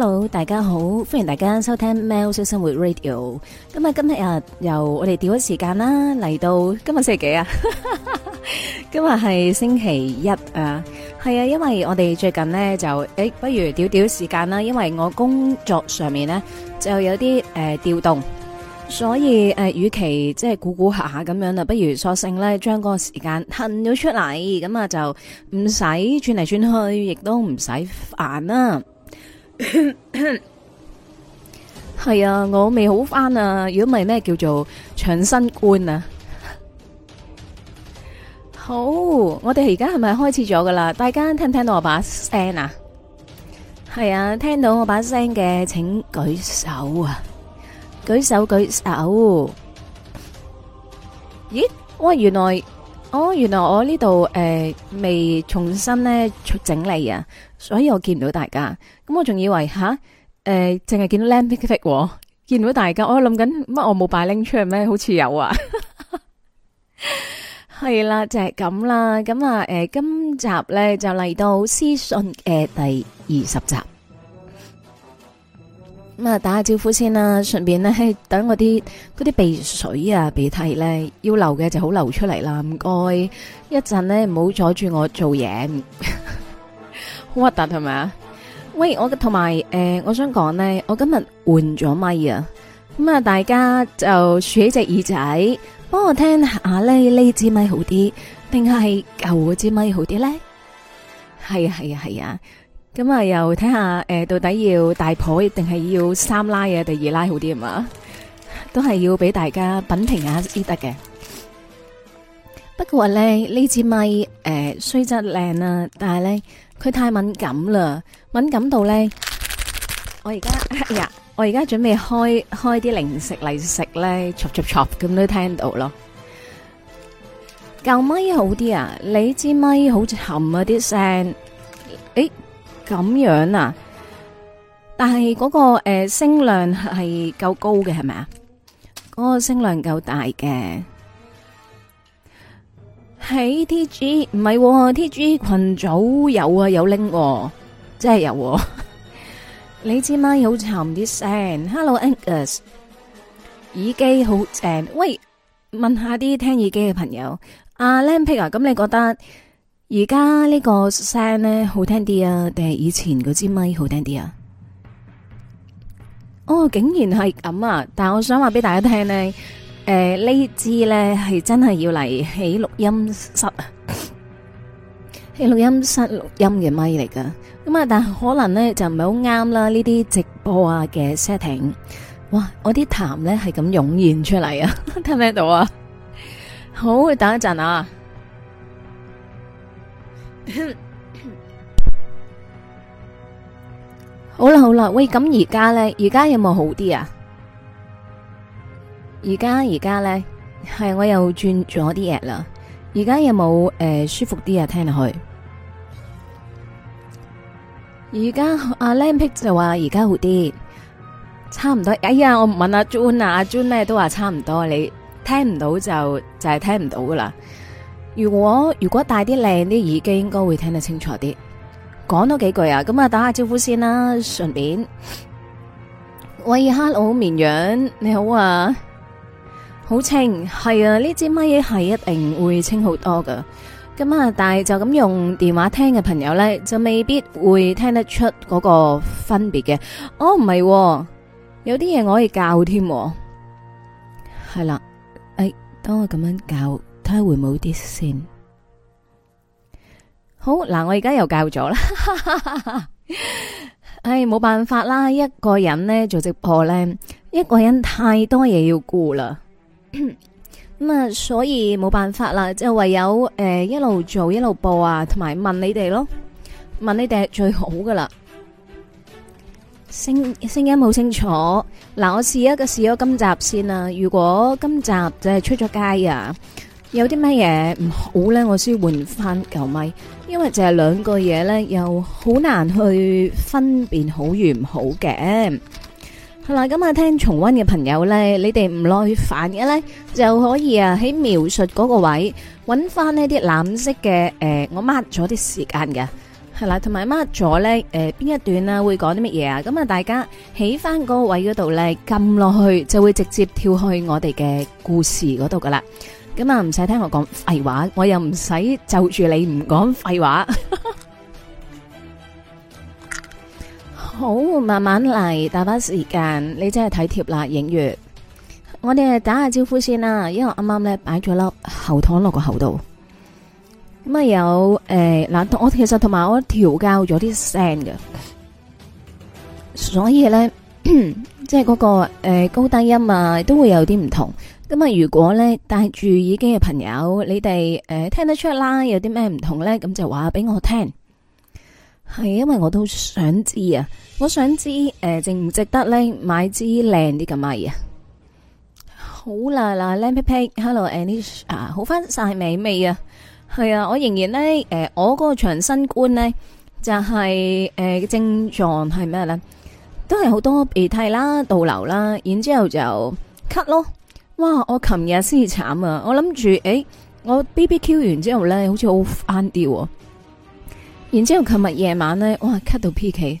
hello，大家好，歡迎大家收聽喵式生活 Radio。咁啊，今日啊，由我哋調咗時間啦，嚟到今日星期幾啊？今日係星期一啊，係啊，因為我哋最近咧，就誒，不如調調時間啦，因為我工作上面咧，就有啲誒調動，所以誒，與其即係估估吓吓咁樣，就不如索性咧，將嗰個時間褪咗出嚟，咁啊就唔使轉嚟轉去，亦都唔使煩啦。係 啊，我未好翻啊！如果唔係咩叫做長新冠啊？好，我哋而家係咪開始咗噶啦？大家聽唔聽到我把聲啊？係啊，聽到我把聲嘅，請舉手啊！舉手，舉手！咦？喂，原來，哦，原來我呢度誒未重新呢整理啊！所以我見唔到大家，咁我仲以為吓，誒，淨係見到靚 fit fit 喎，見到大家，哦、我諗緊乜我冇擺拎出嚟咩？好似有啊，係、 就是、啦，就係咁啦，咁啊，誒，今集咧就嚟到私信嘅第二十集，咁啊，打下招呼先啦，順便咧等我啲嗰啲鼻水啊、鼻涕咧要流嘅就好流出嚟啦，唔該，一陣咧唔好阻住我做嘢。 核突係咪啊？喂，我同埋誒，我想講呢，我今日換咗咪啊！咁啊，大家就豎起隻耳仔，幫我聽下咧，呢支咪好啲，定係舊嗰支咪好啲咧？係啊，係啊，係啊！咁、嗯、啊，又睇下誒，到底要大婆定係要三奶啊，定二奶好啲啊嘛？都係要俾大家品評下先得嘅。不過咧，呢支咪誒、呃，雖則靚啊，但係咧。佢太敏感啦，敏感到咧，我而家呀，我而家準備開開啲零食嚟食咧，嘈嘈嘈咁都聽到咯。舊咪好啲啊，你支咪好似沉啊啲聲，誒咁樣啊，但係嗰個誒聲量係夠高嘅係咪啊？嗰個聲量夠大嘅。喺、hey, T G 唔係、哦、T G 群組有啊有拎、哦，真係有、啊。 你支咪好慘啲聲，Hello Angus，耳機好正。喂，問下啲聽耳機嘅朋友，阿 Lampick 啊，咁、啊、你覺得而家呢個聲咧好聽啲啊，定係以前嗰支咪好聽啲啊？哦，竟然係咁啊！但係我想話俾大家聽呢。誒，呢、呃、支呢係真係要嚟起錄音室啊，喺 錄音室錄音嘅咪嚟噶。咁啊，但係可能呢就唔係好啱啦。呢啲直播啊嘅 setting，哇，我啲痰呢係咁湧現出嚟啊，聽唔聽到啊？好，等一陣啊。 好啦，好啦，喂，咁而家呢？而家有冇好啲啊？而家而家咧，係我又轉咗啲 at 啦。而家有冇誒、呃、舒服啲啊？聽落去。而家阿 Lenpick 就話而家好啲，差唔多。哎呀，我唔問阿 John 啊，阿 John 咩都話差唔多。你聽唔到就就係、是、聽唔到噶啦。如果如果戴啲靚啲耳機，應該會聽得清楚啲。講多幾句啊，咁啊打下招呼先啦，順便。喂，Hello 綿羊，你好啊！好清，係啊！呢支咪係一定會清好多噶。咁啊，但係就咁用電話聽嘅朋友咧，就未必會聽得出嗰個分別嘅。哦，唔係、啊，有啲嘢我可以教添，係啦。誒，等我咁樣教，睇下會唔會好啲先。好嗱，我而家又教咗啦。 唉，冇辦法啦，一個人呢，做直播呢，一個人太多嘢要顧啦。咁啊、 嗯，所以冇辦法啦，即唯有誒、呃、一路做一路播啊，同埋問你哋咯，問你哋係最好噶啦。聲聲音冇清楚，嗱，我試一個試咗今集先啊。如果今集就係出咗街啊，有啲乜嘢唔好咧，我先換翻舊咪，因為就係兩個嘢咧，又好難去分辨很好與唔好嘅。咁啊聽重溫嘅朋友咧，你哋唔耐煩嘅咧，就可以啊喺描述嗰個位搵翻呢啲藍色嘅誒、呃，我抹咗啲時間嘅，係啦，同埋抹咗咧誒邊一段啊會講啲乜嘢啊？咁啊大家起翻嗰個位嗰度咧撳落去，就會直接跳去我哋嘅故事嗰度噶啦。咁啊唔使聽我講廢話，我又唔使就住你唔講廢話。 好，慢慢嚟，大把時間。你真係體貼啦，影月。我哋打下招呼先啦，因為我啱啱咧擺咗粒喉糖落個喉度。咁啊有誒嗱，我、呃、其實同埋我調教咗啲聲嘅，所以咧即係嗰、嗰個誒、呃、高低音啊都會有啲唔同。咁啊如果咧戴住耳機嘅朋友，你哋誒、呃、聽得出啦，有啲咩唔同咧？咁就話俾我聽，係因為我都想知啊。我想知誒、呃、值唔值得咧買支靚啲嘅米啊！好啦啦靚皮皮美，Hello，Annie 啊，好翻晒美味啊！係啊，我仍然咧誒、呃，我個長新冠咧就係、是、誒、呃、症狀係咩咧？都係好多鼻涕啦、倒流啦，然之後就咳咯。哇！我琴日先至慘啊！我諗住誒，我 B B Q 完之後咧，好似好翻啲，然之後琴日夜晚咧，哇咳到 P K。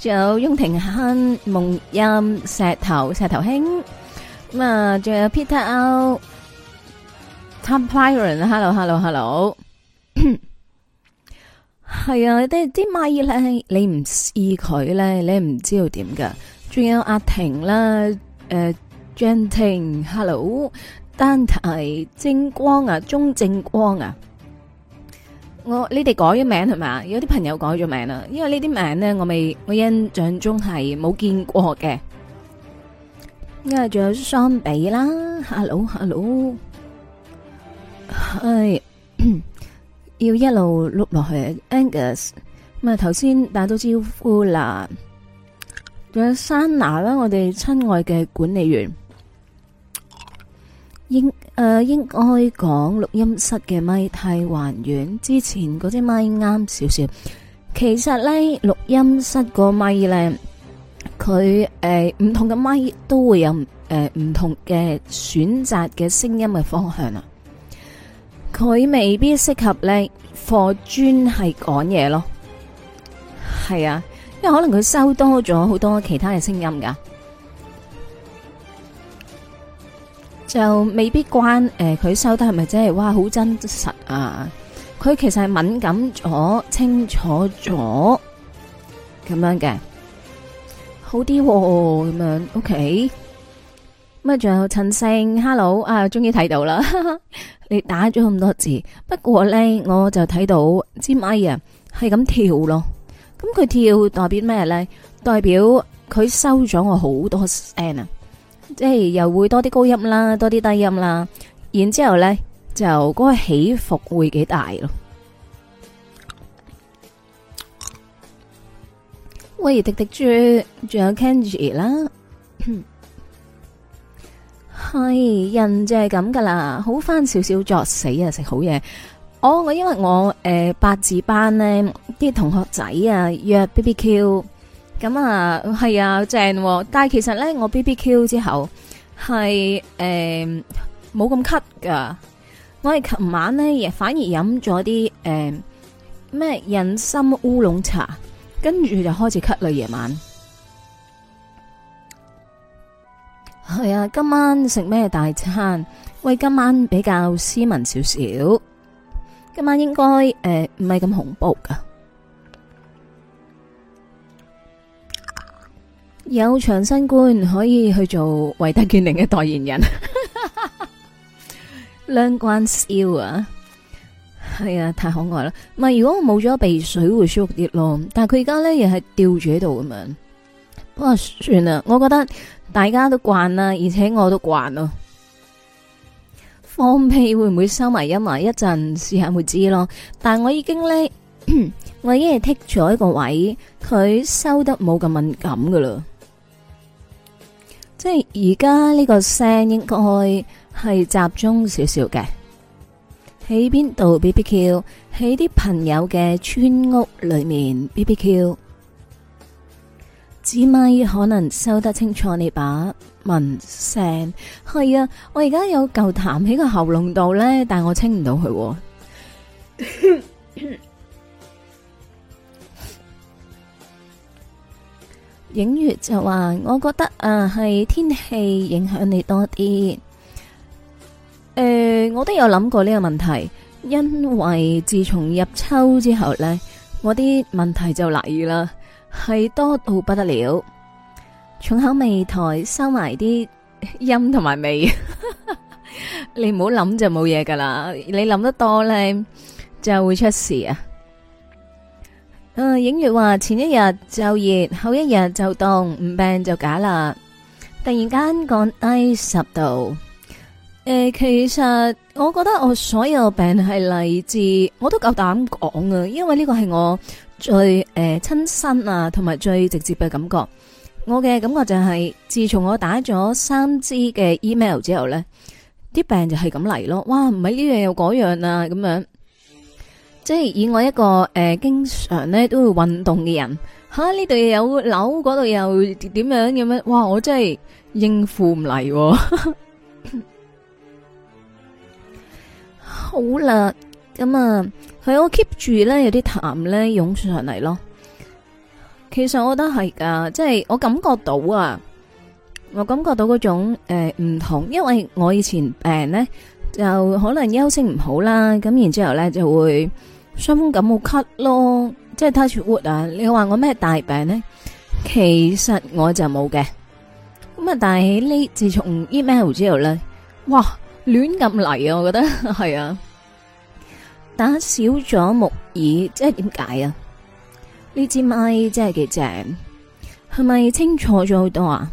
仲有翁廷亨夢陰石頭、石頭兄，咁啊，仲有 Peter Out，Tom Pyron，Hello，Hello，Hello 係 啊，你啲啲咪咧，你唔試佢咧，你唔知道點噶。仲有阿婷啦，誒、呃、，Genting，Hello，丹提、正光啊，鍾正光啊。我、oh，你哋改咗名係嘛？有啲朋友改咗名啦，因為呢啲名呢，我未我印象中係冇見過嘅。咁啊，仲有雙比啦，hello hello，唉， 要一路碌落去 Angus。咁啊，頭先打咗招呼啦，仲有 Sana 啦，我哋親愛嘅管理員。應誒、呃，應該講錄音室嘅咪太還原，之前嗰隻咪啱少少。其實呢，錄音室個咪呢，佢誒唔同嘅咪都會有誒唔同嘅選擇嘅聲音嘅方向啊。佢未必適合呢課專係講嘢咯。係啊，因為可能佢收多咗好多其他嘅聲音噶。就未必關誒，佢收得係咪真係哇好真實啊？佢其實係敏感咗、清楚咗咁樣嘅，好啲咁樣。OK，乜仲有陳勝，Hello 啊，終於睇到啦！你打咗咁多字，不過咧我就睇到尖埃啊，係咁跳咯。咁佢跳代表咩咧？代表佢收咗我好多聲啊！即係又會多啲高音啦，多啲低音啦，然之後咧就嗰個起伏會幾大咯。喂，滴滴豬，仲有 Kenji 啦，係 人就係咁噶啦，好翻少少作死啊，食好嘢。我、oh, 我因為我誒、呃、八字班呢啲同學仔啊約 B B Q。咁啊，係啊，正啊。但係其實咧，我 B B Q 之後係誒冇咁咳噶。我哋琴晚咧，反而飲咗啲誒咩人參烏龍茶，跟住就開始咳啦。夜晚係啊，今晚食咩大餐？喂，今晚比較斯文少少。今晚應該誒唔係咁恐怖噶。有長身官可以去做維德健寧嘅代言人，兩 關燒啊，係、哎、啊，太可愛啦！咪如果我冇咗鼻水會舒服啲咯，但係佢而家咧又係吊住喺度咁樣。不、啊、過算啦，我覺得大家都慣啦，而且我都慣咯。放屁會唔會收埋一埋一陣試下會知咯？但係我已經咧，我已經係剔咗一個位，佢收得冇咁敏感噶啦。即係而家呢個聲應該係集中少少嘅，喺邊度 BBQ？喺啲朋友嘅村屋裏面 BBQ。隻咪，咪可能收得清楚你把文聲係啊！我而家有嚿痰喺個喉嚨度咧，但我清唔到佢。 影月就話，我覺得啊，係天氣影響你多啲。誒、呃，我都有諗過呢個問題，因為自從入秋之後呢，我啲問題就嚟啦，係多到不得了。重口味台收埋啲音同埋味， 你唔好諗就冇嘢噶啦，你諗得多咧就會出事啊！誒、嗯，影月話前一日就熱，後一日就凍，唔病就假啦。突然間降低十度，誒、呃，其實我覺得我所有病係嚟自，我都夠膽講啊，因為呢個係我最誒親、呃、身啊，同埋最直接嘅感覺。我嘅感覺就係、是，自從我打咗三支嘅 email 之後呢，啲病就係咁嚟咯。哇，唔係呢樣又嗰樣啊，咁樣。即係以我一個誒，經常咧都會運動嘅人，吓呢度又有扭，嗰度又點樣咁樣，哇！我真係應付唔嚟。好啦，咁啊，係我 keep 住咧，有啲痰咧湧上嚟咯。其實我覺得係噶，即係我感覺到啊，我感覺到嗰種誒唔同，因為我以前病咧就可能休息唔好啦，咁然之後咧就會。傷風感冒咳咯，即係 touch wood 啊！你話我咩大病呢？其實我就冇嘅咁啊。但係呢自從 email 之後呢，哇亂咁嚟啊！我覺得係啊，啊，打少咗木耳，即係點解啊？呢支咪，真係幾正，係咪清楚咗好多啊？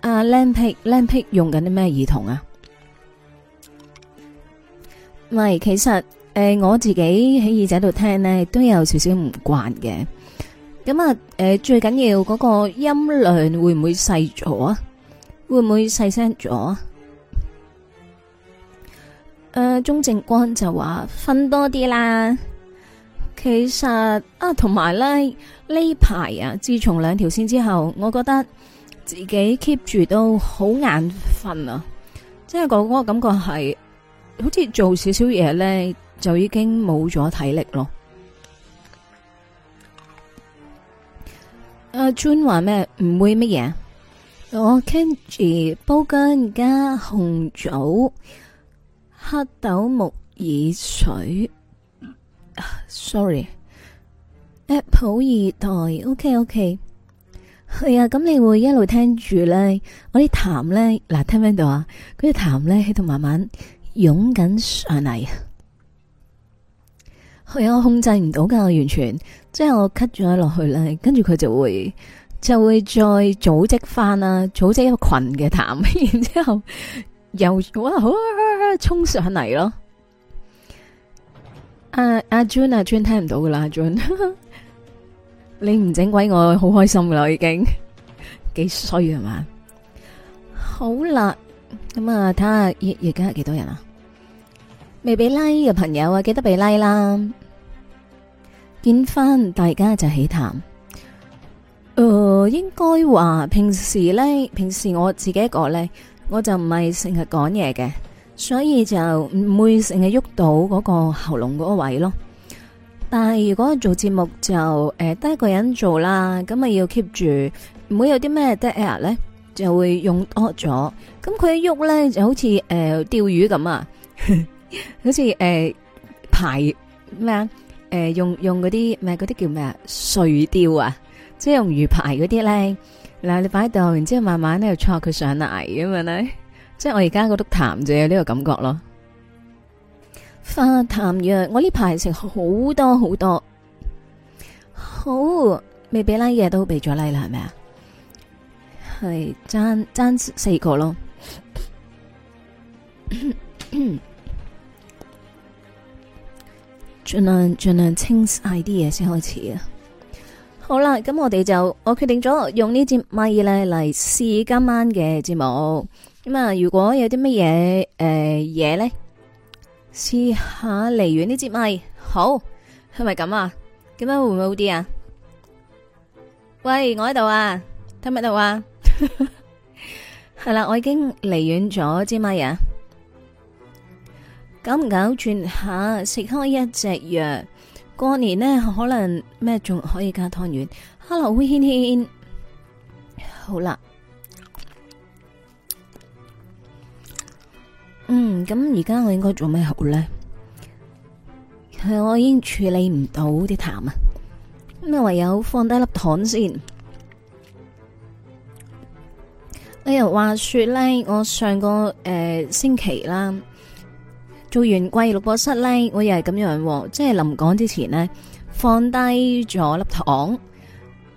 阿 Lampick, Lampick 用緊啲咩耳筒啊？唔其實。誒、呃，我自己喺耳仔度聽咧，都有少少唔慣嘅。咁啊，誒、呃，最緊要嗰個音量會唔會細咗啊？會唔會細聲咗啊？誒、呃，鍾正君就話瞓多啲啦。其實啊，同埋咧呢排啊，自從兩條線之後，我覺得自己 keep 住都好眼瞓啊，即係個嗰個感覺係好似做少少嘢咧。就已經冇咗體力咯。阿 Jun 話咩？唔會乜嘢？我聽住煲薑加紅棗黑豆木耳水。Sorry，Apple 二代。OK OK，係啊。咁、 嗯、你會一路聽住咧？我啲痰咧嗱，聽唔聽到啊？佢、那、啲、個、痰咧喺度慢慢湧緊上嚟。佢、嗯、我控制唔到噶，完全即係我 cut 咗落去呢，跟住佢就會就會再組織翻啊，組織一個群嘅談，然之後又啊好、啊、衝上嚟咯。阿、啊、阿、啊、Jun 阿、啊、Jun 聽唔到噶啦、啊、，Jun 你唔整鬼我好開心噶啦，已經幾衰啊嘛？好啦，咁啊睇下而而家係幾多人啊？未俾 like 嘅朋友啊，記得俾拉、like、啦。見翻大家就傾談，誒、呃，應該話平時咧，平時我自己一個咧，我就唔係成日講嘢嘅，所以就唔會成日喐到嗰個喉嚨嗰個位咯。但係如果做節目就誒、得、呃、一個人做啦，咁啊要 keep 住，唔會有啲咩 dead air 咧，就會用多咗。咁佢喐咧就好似誒釣魚咁啊，好似誒排咩啊？誒，用用嗰啲咩，嗰啲叫咩啊？碎雕啊，即係用魚排嗰啲咧，嗱，你擺喺度，然之後慢慢咧又搓佢上嚟啊嘛，係，即係我而家嗰督痰就有呢個感覺咯。化痰藥，我呢排食好多好多，好未俾拉嘅都俾咗拉啦，係咪啊？係爭爭四個咯。 盡量盡量清晒啲嘢，先開始啊！好啦，咁我哋就我決定咗用呢支咪咧嚟試今晚嘅節目。咁啊，如果有啲乜嘢誒嘢咧，試、呃、下離遠呢支咪，咪。好係咪咁啊？咁樣會唔會好啲啊？喂，我喺度啊，聽唔聽到啊？係啦，我已經離遠咗支咪啊！搞唔搞轉下，食開一隻藥。過年呢，可能咩仲可以加湯圓。Hello，軒軒，好啦。嗯，咁而家我應該做咩好呢？係我已經處理唔到啲痰啊！咪唯有放低粒糖先。哎呀，話說呢，我上個誒、呃、星期啦。做完《歸六博士》咧，我又係咁樣，即係臨講之前呢，放低咗粒糖。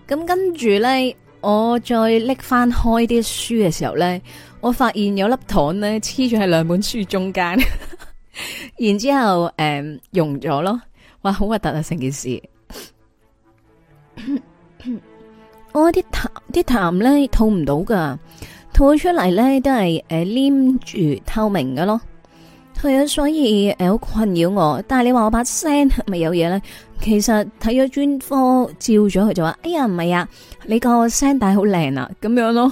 咁跟住呢，我再拎翻開啲書嘅時候呢，我發現有粒糖呢黐住喺兩本書中間。 然之後，誒、嗯，溶咗咯，哇，好核突啊！成件事，我啲、 哦、痰啲痰呢，吐唔到噶，吐出嚟呢，都係誒黏住透明嘅咯。係啊、嗯，所以誒好困擾我。但係你話我把聲係咪有嘢咧？其實睇咗專科照咗佢就話：哎呀唔係啊，你個聲帶好靚啊，咁樣咯。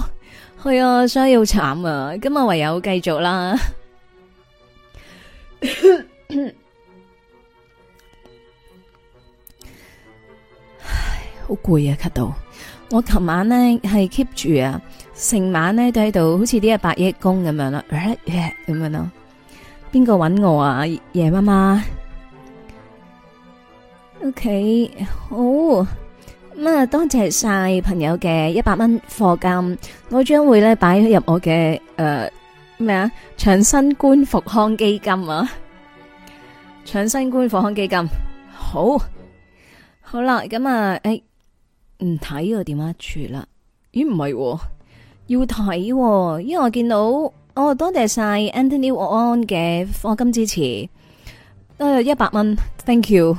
係、嗯、啊、嗯，所以好慘啊。今日唯有繼續啦。 唉，好攰啊！咳到我琴晚呢，係 keep 住啊，成晚呢，都喺度好似啲啊百億公咁樣啦，咁樣咯。邊個搵我啊，夜媽媽？O K，好咁啊，多謝晒朋友嘅一百蚊貨金，我將會咧擺入我嘅誒咩啊搶新官復康基金啊，搶新官復康基金，好好啦，咁啊，誒唔睇個電話住啦，咦唔係喎，要睇喎，因為我見到。哦，oh，多謝晒 Anthony On 嘅課金支持，都有一百蚊。Thank you，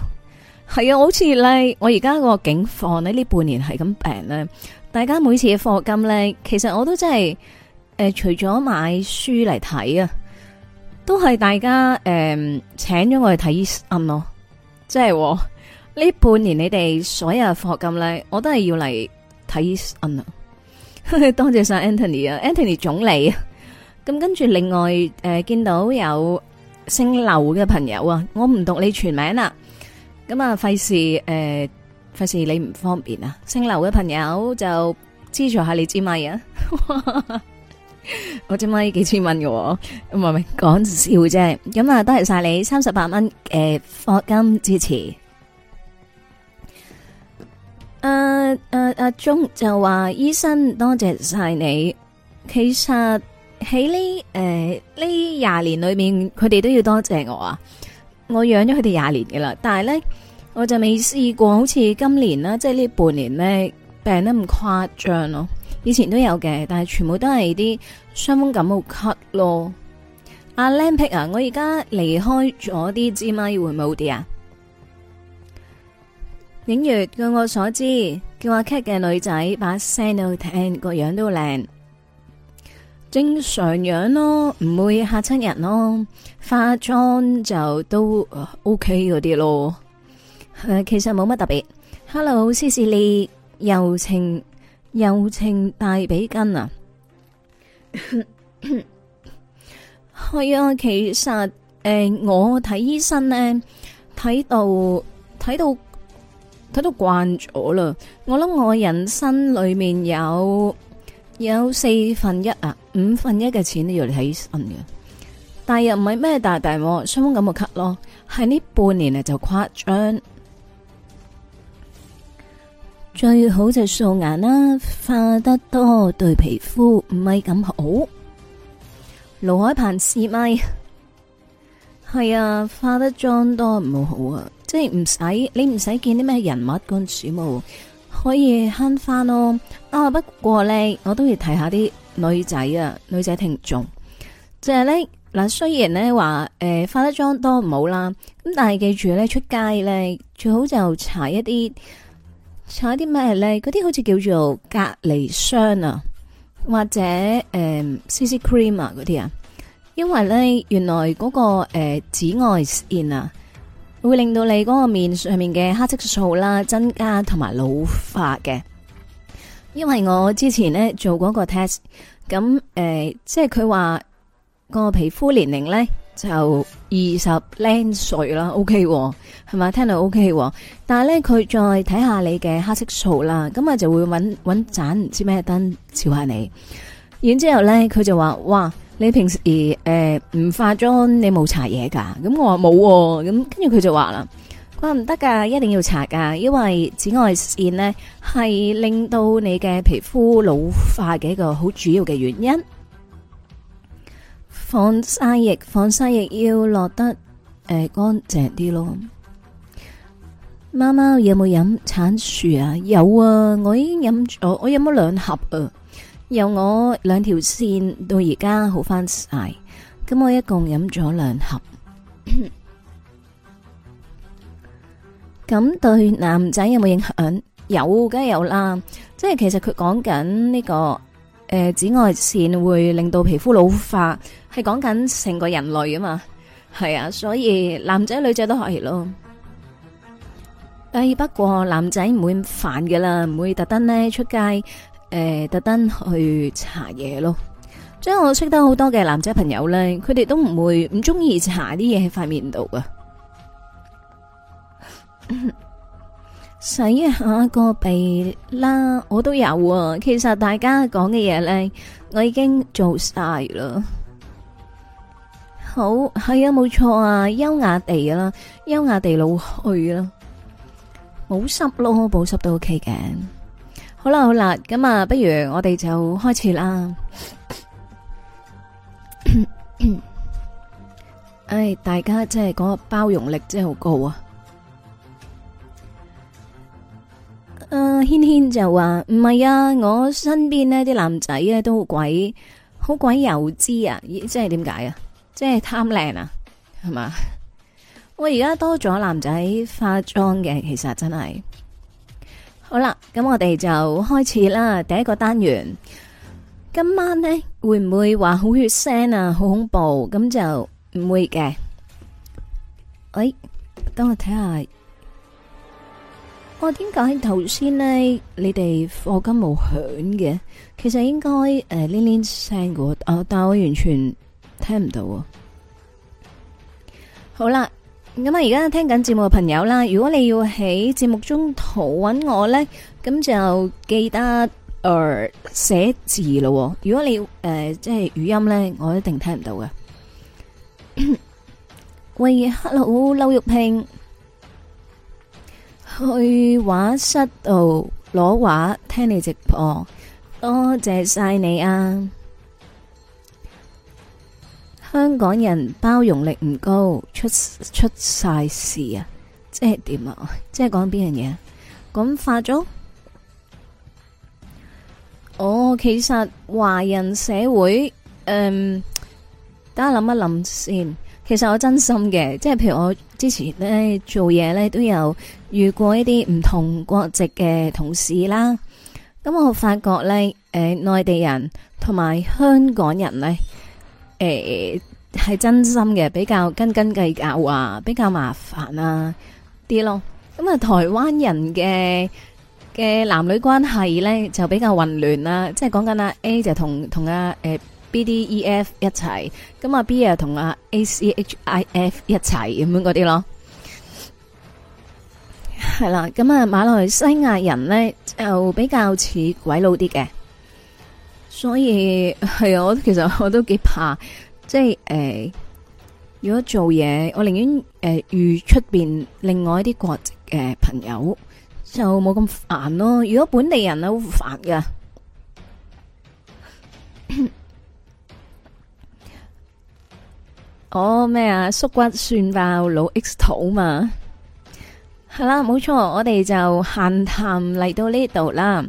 係啊，好似咧，我而家個境況咧，呢半年係咁病咧，大家每次嘅課金咧，其實我都真係誒、呃，除咗買書嚟睇啊，都係大家誒、呃、請咗我哋睇醫生咯，即係呢半年你哋所有嘅課金咧，我都係要嚟睇醫生啊。多謝晒 Anthony 啊，Anthony 總理。咁跟住，另外誒，見到有姓劉嘅朋友啊，我唔讀你全名啦，咁啊，費事誒，費事你唔方便啊。姓劉嘅朋友就資助下你支咪啊，我支咪幾千蚊嘅，唔係唔係講笑啫。咁啊，多謝晒你三十八蚊嘅課金支持。阿阿阿鍾就話：醫生多謝晒你，其實。喺呢誒呢廿年裏面，佢哋都要多謝我啊！我養咗佢哋廿年嘅啦，但係呢，我就未試過好似今年啦，即係呢半年呢，病得咁誇張咯。以前都有嘅，但係全部都係啲傷風感冒咳咯。阿 Lampic 啊，我而家離開咗啲姊妹會唔會好啲啊？影月據我所知，叫阿 Cat 嘅女仔，把聲都好聽，個樣都靚。正常樣咯，唔會嚇親人咯。化妝就都 O K 嗰啲咯。其實冇乜特別。Hello，C C 你，柔情柔情大比根啊。係啊，其實誒、啊 呃，我睇醫生呢，睇到睇到睇到慣咗啦。我諗我人生裏面有。有四分一啊，五分一嘅錢都要你起身嘅，但又唔係咩大大、啊，雙方感冒咳咯，係呢半年嚟，就誇張，最好就是素顏啦、啊，化得多對皮膚唔係咁好。盧海鵬試咪？係啊，化得妝多唔好啊，即係唔使你唔使見啲咩人物觀鼠目。可以慳翻咯，啊不過咧，我都要提下啲女仔啊，女仔聽眾，就係咧嗱，雖然咧話誒化得妝多唔好啦，咁但係記住咧出街咧最好就搽一啲搽一啲咩咧，嗰啲好似叫做隔離霜啊，或者誒、呃、CC cream 啊嗰啲啊，因為咧原來嗰、那個誒、呃、紫外線啊。會令到你嗰個面上面嘅黑色素啦，增加同埋老化嘅，因為我之前咧做過個 test，咁誒即係佢話個皮膚年齡咧就二十靚歲啦，OK 喎，係咪？聽到 OK 喎，但係咧佢再睇下你嘅黑色素啦，咁啊就會揾揾盞唔知咩燈照下你，然之後咧佢就話哇。你平時誒唔、呃、化妝，你冇搽嘢噶？咁、嗯、我話冇、啊，咁跟住佢就話啦，佢話唔得噶，一定要搽噶，因為紫外線呢，係令到你嘅皮膚老化嘅一個好主要嘅原因。防曬液，防曬液要落得誒乾淨啲咯。貓貓有冇飲橙樹啊？有啊，我已經飲，我我飲咗兩盒啊。由我兩條線到而家好翻晒，咁我一共飲咗兩盒，咁對男仔有冇影響？有，梗係有啦。即係其實佢講緊呢個誒紫外線會令到皮膚老化，係講緊成個人類啊嘛，係啊，所以男仔女仔都可以咯。誒，不過男仔唔會咁煩噶啦，唔會特登呢出街，誒、呃，特登去搽嘢咯，將我識得好多嘅男仔朋友咧，佢哋都唔會唔中意搽啲嘢喺塊面度噶，洗一下個鼻啦，我都有啊。其實大家講嘅嘢咧，我已經做晒啦。好，係啊，冇錯啊，優雅地啦，優雅地老去啦，保濕咯，保濕都 OK 嘅。好啦好啦，咁啊，不如我哋就開始啦。 唉，大家真係嗰個包容力真係好高啊！誒、啊，軒軒就話唔係啊，我身邊呢啲男仔呢都好鬼好鬼油脂啊！即係點解啊？即係貪靚啊，係嘛？我而家多咗男仔化妝嘅，其實真係。好啦，咁我哋就開始啦。第一個單元，今晚呢會唔會話好血腥啊？好恐怖咁就唔會嘅。喂，等我睇下。我點解頭先呢你哋課金冇響嘅？其實應該誒唦唦聲嘅，啊，但我完全聽唔到。好啦。咁啊！而家聽緊節目嘅朋友啦，如果你要喺節目中途揾我咧，咁就記得誒寫字咯。如果你誒即係語音咧，我一定聽唔到嘅。喂，hello，劉玉平，去畫室度攞畫，聽你直播，多謝晒你啊！香港人包容力唔高，出出晒事啊！即係點啊？即係講邊樣嘢？咁發咗？哦，其實華人社會，嗯，等下諗一諗先。其實我是真心嘅，即係譬如我之前呢做嘢呢，都有遇過一啲唔同國籍嘅同事啦。咁我發覺呢，誒、呃，內地人同埋香港人呢。誒，係真心嘅，比較斤斤計較啊，比較麻煩啊啲咯。咁啊，台灣人嘅嘅男女關係呢就比較混亂啦，即係講緊啊，A 就同同阿誒 B、D、E、F 一齊，咁啊 B 啊同阿 A、C、H、I、F 一齊咁樣嗰啲咯。係啦，咁啊，馬來西亞人呢就比較似鬼佬啲嘅。所以係啊，我其實我都幾怕，即係誒、呃，如果做嘢，我寧願誒遇出邊另外一啲國籍嘅朋友，就冇咁煩咯。如果本地人啊，好煩噶。哦咩啊，縮、oh, 骨算爆老 X 肚嘛，係啦，冇錯，我哋就閒談嚟到呢度啦。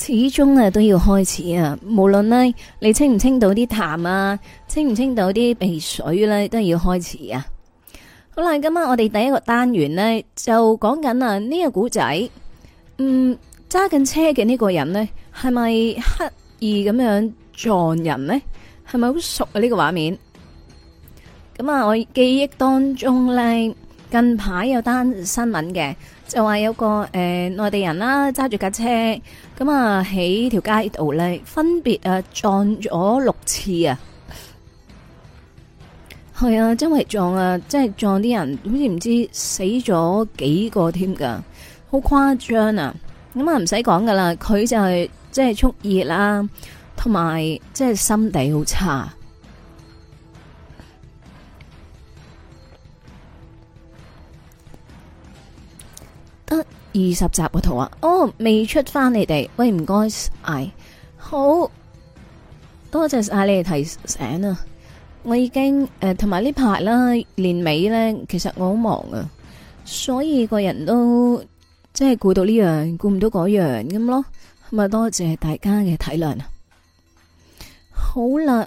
始終啊都要開始啊，無論呢，你清唔清到啲痰啊，清唔清到啲鼻水呢，都要開始啊。好啦，今晚我哋第一個單元呢，就講緊啊呢個古仔。嗯，揸緊車嘅呢個人呢，係咪刻意咁樣撞人呢？係咪好熟啊？呢個畫面。咁啊，我記憶當中呢，近排有單新聞嘅。就話有個呃、內地人啦，揸住架車咁啊喺條街度咧，分別啊撞咗六次啊，係啊，周圍撞，撞啊，就是、即係撞啲人，好似唔知死咗幾個添噶，好誇張啊！咁啊唔使講噶啦，佢就係即係蓄意啦，同埋即係心地好差。啊、二十集個圖啊，哦，未出返你哋，喂，唔該，係，好多謝晒你哋提醒啊，我已經誒，同埋呢排啦，年尾咧，其實我好忙啊，所以個人都即係顧到呢樣，顧唔到嗰樣咁咯，咪多謝大家嘅體諒啊，好啦，誒、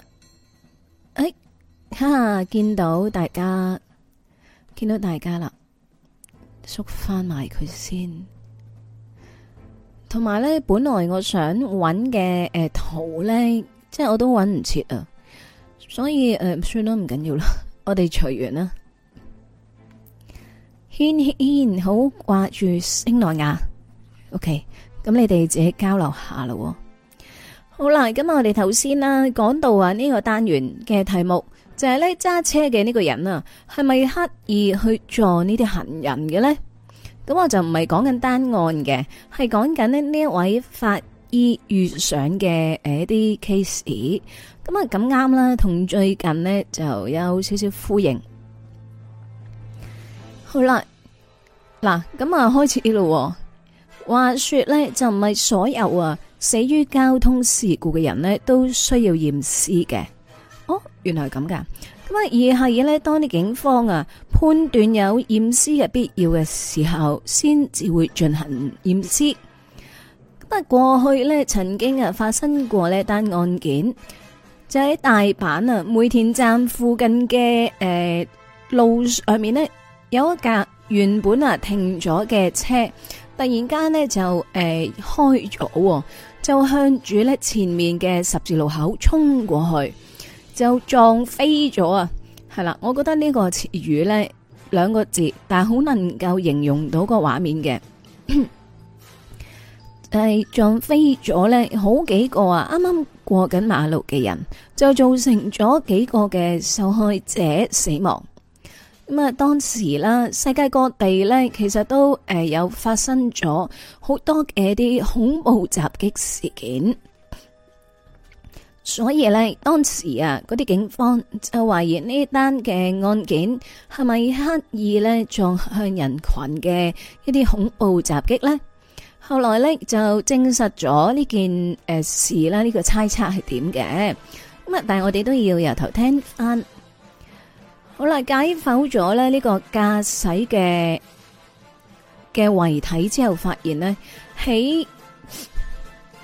哎，吓見到大家，見到大家啦。縮翻埋佢先，同埋呢，本來我想揾嘅誒圖呢，即係我都揾唔切啊，所以誒、呃，算啦，唔緊要啦，我哋隨緣啦。軒軒 好掛住星牙亞 OK 咁你哋自己交流下啦。好啦，咁我哋頭先啦，講到啊呢個單元嘅題目。就係呢揸車嘅呢個人啊，係咪刻意去撞呢啲行人嘅呢？咁我就唔係講緊單案嘅，係講緊呢一位法醫遇上嘅誒一啲 case。咁啊咁啱啦，同最近呢就有少少呼應。好啦，嗱咁啊開始喎。話說呢，就唔係所有啊死於交通事故嘅人呢都需要驗屍嘅。哦，原來係咁噶。咁啊，而係呢，當啲警方啊判斷有驗屍嘅必要嘅時候，先至會進行驗屍。不過去呢曾經啊發生過呢單案件，就喺大阪啊梅田站附近嘅誒、呃、路上面呢，有一架原本啊停咗嘅車，突然間呢就誒、呃、開咗，就向住呢前面嘅十字路口衝過去。就撞飛咗啊！係啦，我覺得呢個詞語呢兩個字，但係好能夠形容到個畫面嘅，係、 就是、撞飛咗呢，好幾個啊，啱啱過緊馬路嘅人就造成咗幾個嘅受害者死亡。咁、嗯、啊，當時啦，世界各地呢，其實都誒、呃、有發生咗好多嘅一啲恐怖襲擊事件。所以呢，當時啊，嗰啲警方就懷疑呢單嘅案件係咪刻意呢撞向人群嘅一啲恐怖襲擊呢？後來呢，就證實咗呢件誒事啦，呢、這個猜測係點嘅？咁啊，但係我哋都要由頭聽翻。好啦，解剖咗咧呢個駕駛嘅嘅遺體之後，發現呢，喺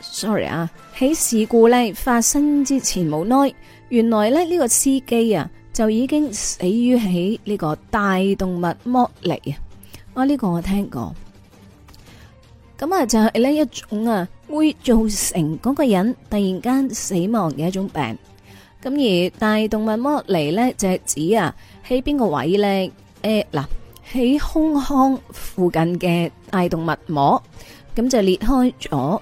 ，sorry 啊。喺事故咧發生之前，冇耐原來咧呢、這個司機啊就已經死於喺呢個大動脈剝離啊！我、這、呢個我聽過，咁啊就係、是、呢一種啊會造成嗰個人突然間死亡嘅一種病。咁而大動脈剝離呢，就係、是、指啊喺邊個位呢？誒、啊、嗱，喺胸腔附近嘅大動脈膜咁就裂開咗。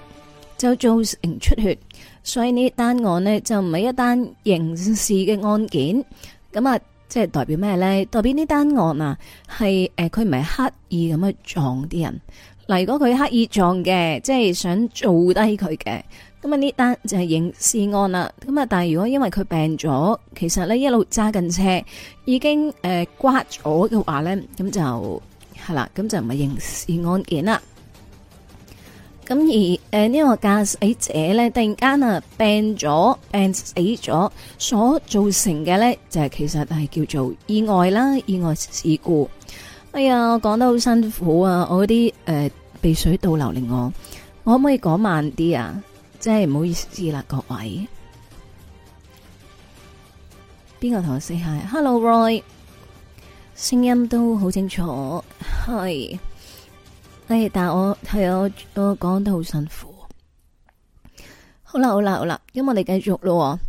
就造成出血，所以呢單案呢，就唔係一單刑事嘅案件，咁啊即係代表咩呢？代表呢單案啊係誒佢唔係刻意咁去撞啲人，嗱、呃、如果佢刻意撞嘅，即係想做低佢嘅，咁啊呢單就係刑事案啦，咁啊但係如果因為佢病咗，其實呢一路揸緊車已經誒、呃呃、刮咗嘅話呢，咁就係啦，咁就唔係刑事案件啦。咁而誒、呃、呢個駕駛者咧，突然間啊病咗、病死咗，所造成嘅咧，就係其實係叫做意外啦，意外事故。哎呀，我講得好辛苦啊，我啲誒、呃、鼻水倒流令我，我可唔可以講慢啲啊？即係唔好意思啦，各位。邊個同我 say hi？Hello，Roy，聲音都好清楚，係。誒、哎，但係我係我我講得好辛苦。好啦，好啦，好啦，咁我哋繼續咯。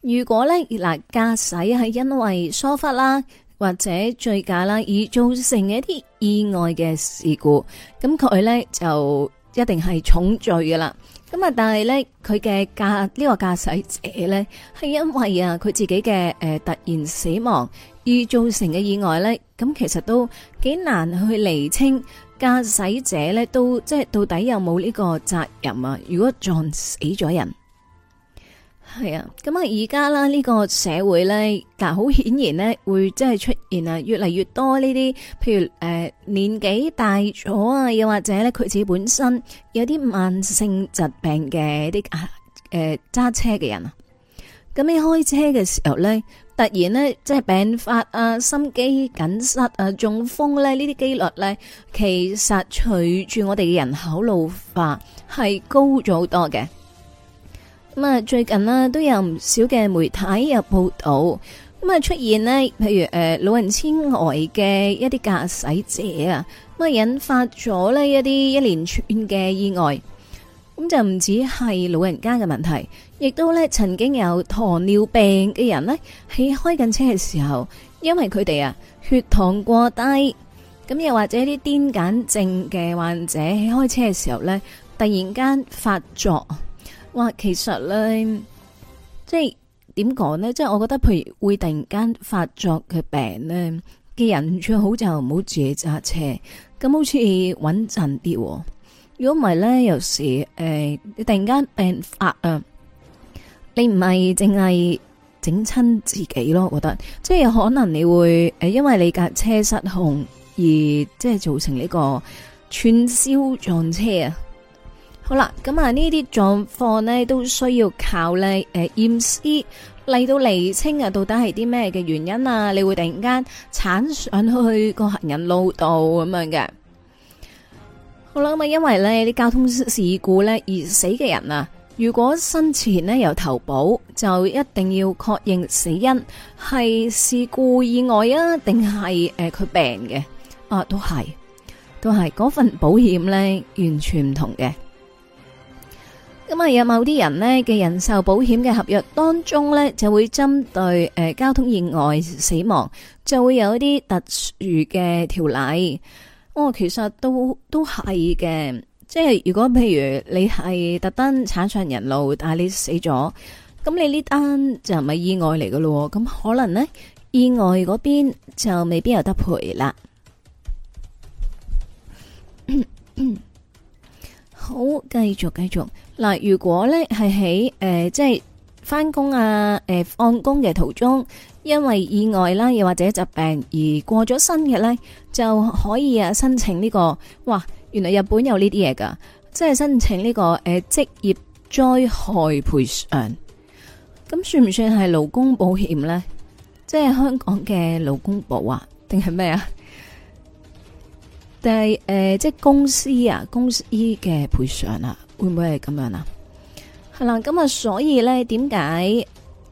如果咧，嗱，駕駛係因為疏忽啦，或者醉駕啦，而造成一啲意外嘅事故，咁佢咧就一定係重罪噶啦。咁啊，但係咧，佢嘅駕呢個駕駛者咧，係因為啊，佢自己嘅誒、呃、突然死亡而造成嘅意外咧，咁其實都幾難去釐清。駕駛者咧都即係到底有冇呢個責任啊？如果撞死咗人，係啊，咁啊而家啦呢個社會咧，但好顯然咧會即係出現啊越嚟越多呢啲，譬如誒、呃、年紀大咗啊，又或者咧佢自己本身有啲慢性疾病嘅啲誒揸車嘅人啊，咁你開車嘅時候咧？突然呢，即係病發啊，心肌梗塞啊，中風咧，呢啲機率呢，其實隨住我哋嘅人口老化係高咗好多嘅。咁、嗯、啊，最近咧都有唔少嘅媒體有報道，咁、嗯、啊出現呢譬如誒、呃、老人車外老人痴呆嘅一啲駕駛者啊，咁、嗯、啊引發咗呢一啲一連串嘅意外，咁、嗯、就唔止係老人家嘅問題。亦都咧，曾經有糖尿病嘅人呢，喺開緊車嘅時候，因為佢哋啊血糖過低，咁又或者啲癲癇症嘅患者喺開車嘅時候呢，突然間發作，哇！其實呢，即係點講呢？即係我覺得譬如會突然間發作嘅病呢，嘅人，最好就唔好自己揸車，咁好似穩陣啲。如果唔係呢，有時誒，你、呃、突然間病發啊！你唔係淨係整親自己咯，我覺得即係可能你會誒，因為你架車失控而即係造成呢個串燒撞車啊！好啦，咁啊呢啲狀況呢都需要靠咧誒驗屍嚟到釐清啊，到底係啲咩嘅原因啊？你會突然間鏟上去個行人路度咁樣嘅？好啦，咁啊，因為呢啲交通事故呢，而死嘅人啊。如果生前有投保，就一定要確認死因係事故意外啊，定係誒佢病嘅啊，都係都係嗰份保險呢，完全唔同嘅。咁、嗯、啊有某啲人呢嘅人壽保險嘅合約當中呢，就會針對誒、呃、交通意外死亡，就會有一啲特殊嘅條例。我、哦、其實都都係嘅。即係如果譬如你係特登鏟上人路，但係你死咗，咁你呢單就唔係意外嚟嘅咯？咁可能呢，意外嗰邊就未必有得賠啦。 好，繼續繼續嗱，如果呢係喺誒即係返工啊誒、呃、放工嘅途中，因為意外啦，又或者疾病而過咗身嘅呢，就可以啊申請呢、這個哇。原來日本有呢啲嘢噶，即係申請呢、這個誒、呃、職業災害賠償，咁算唔算係勞工保險呢？即係香港嘅勞工保啊，定係咩啊？定係誒即係公司啊公司嘅賠償啊？會唔會係咁樣啊？係啦，咁啊所以呢點解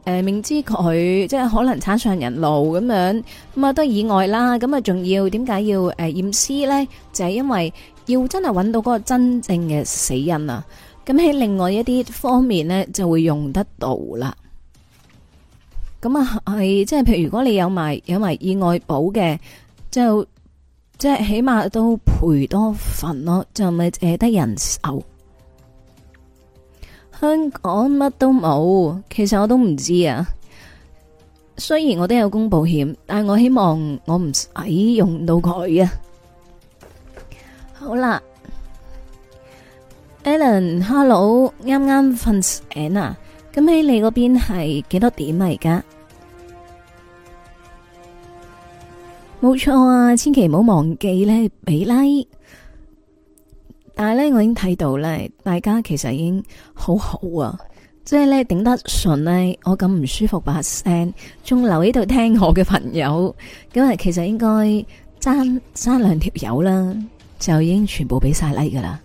誒明知佢即係可能踩上人路咁樣咁啊、嗯、都意外啦？咁啊仲要點解要誒、呃、驗屍呢？就係、是、因為。要真係揾到嗰個真正嘅死因啊！咁喺另外一啲方面呢，就會用得到啦。咁啊，係即係，譬如如果你有埋有埋意外保嘅，就即係起碼都賠多份咯，就咪誒得人壽。香港乜都冇，其實我都唔知啊。雖然我都有供保險，但係我希望我唔使用到佢啊。好啦，Alan，Hello，啱啱瞓醒啊。咁喺你嗰邊係幾多點啊？而家冇錯啊，千祈唔好忘記咧，俾 like，但係咧，我已經睇到咧，大家其實已經好好啊，即係咧頂得順呢，我咁唔舒服把聲，仲留喺度聽我嘅朋友，咁啊，其實應該爭爭兩條友啦。就已經全部俾晒 Like 噶啦，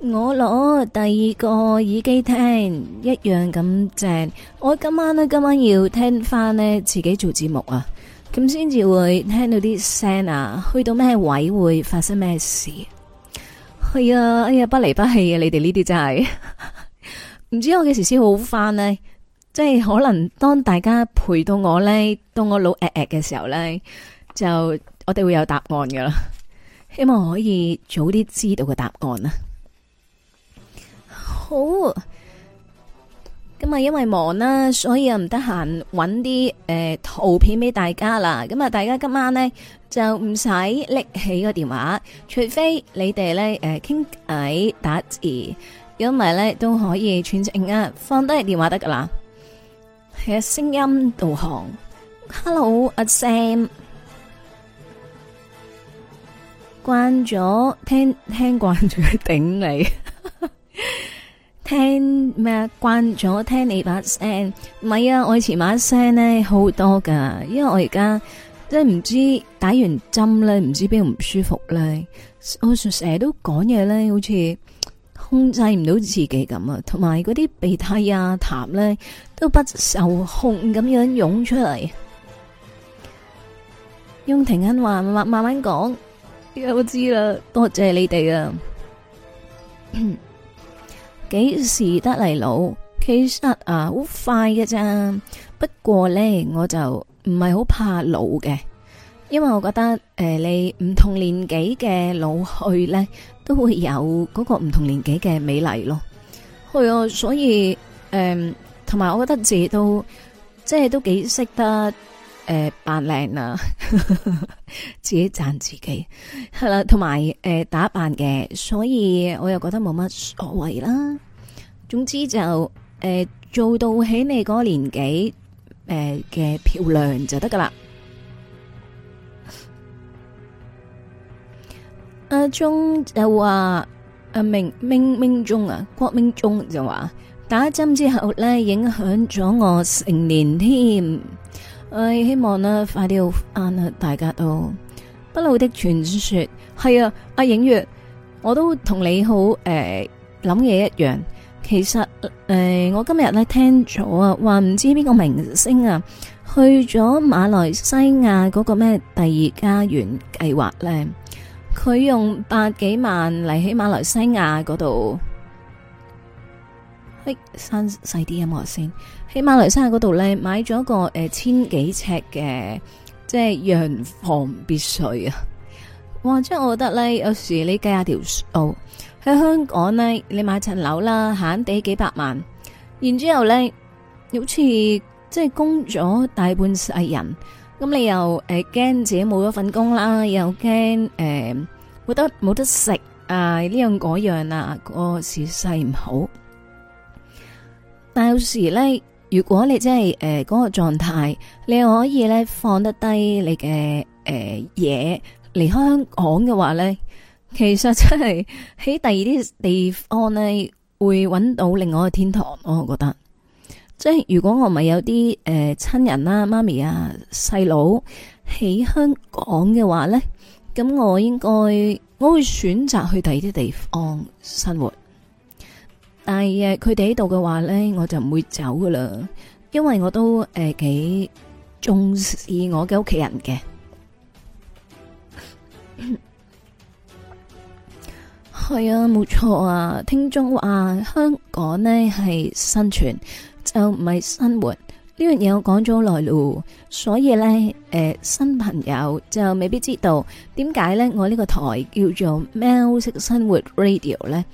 我攞第二個耳機聽，一樣咁正。我今晚呢，今晚要聽翻呢自己做節目啊，咁先至會聽到啲聲啊，去到咩位會發生咩事？係、哎、啊，哎呀，不離不棄啊！你哋呢啲真係唔 知我幾時先好翻呢？即係可能當大家陪到我呢，到我老誒誒嘅時候呢，就。我哋會有答案噶啦，希望可以早啲知道個答案啦。好，咁啊，因為忙啦，所以啊唔得閒揾啲誒圖片俾大家啦。咁啊，大家今晚呢，就唔使拎起個電話，除非你哋呢誒傾偈打字，如果唔係呢都可以喘氣啊，放低電話得噶啦。係啊，聲音導航，Hello，阿 Sam。慣咗聽聽慣咗頂你， 聽咩？慣咗聽你把聲，唔係啊！我以前把聲咧好多噶，因為我而家即係唔知打完針咧，唔知邊度唔舒服咧，我成日都講嘢咧，好似控制唔到自己咁啊！同埋嗰啲鼻涕啊、痰咧、啊，都不受控咁樣湧出嚟，用庭欣話慢慢慢講。我知啦，多謝你哋啊！幾 時得嚟老？其實啊，好快嘅咋。不過呢，我就唔係好怕老嘅，因為我覺得誒、呃，你唔同年紀嘅老去呢，都會有嗰個唔同年紀嘅美麗咯。係 啊，所以誒，同、呃、埋我覺得自己都，即係都幾識得。誒、呃，扮靚呀，自己贊自己係啦，同埋誒打扮嘅，所以我又覺得冇乜所謂啦。總之就誒、呃、做到喺你嗰年紀誒嘅漂亮就得噶啦。阿、啊、鍾就話阿、啊、明明明鍾啊，郭明鍾就話打針之後呢，影響咗我成年添。誒，希望咧快啲好返啊！大家都《不老的傳說》係啊，阿、啊、影月，我都同你好誒諗嘢一樣其實誒、呃，我今日咧聽咗啊，話唔知邊個明星啊，去咗馬來西亞嗰個咩第二家園計劃呢？佢用百幾萬嚟，喺馬來西亞嗰度。嘿，閂細啲音樂先。喺馬來西亞嗰度咧，買咗個誒千幾尺嘅即係洋房別墅啊！哇，即係我覺得咧，有時你計下條數喺、哦、香港咧，你買層樓啦，閒地幾百萬，然之後咧，好似即係供咗大半世人，咁你又誒驚、呃、自己冇咗份工啦，又驚誒覺得冇得食啊呢樣嗰樣啊，個時勢唔好，但有時咧～如果你真係誒嗰個狀態，你可以咧放得低你嘅誒嘢，離、呃、開香港嘅話咧，其實真係喺第二啲地方咧會搵到另外一個天堂。我覺得，即、就、係、是、如果我唔係有啲誒親人啦、啊、媽咪啊、細佬喺香港嘅話咧，咁我應該我會選擇去第二啲地方生活。但係佢哋喺度嘅話呢，我就唔會走㗎喇，因為我都誒、呃、幾重視我嘅屋企人嘅。係 啊，冇錯啊。聽眾話香港呢係生存，就唔係生活呢樣嘢。這件事我講咗好耐喇，所以呢，誒、呃、新朋友就未必知道點解呢？我呢個台叫做 m 喵式生活 Radio 呢。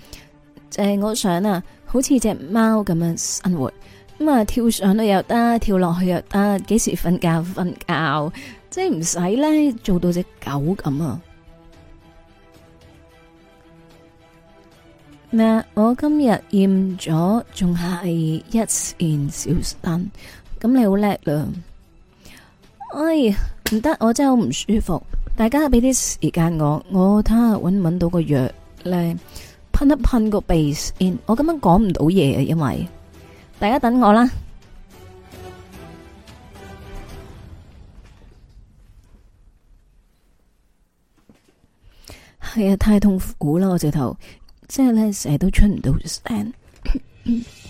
就係我想啊，好似隻貓咁樣生活，咁啊跳上都有得，跳落去又得，幾時瞓覺瞓覺，即係唔使咧做到隻狗咁啊！咩？我今日驗咗，仲係一綫小單，咁你好叻啦！哎，唔得，我真係好唔舒服，大家俾啲時間我，我睇下搵唔搵到個藥咧。噴一噴個鼻煙，我根本講唔到嘢嘅，因為大家等我啦。係啊，太痛苦啦，我直頭，即係咧成日都出唔到聲。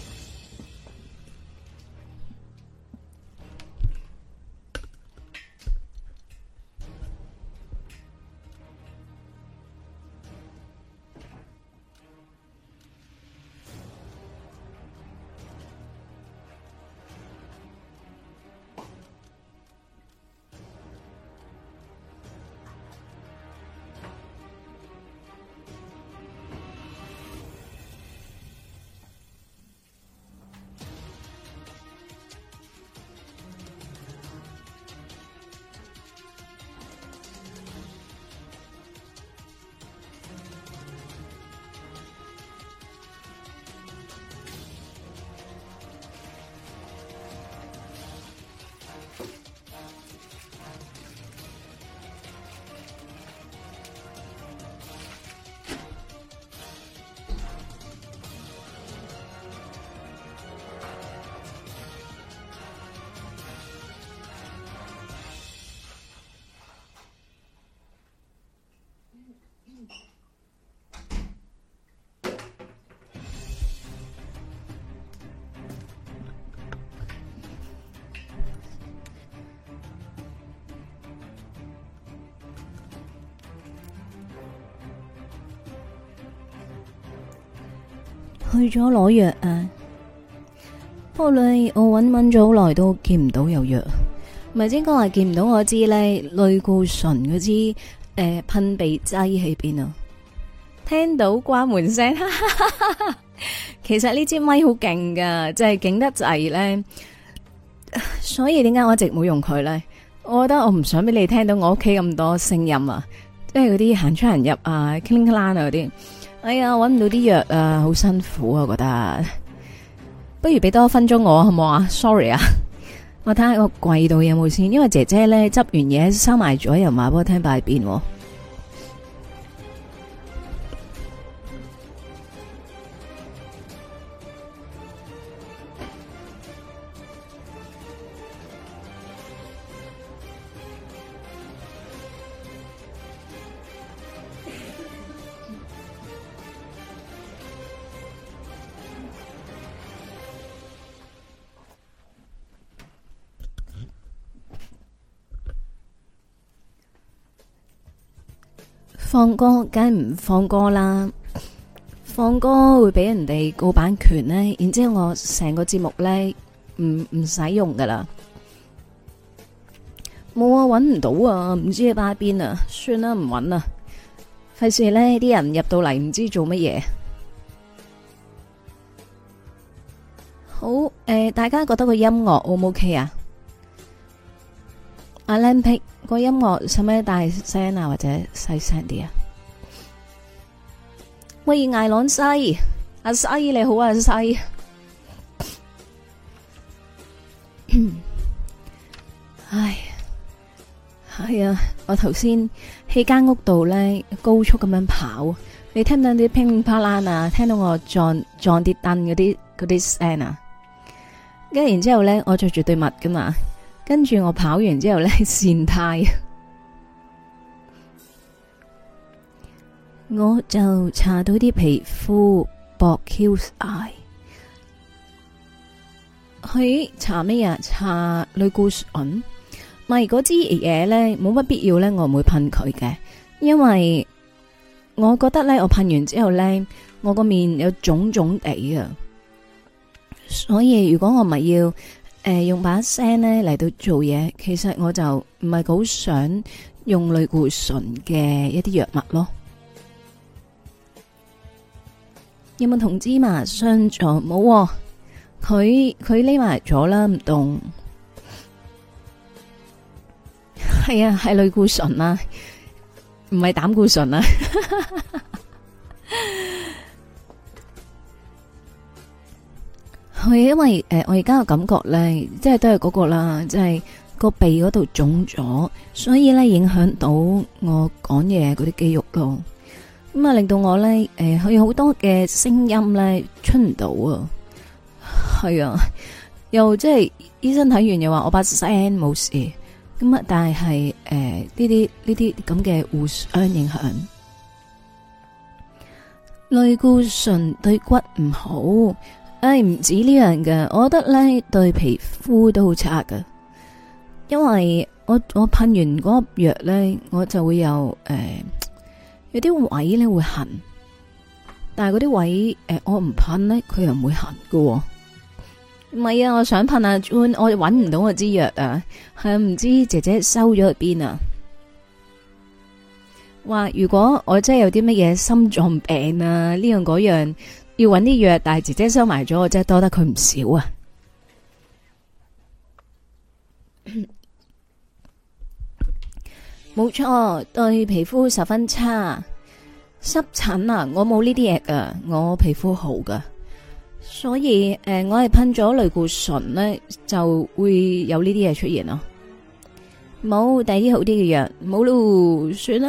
咗攞藥啊！不過好耐，我搵搵咗好耐都見唔到有藥啊。咪先講話見唔到我支咧，類固醇嗰支，誒噴鼻劑喺邊啊！聽到關門聲哈哈哈哈，其實呢支咪好勁㗎，即係勁得滯咧。所以點解我一直冇用佢咧？我覺得我唔想俾你聽到我屋企咁多聲音啊，即係嗰啲行出行入啊 kling klang 啊嗰啲。啵啵啵啵。哎呀，揾唔到啲藥啊，好辛苦啊，我覺得 不如俾多一分鐘我，好唔好啊？Sorry 啊， 我睇下個櫃度有冇先，因為姐姐咧執完嘢，收埋咗，又唔話俾我聽擺邊啊。放歌梗係唔放歌啦，放歌會俾人哋告版權呢，然之後我成個節目呢，唔唔使用噶啦，冇啊，搵唔到啊，唔知喺邊啊，算啦，唔搵啦，費事呢啲人入到嚟唔知做乜嘢，好誒、呃，大家覺得個音樂 O 唔 OK 啊？Olympic。 個音樂使唔使大聲啊，或者細聲啲啊？喂，艾朗西，阿西你好啊，阿西。唉，係啊，我頭先喺間屋度咧，高速咁樣跑，你聽到啲乒乓乓啊，聽到我撞撞跌凳嗰啲嗰啲聲啊。跟住然之後咧，我着住對襪噶嘛。跟住我跑完之後咧，善胎， 我就搽到啲皮膚薄丘癌。佢搽咩啊？搽類固醇，咪嗰支嘢咧，冇乜必要咧，我唔會噴佢嘅，因為我覺得咧，我噴完之後咧，我個面有腫腫地啊，所以如果我咪要。誒、呃，用把聲咧嚟到做嘢，其實我就唔係好想用類固醇嘅一啲藥物咯。有冇同芝麻相撞冇，佢佢匿埋咗啦，唔、啊、動。係 啊，係類固醇啊，唔係膽固醇啊。 佢因為誒、呃，我而家嘅感覺咧，即係都係嗰個啦，即、就、係、是、個鼻嗰度腫咗，所以咧影響到我講嘢嗰啲肌肉咯，咁啊令到我咧誒，佢、呃、好多嘅聲音咧出唔到啊，係 啊，又即、就、係、是、醫生睇完又話我把聲冇事，咁啊但係係誒呢啲呢啲咁嘅互相影響，類固醇對骨唔好。唉，唔、哎、止呢樣嘅，我覺得咧對皮膚都好差嘅。因為我我噴完嗰粒藥咧，我就會有誒、呃、有啲位咧會痕，但係嗰啲位誒、呃、我唔噴咧，佢又唔會痕嘅、哦。唔係啊，我想噴啊 June，我揾唔到我支藥啊，係唔知姐姐收咗去邊啊？哇！如果我真係有啲乜嘢心臟病啊，呢樣嗰樣。要搵啲藥，但係姐姐收埋咗，我真係多得佢唔少啊！冇錯，對皮膚十分差，濕疹啊！我冇呢啲嘢噶，我皮膚好噶，所以誒、呃，我係噴咗類固醇呢，就會有呢啲嘢出現咯。冇，第二好啲嘅藥，冇咯，算啦。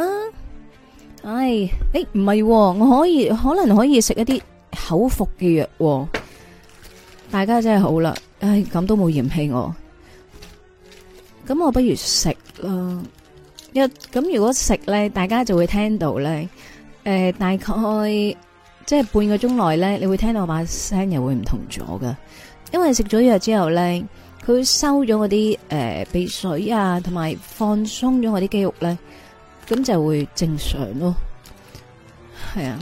唉，誒、欸，唔係、啊，我可以，可能可以食一啲。口服嘅藥，大家真係好啦，唉，咁都冇嫌棄我，咁我不如食咯，一咁如果食咧，大家就會聽到咧，誒、呃，大概即係、就是、半個鐘內咧，你會聽到我把聲又會唔同咗噶，因為食咗藥之後咧，佢收咗嗰啲誒鼻水啊，同埋放鬆咗我啲肌肉咧，咁就會正常咯，係啊。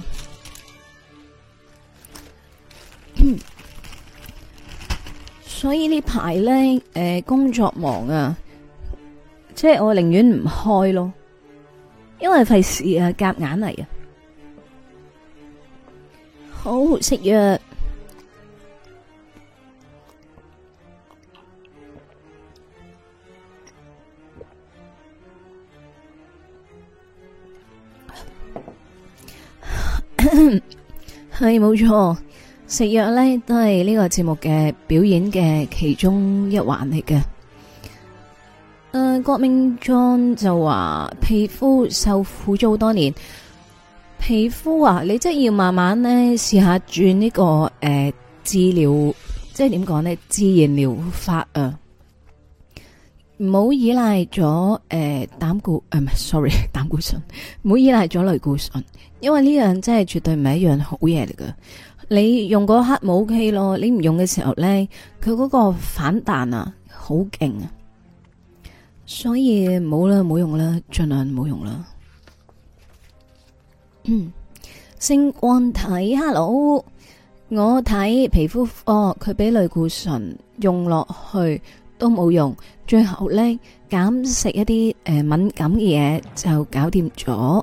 所以呢排呢，誒、呃，工作忙啊，即係我寧願唔開咯，因為費事啊夾硬嚟。啊。好食藥，係冇錯。 食藥咧，都係呢個節目嘅表演嘅其中一環嚟嘅。誒、呃，郭明莊就話皮膚受苦咗好多年，皮膚啊，你真係要慢慢咧試下轉呢轉、呢個誒、呃、治療，即係點講呢？自然療法啊，唔好依賴咗誒膽固醇誒唔係，sorry 膽固醇，唔好依賴咗類固醇，因為呢樣真係絕對唔係一樣好嘢嚟嘅。你用嗰黑冇氣咯，你唔用嘅時候咧，佢嗰個反彈啊，好勁啊！所以冇啦，冇用啦，盡量冇用啦。 星光睇 hello，我睇皮膚科，佢、哦、俾類固醇用落去都冇用，最後咧減食一啲誒、呃、敏感嘅嘢就搞掂咗。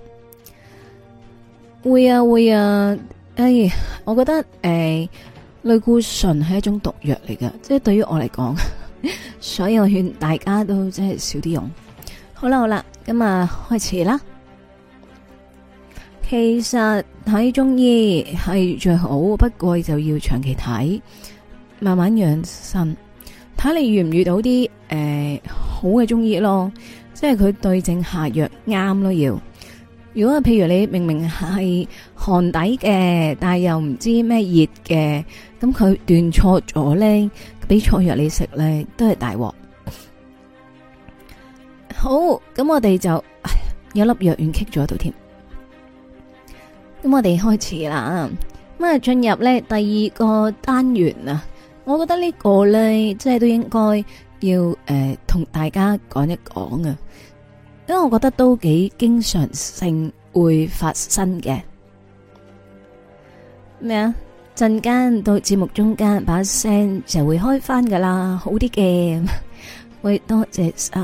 會啊會啊！哎，我覺得誒、呃，類固醇係一種毒藥嚟噶，即係對於我嚟講，所以我勸大家都真係少啲用。好啦好啦，咁啊開始啦。其實睇中醫係最好，不過就要長期睇，慢慢養身，睇你遇唔遇到啲誒、呃、好嘅中醫咯，即係佢對症下藥啱都要。如果譬如你明明係寒底嘅，但係又唔知咩熱嘅，咁佢斷錯咗咧，俾錯藥你食咧，都係大鑊。好，咁我哋就有粒藥丸棘咗度添。咁我哋開始啦，咁啊進入呢第二個單元啊，我覺得這個呢個咧，即係都應該要誒、呃、同大家講一講啊。因為我覺得都幾經常性會發生嘅，咩啊？陣間到節目中間，把聲就會開翻㗎喇，好啲嘅。喂，多謝晒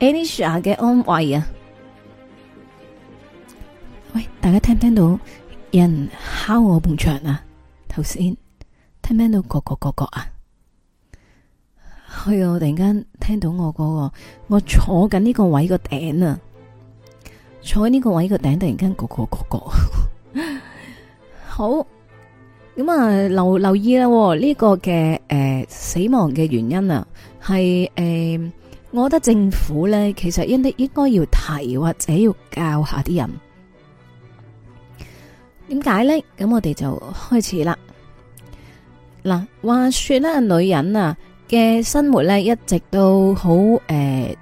Anisha 嘅安慰啊！喂，大家聽唔聽到有人敲我埲牆啊？頭先聽唔聽到個個個個啊？係啊、哎！我突然間聽到我嗰個我坐緊呢個位個頂啊，坐喺呢個位個頂突然間個個個個好咁啊，留留意啦、啊。呢、這個嘅誒、呃、死亡嘅原因啊，係誒、呃，我覺得政府咧其實應得應該要提或者要教下啲人點解咧。咁我哋就開始啦嗱，話說啦，女人啊。嘅生活咧，一直都好誒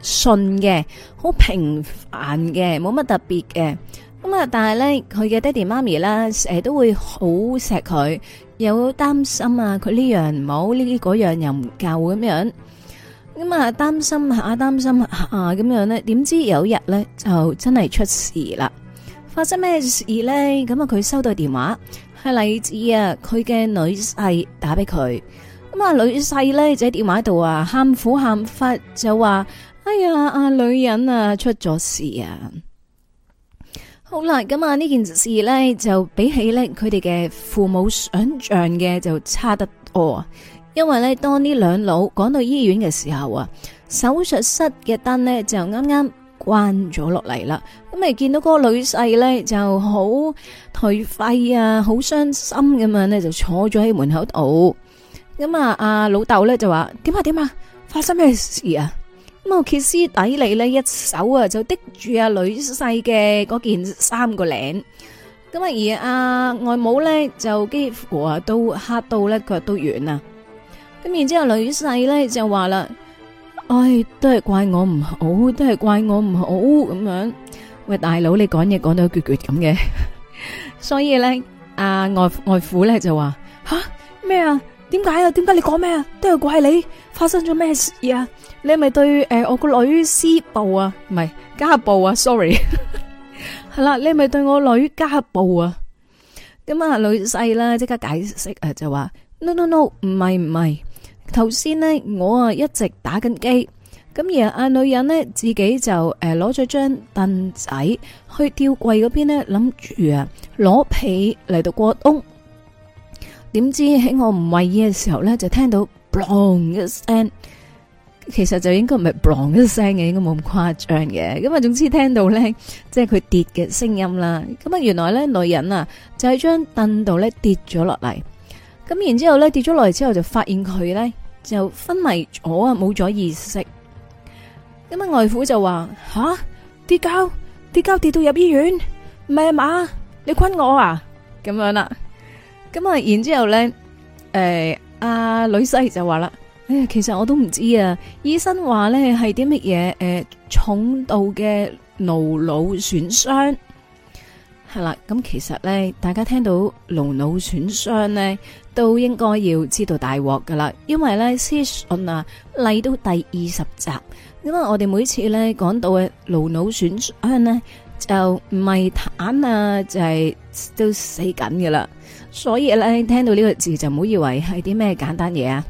順嘅，好、呃、平凡嘅，冇乜特別嘅。咁啊，但係咧，佢嘅爹哋媽咪啦，成日都會好錫佢，又擔心啊，佢呢樣唔好，呢啲嗰樣又唔夠咁樣。咁啊，擔心下，擔心下咁樣咧，點知有一日咧就真係出事啦！發生咩事咧？咁啊，佢收到電話，係嚟自啊佢嘅女婿打俾佢。咁啊，女婿呢就喺電話度啊，喊苦喊忽，就話：哎呀，阿女人啊，出咗事啊！好啦，咁啊，呢件事呢，就比起呢佢哋嘅父母想象嘅就差得多，啊！因為呢，當呢兩老趕到醫院嘅時候啊，手術室嘅燈呢，就啱啱關咗落嚟啦。咁咪見到嗰個女婿呢，就好頹廢啊，好傷心咁樣呢就坐咗喺門口度。咁啊！阿老豆咧就話：點啊？點啊！發生咩事啊？咁啊歇斯底里咧，一手啊就拎住阿女婿嘅嗰件衫個領，咁啊而阿外母咧就幾乎啊都吓到咧腳都軟啊！咁然之後女婿咧就話啦：，哎，都係怪我唔好，都係怪我唔好咁樣。喂，大佬，你講嘢講到撅撅咁嘅，所以咧，阿外外父咧就話：吓咩啊？點解啊？點解你講咩啊？都要怪你發生咗咩事啊？你係咪對誒、呃、我個女施暴啊？唔係家暴啊？Sorry，係啦，你係咪對我女家暴啊？咁 啊女婿啦，即刻解釋啊就話 no no no 唔係唔係，頭先呢，我啊一直打緊機，咁而阿女人呢，自己就誒攞咗張凳仔去吊櫃嗰邊呢，諗住啊攞被嚟到過冬。點知喺我唔為意嘅時候咧，就聽到 b o n g 嘅聲，其實就應該唔係 b o n g 嘅聲嘅，應該冇咁誇張嘅。咁啊，總之聽到咧，即係佢跌嘅聲音啦。咁啊，原來咧女人，啊，就係將凳度咧跌咗落嚟。咁然後呢之後咧，跌咗落嚟之後就發現佢咧就昏迷咗啊，冇咗意識。咁啊，外父就話吓，跌跤跌跤跌到入醫院，咩啊嘛，你昆我啊，咁樣啦。咁、呃、啊，然之後咧，誒，阿女婿就話啦，呀，其實我都唔知啊。醫生話咧係啲乜嘢，誒、呃，重度嘅顱腦損傷，係啦。咁、嗯、其實咧，大家聽到顱腦損傷咧，都應該要知道大鑊噶啦。因為咧，屍訊啊，嚟到第二十集，因、嗯、為我哋每次咧講到嘅顱腦損傷咧，就唔係癱啊，就係、是、都死緊噶啦。所以咧，聽到呢個字就唔好以為係啲咩簡單嘢啊！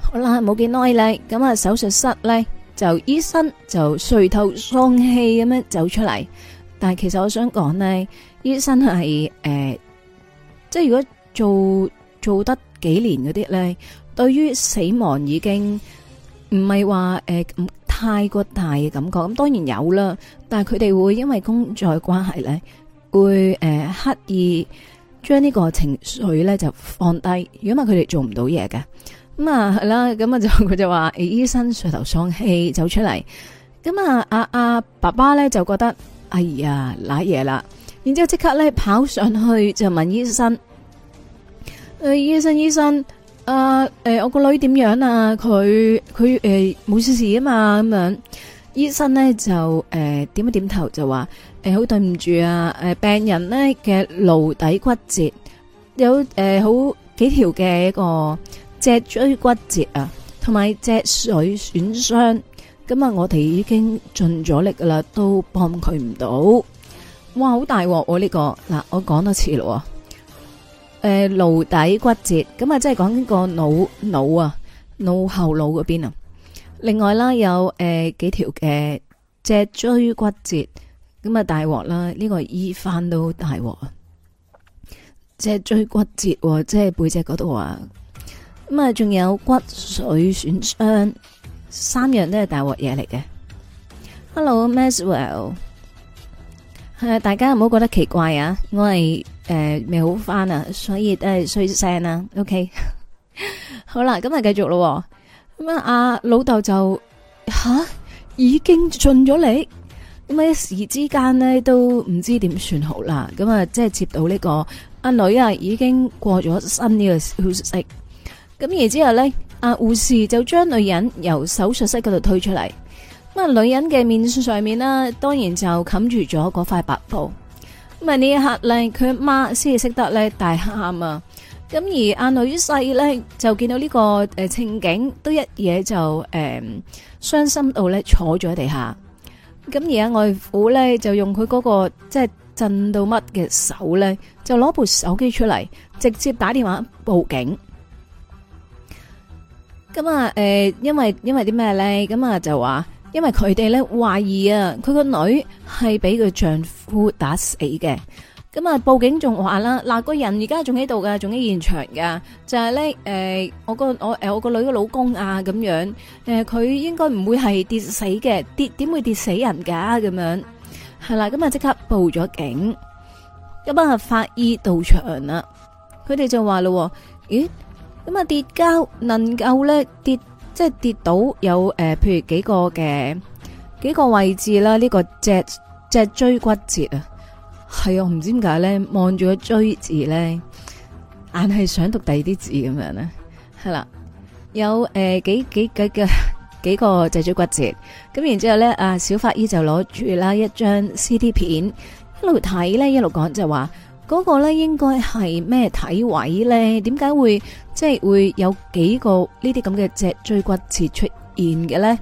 好啦，冇幾耐咧，咁啊手術室咧就醫生就垂頭喪氣咁樣走出嚟。但係其實我想講咧，醫生係誒，即係如果做做得幾年嗰啲咧，對於死亡已經唔係話誒太過大嘅感覺。咁當然有啦，但係佢哋會因為工作關係咧，會誒刻意。將呢個情緒咧就放低，如果唔係佢哋做唔到嘢嘅。咁啊係啦，咁啊就佢就話誒、呃、醫生垂頭喪氣走出嚟。咁、嗯、啊阿阿、啊、爸爸咧就覺得哎呀瀨嘢啦，然之後即刻咧跑上去就問醫生，誒醫生醫生，啊誒、呃呃、我個女點樣啊？佢佢誒冇事事啊嘛咁樣。醫生咧就誒、呃、點一點頭就話。誒，好對唔住啊！誒，病人呢嘅顱底骨折，有誒好、呃、幾條嘅一個脊椎骨折啊，同埋脊髓損傷。咁啊，我哋已經盡咗力啦，都幫佢唔到。哇，好大鑊喎呢個嗱，我講多次咯。誒、呃，顱底骨折，咁啊，即係講呢個腦腦啊，腦後腦嗰邊啊。另外啦，有誒、呃、幾條嘅脊椎骨折。咁啊大鑊啦！呢、這個醫翻都大鑊啊，即係椎骨折，即係背脊嗰度啊。咁啊，仲有骨髓損傷，三樣都係大鑊嘢嚟嘅。Hello，Maxwell，係大家唔好覺得奇怪啊，我為誒未、呃、好翻啊，所以都誒衰聲啊。OK，好啦，咁啊繼續咯。咁啊，阿老豆就吓已經盡咗力。咁啊一時之間咧，都唔知點算好啦。咁啊，即係接到呢個阿女啊，已經過咗身呢個消息。咁而之後咧，阿護士就將女人由手術室嗰度推出嚟。咁啊，女人嘅面上面啦，當然就冚住咗嗰塊白布。咁啊，呢一刻咧，佢阿媽先至識得咧，大喊啊！咁而阿女婿咧，就見到呢個誒情景，都一嘢就誒傷心到咧，坐咗喺地下。咁而家外父咧就用佢嗰個即係震到乜嘅手咧，就攞部手機出嚟，直接打電話報警。咁啊，誒，因為因為啲咩咧？咁啊就話，因為佢哋咧懷疑啊，佢個女係俾佢丈夫打死嘅。咁啊！報警仲話啦，嗱，個人而家仲喺度噶，仲喺現場噶，就係咧，誒，我個我誒，我個女嘅老公啊，咁樣，誒，佢應該唔會係跌死嘅，跌點會跌死人噶，咁樣係啦，咁啊，即刻報咗警，咁啊，法醫到場啦，佢哋就話咯，咦，咁啊，跌跤能夠咧跌，即係跌到有誒，譬如幾個嘅幾個位置啦，呢個脊脊椎骨折啊。係啊，唔知點解咧，望住個椎字咧，硬係想讀第二啲字咁樣咧。係啦，有誒、呃、幾幾幾嘅幾個脊椎骨折。咁然之後咧，阿小法醫就攞住啦一張 CD 片，一路睇咧，一路講就話嗰、那個咧應該係咩體位咧？點解會即係、就是、會有幾個呢啲咁嘅脊椎骨折出現嘅咧？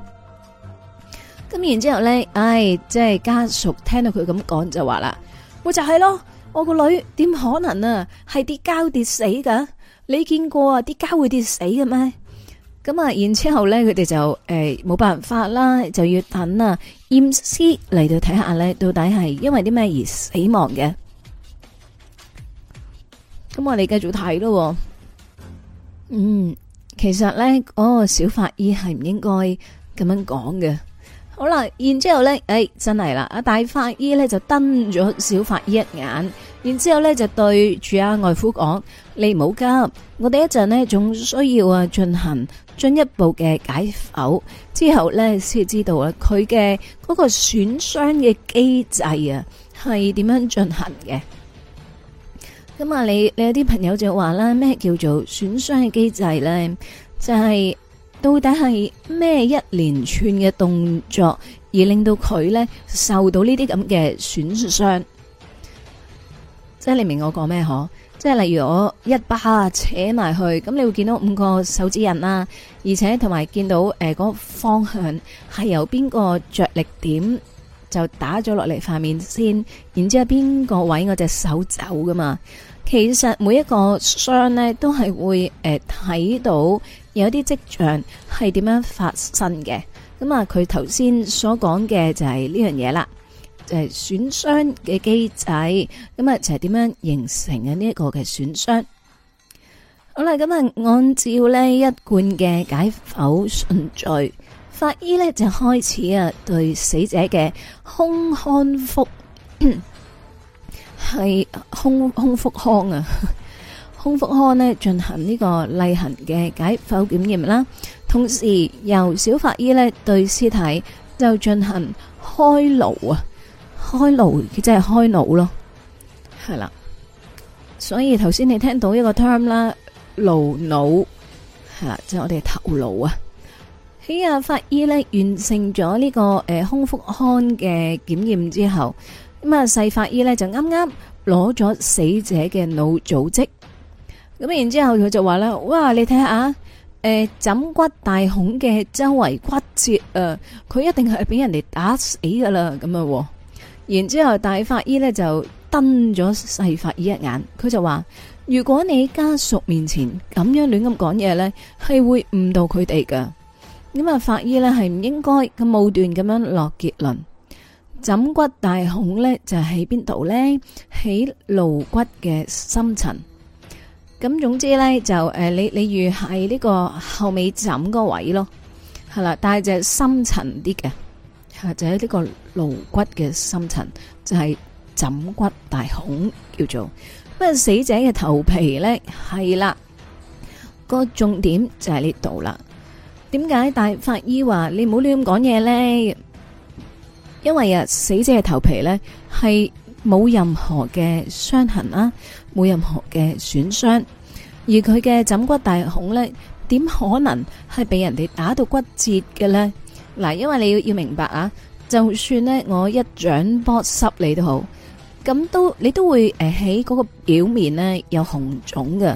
咁然之後咧，唉、哎，即、就、係、是、家屬聽到佢咁講就話啦。我就係咯，我個女點可能啊？係跌跤跌死噶？你見過啊？跌跤會跌死嘅咩？咁啊，然之後咧，佢哋就誒冇、呃、辦法啦，就要等啊驗屍嚟到睇下咧，到底係因為啲咩而死亡嘅。咁我哋繼續睇咯。嗯，其實咧，我、嗰個小法醫係唔應該咁樣講嘅。好啦，然之後呢誒、哎，真係啦，阿大法醫呢就瞪咗小法醫一眼，然之後呢就對住阿外父講：你唔好急，我哋一陣呢仲需要啊進行進一步嘅解剖，之後呢，先知道啊佢嘅嗰個損傷嘅機制啊係點樣進行嘅。咁啊，你你有啲朋友就話啦，咩叫做損傷嘅機制呢？就係、是。到底係咩一連串嘅動作，而令到佢咧受到呢啲咁嘅損傷？即係你明我講咩？嗬，即係例如我一巴扯埋去，咁你會見到五個手指印啦，而且同埋見到誒、呃嗰個方向係由邊個着力點就打咗落嚟塊面先，然之後邊個位我隻手走噶嘛？其實每一個傷呢都係會誒睇、呃、到。有啲迹象係點樣發生嘅？咁啊，佢頭先所講嘅就係呢樣嘢啦，就係損傷嘅機制。咁啊，就係點樣形成嘅呢一個嘅損傷？好啦，咁啊，按照呢一貫嘅解剖順序，法醫呢就開始啊對死者嘅胸腔腹係胸胸腹腔啊。胸腹腔咧進行呢個例行嘅解剖檢驗啦，同時由小法醫咧對屍體就進行開顱啊，開顱即係開腦咯，係啦。所以頭先你聽到一個 term 啦，顱腦係啦，即係我哋嘅頭腦啊。起啊，法醫咧完成咗呢個誒胸腹腔嘅檢驗之後，咁啊細法醫咧就啱啱攞咗死者嘅腦組織。咁然之後佢就話啦，「哇！你睇下，誒枕骨大孔嘅周圍骨折啊，佢、呃、一定係俾人哋打死噶啦。」咁啊，然之後大法醫呢就瞪咗細法醫一眼，佢就話：如果你家屬面前咁樣亂咁講嘢呢，係會誤導佢哋噶。咁啊，法醫呢係唔應該咁武斷咁樣落結論。枕骨大孔呢就喺邊度呢？喺顱骨嘅深層。咁總之咧就誒、呃，你你如係呢個後尾枕個位咯，係啦，但係就深層啲嘅，或者呢個顱骨嘅深層就係、是、枕骨大孔叫做。不過死者嘅頭皮咧係啦，個重點就係呢度啦。點解大法醫話你唔好亂咁講嘢咧？因為啊，死者嘅頭皮咧係冇任何嘅傷痕啦、啊。冇任何嘅損傷，而佢嘅枕骨大孔呢，點可能係俾人哋打到骨折嘅呢？嗱，因為你要要明白啊，就算呢我一掌波濕你都好，咁都你都會誒喺嗰個表面呢有紅腫嘅，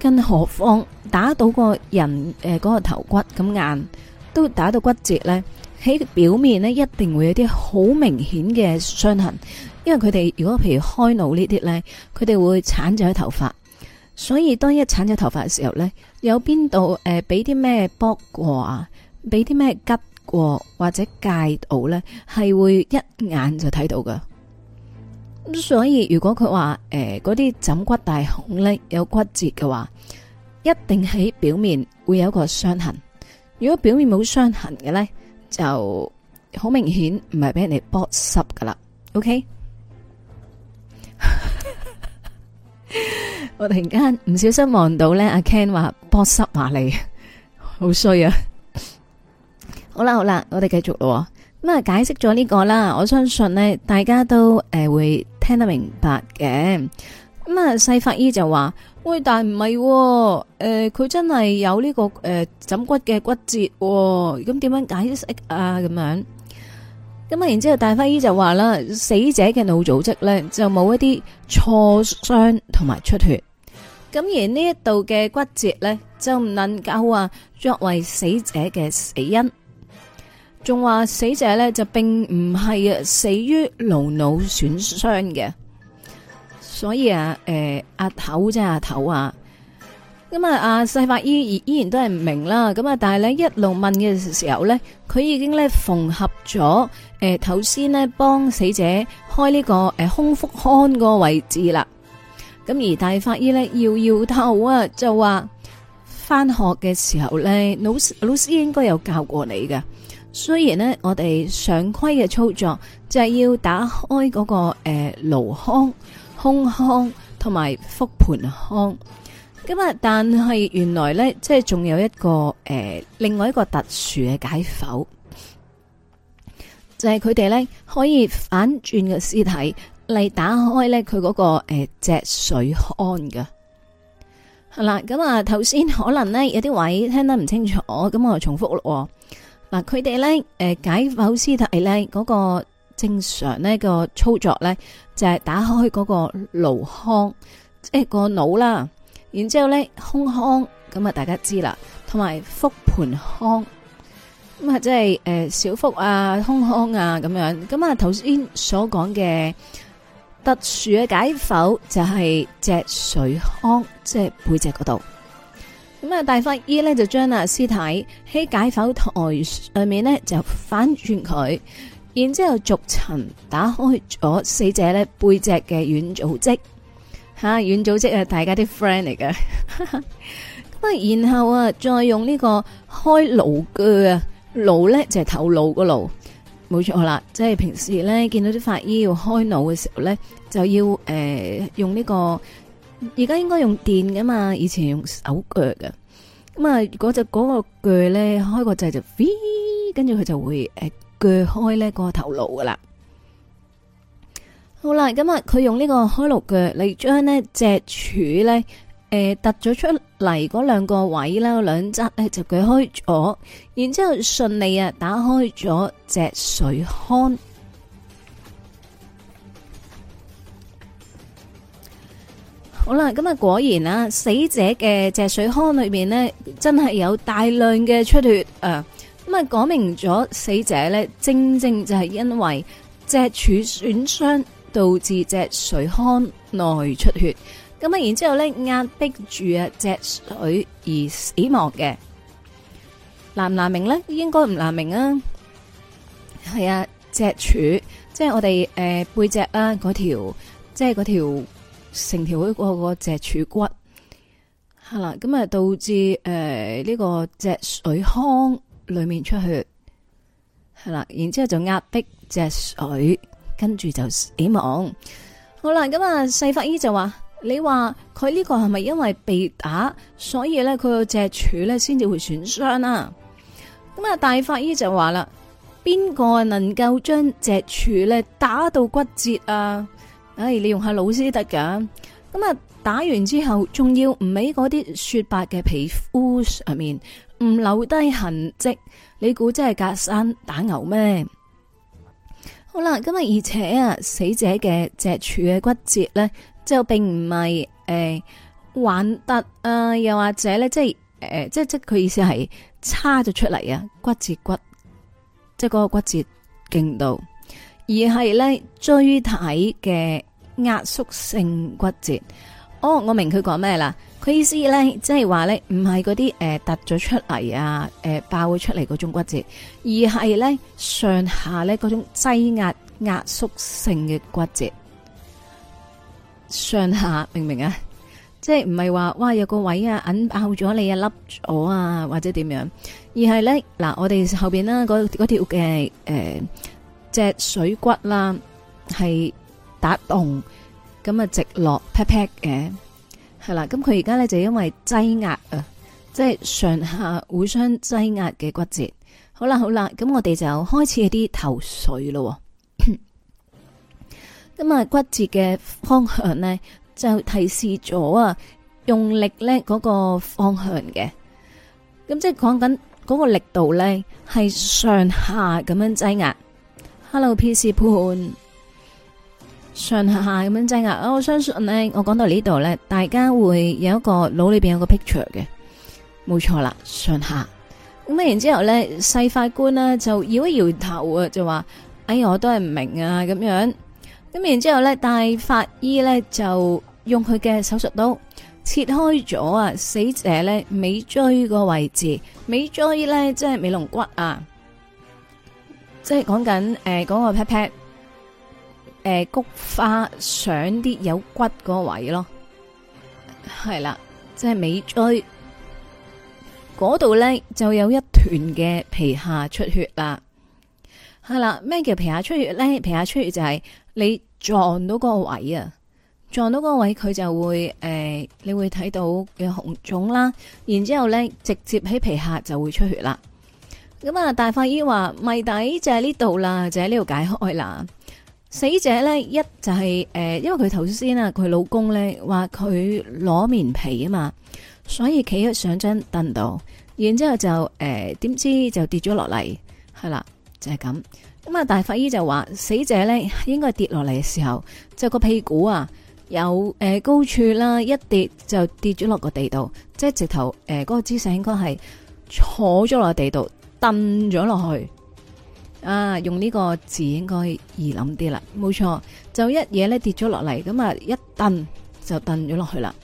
更何況打到個人誒嗰、呃嗰個頭骨咁硬，都打到骨折呢，喺表面呢一定會有啲好明顯嘅傷痕。因為佢哋如果譬如開腦呢啲呢，佢哋會鏟咗啲頭髮，所以當一鏟咗頭髮嘅時候呢，有邊度誒俾啲咩剝過啊，俾啲咩吉過或者戒到呢，係會一眼就睇到噶。所以如果佢話誒嗰啲枕骨大孔呢，有骨折嘅話，一定喺表面會有一個傷痕。如果表面冇傷痕嘅呢，就好明顯唔係俾人哋剝濕噶啦。OK。 我突然間唔小心望到呢阿 Ken 話波濕話你好衰啊！好啦好啦，我哋繼續咯。咁啊，解釋咗呢個啦，我相信呢大家都誒會聽得明白嘅。咁啊，細法醫就話：喂，但係唔係、哦，誒、呃，佢真係有呢、這個誒、呃、枕骨嘅骨折、哦，咁點樣解釋啊？咁樣。咁啊，然之後大法醫就話啦，死者嘅腦組織咧就冇一啲挫傷同埋出血，咁而呢一度嘅骨折咧就唔能夠話作為死者嘅死因，仲話死者咧就並唔係啊死於顱腦,腦損傷嘅，所以啊誒阿、呃、頭即係阿頭啊。咁啊！啊，細法醫依然都係唔明啦。咁啊，但係咧一路問嘅時候咧，佢已經咧縫合咗誒頭先呢，幫死者開呢、這個誒胸、呃、腹腔個位置啦。咁而大法醫咧搖搖頭啊，就話返學嘅時候咧，老師老師應該有教過你嘅。雖然呢，我哋常規嘅操作就係要打開嗰、那個誒、呃、顱腔、胸腔同埋腹盆腔。咁啊！但係原來咧，即係仲有一個誒、呃，另外一個特殊嘅解剖，就係佢哋咧可以反轉嘅屍體嚟打開咧佢嗰個誒脊髓腔噶。係啦，咁啊頭先可能呢有啲位聽得唔清楚，咁我就重複咯。嗱，佢哋咧誒解剖屍體咧嗰個正常呢個操作咧就係打開嗰個顱腔，即係個腦啦。然之後咧，胸腔咁啊，大家知啦，同埋腹盆腔咁、呃、啊，即係誒小腹啊、胸腔啊咁樣。咁啊，頭先所講嘅特殊嘅解剖就係脊髓腔，即係背脊嗰度。咁啊，大法醫呢，就將啊屍體喺解剖台上面呢，就反轉佢，然之後逐層打開咗死者呢背脊嘅軟組織。吓，軟、啊、組織啊，大家啲 friend 嚟嘅。咁啊，然後啊，再用呢個開顱鋸啊，顱咧就係、是、頭顱個顱，冇錯啦。即係平時咧見到啲法醫要開腦嘅時候咧，就要誒、呃、用呢、這個，而家應該用電噶嘛，以前用手鋸嘅。咁啊，嗰隻嗰個鋸咧，開個掣就飛，跟住佢就會誒鋸開咧個頭顱噶啦。好啦，咁啊，佢用呢個開顱腳嚟將咧脊柱咧誒突咗出嚟嗰兩個位啦，兩側咧就鋸開咗，然之後順利啊打開咗脊髓腔。好啦，咁啊果然啦，啊，死者嘅脊髓腔裏面呢，真係有大量嘅出血啊，咁啊講明咗死者咧正正就係因為脊柱損傷導致脊髓腔內出血，咁啊，然之後咧壓迫住啊脊髓而死亡嘅難唔難明咧？應該唔難明啊。係啊，脊柱即係我哋誒、呃、背脊、那個那個、啊，嗰條即係嗰條成條嗰個脊柱骨係啦，咁啊導致誒呢、呃這個脊髓腔裏面出血係啦、啊，然之後就壓迫脊髓。跟住就死亡。好啦，咁啊，細法醫就話：你話佢呢個係咪因為被打，所以咧佢脊柱咧先至會損傷啊？咁啊，大法醫就話啦：邊個能夠將脊柱咧打到骨折啊？唉、哎，你用下老師得噶。咁啊，打完之後，仲要唔喺嗰啲雪白嘅皮膚上面唔留低痕迹。你估真係隔山打牛咩？好啦，咁啊，而且啊，死者嘅脊柱嘅骨折咧，就並唔係誒橫突啊，又或者咧，即係誒、呃，即即佢意思係叉咗出嚟啊，骨折骨，即係嗰個骨折勁度，而係咧椎體嘅壓縮性骨折。哦，我明佢講咩啦？佢意思咧，即係話咧，唔係嗰啲誒突咗出嚟啊，誒、呃、爆咗出嚟嗰種骨折，而係咧上下咧嗰種擠壓壓縮性嘅骨折，上下明唔明啊？即係唔係話哇有個位啊，撚爆咗你啊，凹咗啊，或者點樣？而係咧嗱，我哋後邊啦，嗰條條嘅誒隻水骨啦，係打洞咁啊，樣就直落劈劈嘅。係啦，咁佢而家咧就因為擠壓啊，即係上下互相擠壓嘅骨折。好啦好啦，咁我哋就開始有啲頭緒咯。咁啊， 骨折嘅方向呢，就提示咗啊，用力咧嗰個方向嘅。咁即係講緊嗰個力度咧，係上下咁樣擠壓。Hello, PC phone。上下下咁樣擠啊，我相信呢，我講到呢度呢，大家會有一個腦裏邊有個 picture 嘅，冇錯啦。上下咁，然之後呢細法官呢就搖一搖頭、哎、啊，就話：哎，我都係唔明啊咁樣。咁然之後呢大法醫呢就用佢嘅手術刀切開咗啊，死者呢尾椎個位置，尾椎呢，即係尾龍骨啊，即係講緊誒嗰個 pat pat。誒、呃，菊花上啲有骨嗰位咯，係啦，即係尾椎嗰度咧，就有一團嘅皮下出血啦。係啦，咩叫皮下出血咧？皮下出血就係你撞到個位啊，撞到個位佢就會誒、呃，你會睇到嘅紅腫啦，然之後咧直接喺皮下就會出血啦。咁啊，大法醫話謎底就喺呢度啦，就喺呢度解開啦。死者咧，一就係、是、誒、呃，因為佢頭先啊，佢老公咧話佢攞棉被啊嘛，所以企咗上張凳度，然之後就誒、點、呃、知就跌咗落嚟，係啦，就係、是、咁。咁啊，大法醫就話死者咧應該跌落嚟嘅時候，就個屁股啊有誒、呃、高處啦、啊，一跌就跌咗落個地度，即係直頭誒嗰個姿勢應該係坐咗落地度，蹬咗落去。啊，用呢個字應該易諗啲啦，冇錯。就一嘢呢跌咗落嚟，咁啊一蹬就蹬咗落去啦。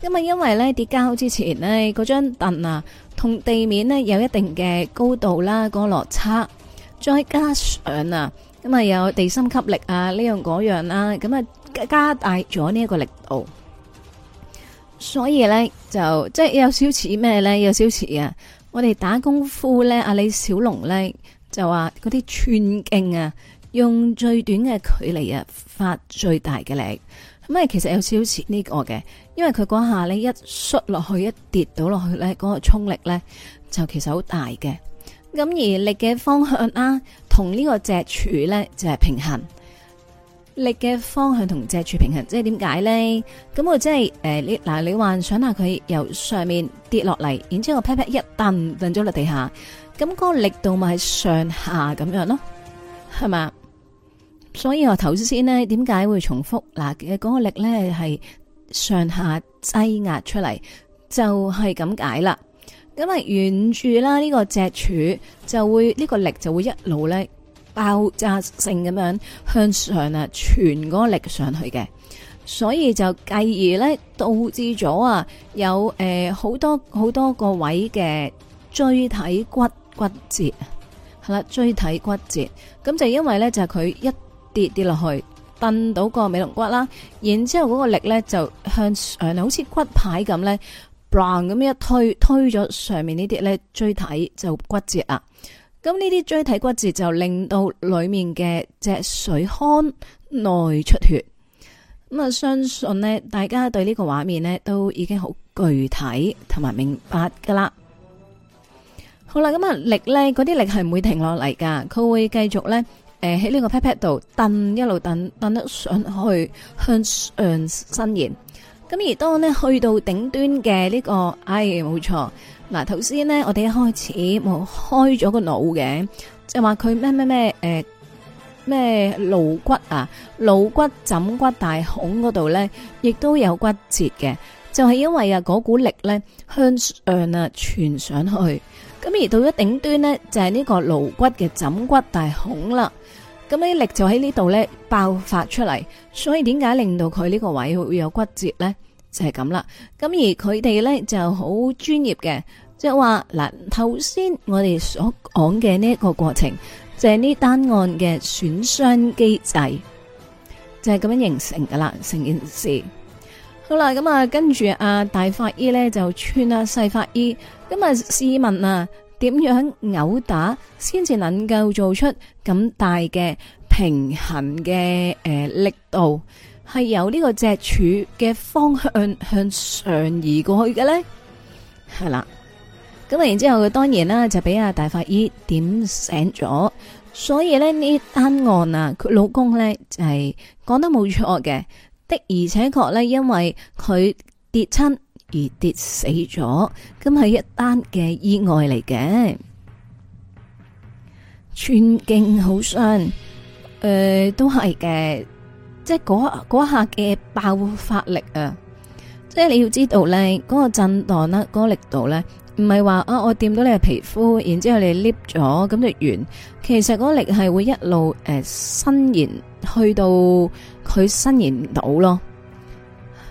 咁啊，因為呢跌跤之前呢，嗰張凳啊同地面呢有一定嘅高度啦，個落差，再加上啊，咁啊有地心吸力啊，呢樣嗰樣啦、啊，咁啊加大咗呢一個力度，所以呢，就即係有少似咩呢？有少似啊，我哋打功夫呢，阿李小龍呢。就話嗰啲寸勁啊，用最短嘅距離啊，發最大嘅力。咁啊，其實有少少似呢個嘅，因為佢嗰下呢，一摔落去，一跌倒落去咧，嗰、那個衝力咧就其實好大嘅。咁而力嘅方向啦、啊，同呢個脊柱咧就係、是、平衡。力嘅方向同脊柱平衡，即係點解咧？咁我即係誒，你、呃、嗱，你幻想下佢由上面跌落嚟，然之後劈啪一蹬，蹬咗落地下。咁嗰個力度咪係上下咁樣咯，係嘛？所以我頭先呢點解會重複？嗱，嘅嗰個力呢係上下擠壓出嚟，就係咁解啦。咁啊，沿住啦呢個脊柱就會呢、呢個力就會一路呢爆炸性咁樣向上啊，傳嗰個力上去嘅，所以就繼而呢，導致咗啊有誒好多、呃、好多個位嘅椎體骨、骨折係啦，椎體骨折咁就因為呢，就係佢一跌跌落去，震到個尾龍骨啦，然之後嗰個力呢，就向誒，好似骨牌咁呢，bang 咁一推，推咗上面呢啲呢，椎體就骨折啊！咁呢啲椎體骨折就令到裏面嘅脊髓腔內出血。咁啊，相信呢，大家對呢個畫面呢，都已經好具體同埋明白噶啦。好啦，咁啊力咧，嗰啲力係唔會停落嚟噶，佢會繼續咧，誒喺呢個 pat pat 度蹬，一路蹬，蹬得上去向上伸延。咁而當咧去到頂端嘅呢個，唉，冇錯嗱，頭先咧我哋一開始冇開咗個腦嘅，就話佢咩咩咩誒咩顱骨啊，顱骨枕骨大孔嗰度咧，亦都有骨折嘅，就係因為啊嗰股力咧向上啊傳上去。咁而到咗頂端呢，就係呢個顱骨嘅枕骨大孔啦。咁啲力就喺呢度呢爆發出嚟，所以點解令到佢呢個位會有骨折呢？就係咁啦。咁而佢哋呢就好專業嘅，即係話嗱，頭先我哋所講嘅呢一個過程，就係呢單案嘅損傷機制，就係咁樣形成噶啦，成件事。好啦，咁啊，跟住啊，大法醫咧就穿啊細法醫，咁啊，試問啊，點樣毆打先至能夠做出咁大嘅平衡嘅誒、呃、力度，係由呢個脊柱嘅方向向上移過去嘅咧？係啦，咁啊，然之後佢當然啦，就俾阿大法醫點醒咗，所以咧呢單案啊，佢老公咧就係、是、講得冇錯嘅。的而且確咧，因為佢跌親而跌死咗，咁係一單嘅意外嚟嘅。寸勁好傷，誒、呃，都係嘅，即係嗰嗰下嘅爆發力啊！即係你要知道咧，嗰、嗰個震蕩啦，嗰、嗰個力度咧，唔係話啊，我掂到你嘅皮膚，然之後你裂咗咁就完。其實嗰力係會一路誒、呃、伸延去到。佢伸延唔到咯，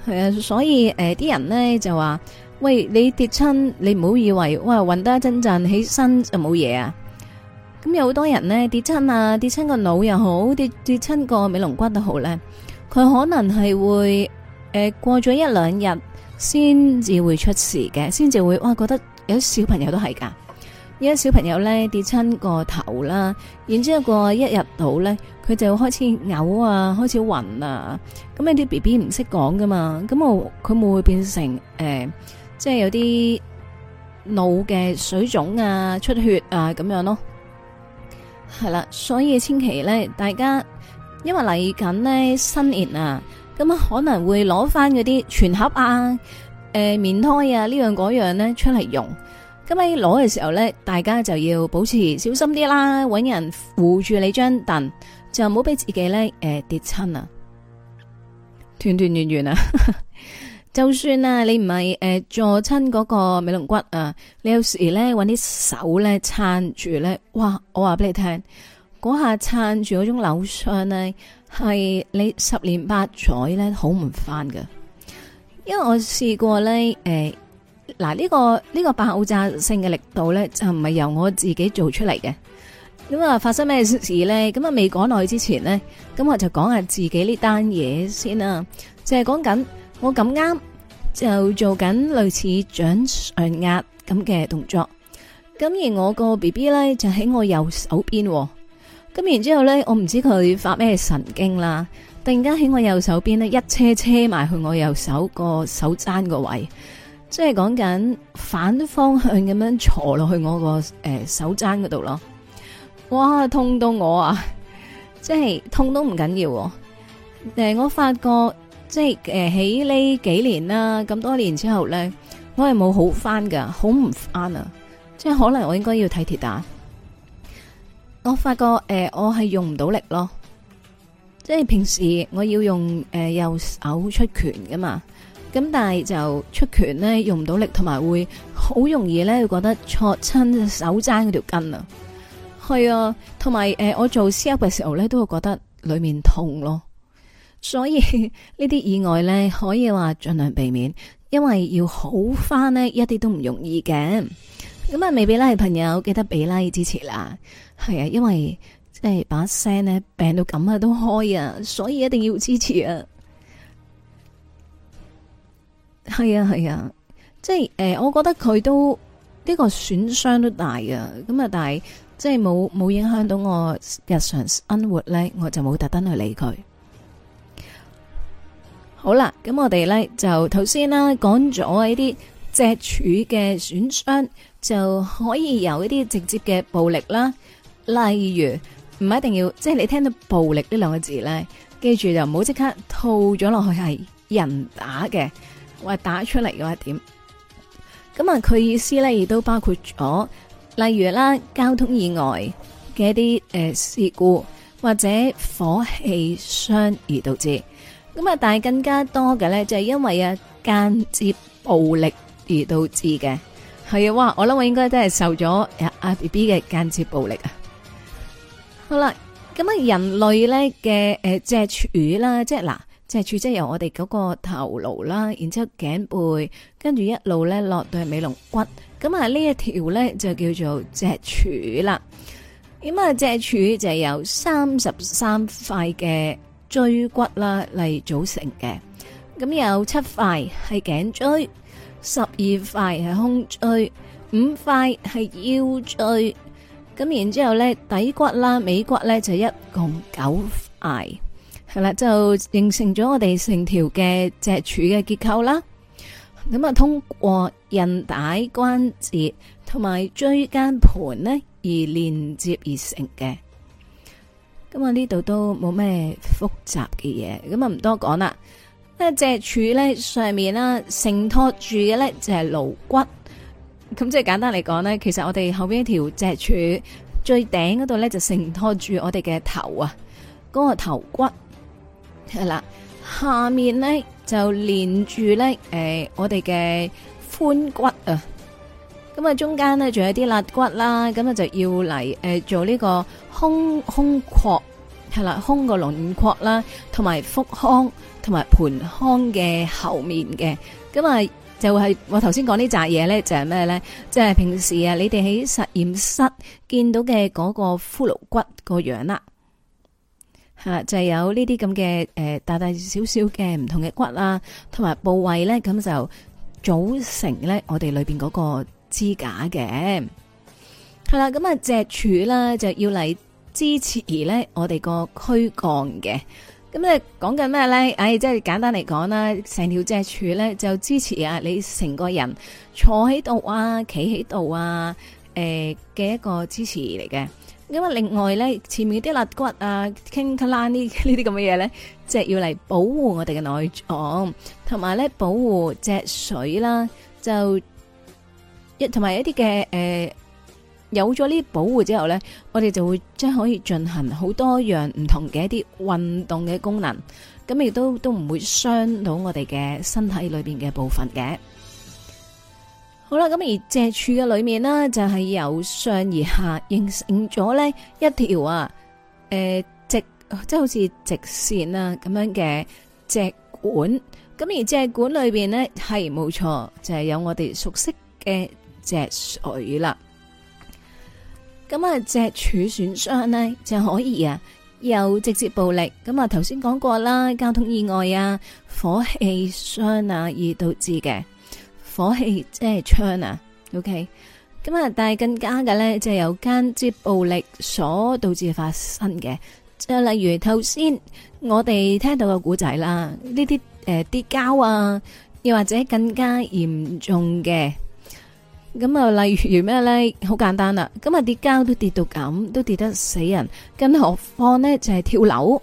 係、嗯、啊，所以誒啲、呃、人呢就話，喂，你跌親，你唔好以為哇，暈，得一陣陣，起身就冇嘢啊！咁、嗯、有好多人呢，跌親啊，跌親個腦又好，跌跌親個尾龍骨都好咧，佢可能係會誒、呃、過咗一兩日先至會出事嘅，先至會哇覺得有小朋友都係噶。依家小朋友咧跌親個頭啦，然之後過一日到咧，佢就開始嘔啊，開始暈啊，咁你啲 B B 唔識講噶嘛，咁我佢冇會變成誒、呃，即係有啲腦嘅水腫啊、出血啊咁樣咯，係啦，所以千祈咧，大家因為嚟緊呢新年啊，咁可能會攞翻嗰啲全盒啊、誒、呃、棉胎啊這樣那樣呢樣嗰樣咧出嚟用。咁你攞嘅時候咧，大家就要保持小心啲啦，搵人扶住你張凳，就唔好俾自己咧誒、呃、跌親啊，團團圓圓啊！ 就算啦你唔係誒坐親嗰個尾龍骨啊，你有時咧搵啲手咧撐住咧，哇！我話俾你聽，嗰下撐住嗰種扭傷咧，係你十年八載咧好唔返㗎！因為我試過咧誒。呃嗱，呢個呢個爆炸性嘅力度咧，就唔係由我自己做出嚟嘅。咁啊，發生咩事咧？咁啊，未講落去之前咧，咁我就講下自己呢單嘢先啦。就係講緊我咁啱就做緊類似掌上壓咁嘅動作。咁而我個 BB 咧就喺我右手邊。咁然之後咧，我唔知佢發咩神經啦，突然間喺我右手邊咧一車車埋去我右手個手踭個位。即係講緊反方向咁樣坐落去我個誒、欸、手踭嗰度咯，哇痛到我啊！即係痛都唔緊要，緊要、啊，誒、欸、我發覺即係誒喺呢幾年啦、啊，咁多年之後咧，我係冇好翻噶，好唔翻啊！即係可能我應該要睇鐵打，我發覺誒、欸、我係用唔到力咯，即係平時我要用誒、欸、右手出拳噶嘛。咁但係就出拳咧用唔到力，同埋會好容易咧會覺得挫親手踭嗰條筋啊，係啊，同埋誒，我做 CUP 嘅時候咧都會覺得裏面痛咯，所以呢啲意外咧可以話盡量避免，因為要好翻呢，一啲都唔容易嘅。咁、嗯、啊，未俾拉嘅朋友記得俾拉支持啦，係啊，因為即係把聲咧病到咁啊都開啊，所以一定要支持啊！係啊，係啊，即係誒、呃，我覺得佢都呢、呢個損傷都大嘅，咁啊，但係即係冇冇影響到我日常生活咧，我就冇特登去理佢。好啦，咁我哋咧就頭先啦講咗呢啲脊柱嘅損傷，就可以由一啲直接嘅暴力啦，例如唔一定要，即係你聽到暴力呢兩個字咧，記住就唔好即刻套咗落去係人打嘅。話打出嚟嘅一點，咁啊，佢意思咧亦都包括咗，例如啦，交通意外嘅一啲誒、呃、事故，或者火器傷而導致，咁啊，但係更加多嘅咧就係、是、因為啊間接暴力而導致嘅，係啊，哇！我諗我應該都係受咗阿 B B 嘅間接暴力啊！好啦，咁啊，人類咧嘅誒即係處啦，即係嗱。脊柱，即係由我哋嗰個頭顱啦，然之後頸背，跟住一路咧落到去尾龍骨，咁啊呢一條咧就叫做脊柱啦。咁啊脊柱就係由三十三塊嘅椎骨啦嚟組成嘅，咁有七塊係頸椎，十二塊係胸椎，五塊係腰椎，咁然之後咧底骨啦尾骨咧就一共九塊。係啦，就形成咗我哋成條嘅脊柱嘅結構啦。咁啊，通過韌帶關節同埋椎間盤呢而連接而成嘅。咁啊，呢度都冇咩複雜嘅嘢，咁啊唔多講啦。呢脊柱咧上面啦，承托住嘅咧就係顱骨。咁即係簡單嚟講呢，其實我哋後邊一條脊柱最頂嗰度咧，就承托住我哋嘅頭啊，嗰個頭骨。係啦，下面咧就連住咧誒，我哋嘅髖骨啊，咁、嗯、啊中間咧仲有啲肋骨啦，咁、嗯、啊就要嚟誒、呃、做呢個胸胸廓，係啦，胸個輪廓啦，同埋腹腔同埋盆腔嘅後面嘅，咁啊就係我頭先講呢扎嘢，咧，就係咩咧？即、就、係、是就是、平時啊，你哋喺實驗室見到嘅嗰個骷髏骨個樣啦、啊。係啦，就係有呢啲咁嘅誒大大小小嘅唔同嘅骨啊，同埋部位咧，咁就組成咧我哋裏邊嗰個支架嘅。係啦，咁啊脊柱咧就要嚟支持咧我哋個軀幹嘅。咁咧講緊咩咧？誒，即係簡單嚟講啦，成條脊柱咧就支持啊你成個人坐喺度啊，企喺度啊，誒嘅一個支持嚟嘅。因為另外咧，前面啲肋骨啊、傾斜呢呢啲咁嘅嘢咧，即係要嚟保護我哋嘅內臟，同埋咧保護脊水啦，就一同埋一啲嘅誒，有咗呢啲保護之後咧，我哋就會即係可以進行好多樣唔同嘅一啲運動嘅功能，咁亦都都唔會傷到我哋嘅身體裏邊嘅部分嘅。好啦，咁而脊柱嘅裏面呢就係由上而下形成咗呢一條啊，誒，直即係好似直綫啊咁樣嘅脊管。咁而脊管裏邊呢，係冇錯，就係、是、有我哋熟悉嘅脊髓啦。咁啊，脊柱損傷呢，就可以啊，有直接暴力。咁啊，頭先講過啦，交通意外啊、火器傷啊而導致嘅。火氣即係槍啊，OK，咁啊，但係更加嘅咧，就係由間接暴力所導致發生嘅，即係例如頭先我哋聽到嘅古仔啦，呢啲誒跌跤啊，又或者更加嚴重嘅，咁啊，例如咩咧？好簡單啦，咁啊跌跤都跌到咁，都跌得死人，更何況咧就係跳樓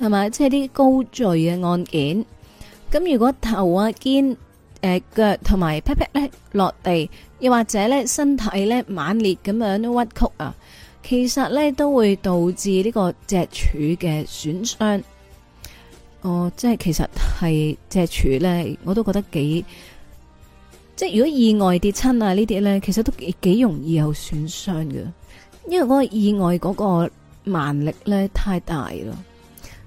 係咪？即係啲高墜嘅案件，咁如果頭啊肩。誒，腳同埋 pat pat 咧落地，又或者咧身體咧猛烈咁樣都屈曲啊，其實咧都會導致呢個脊柱嘅損傷。哦，即係其實係脊柱咧，我都覺得幾，即係如果意外跌親啊呢啲咧，其實都幾容易有損傷嘅，因為嗰個意外嗰個蠻力咧太大咯。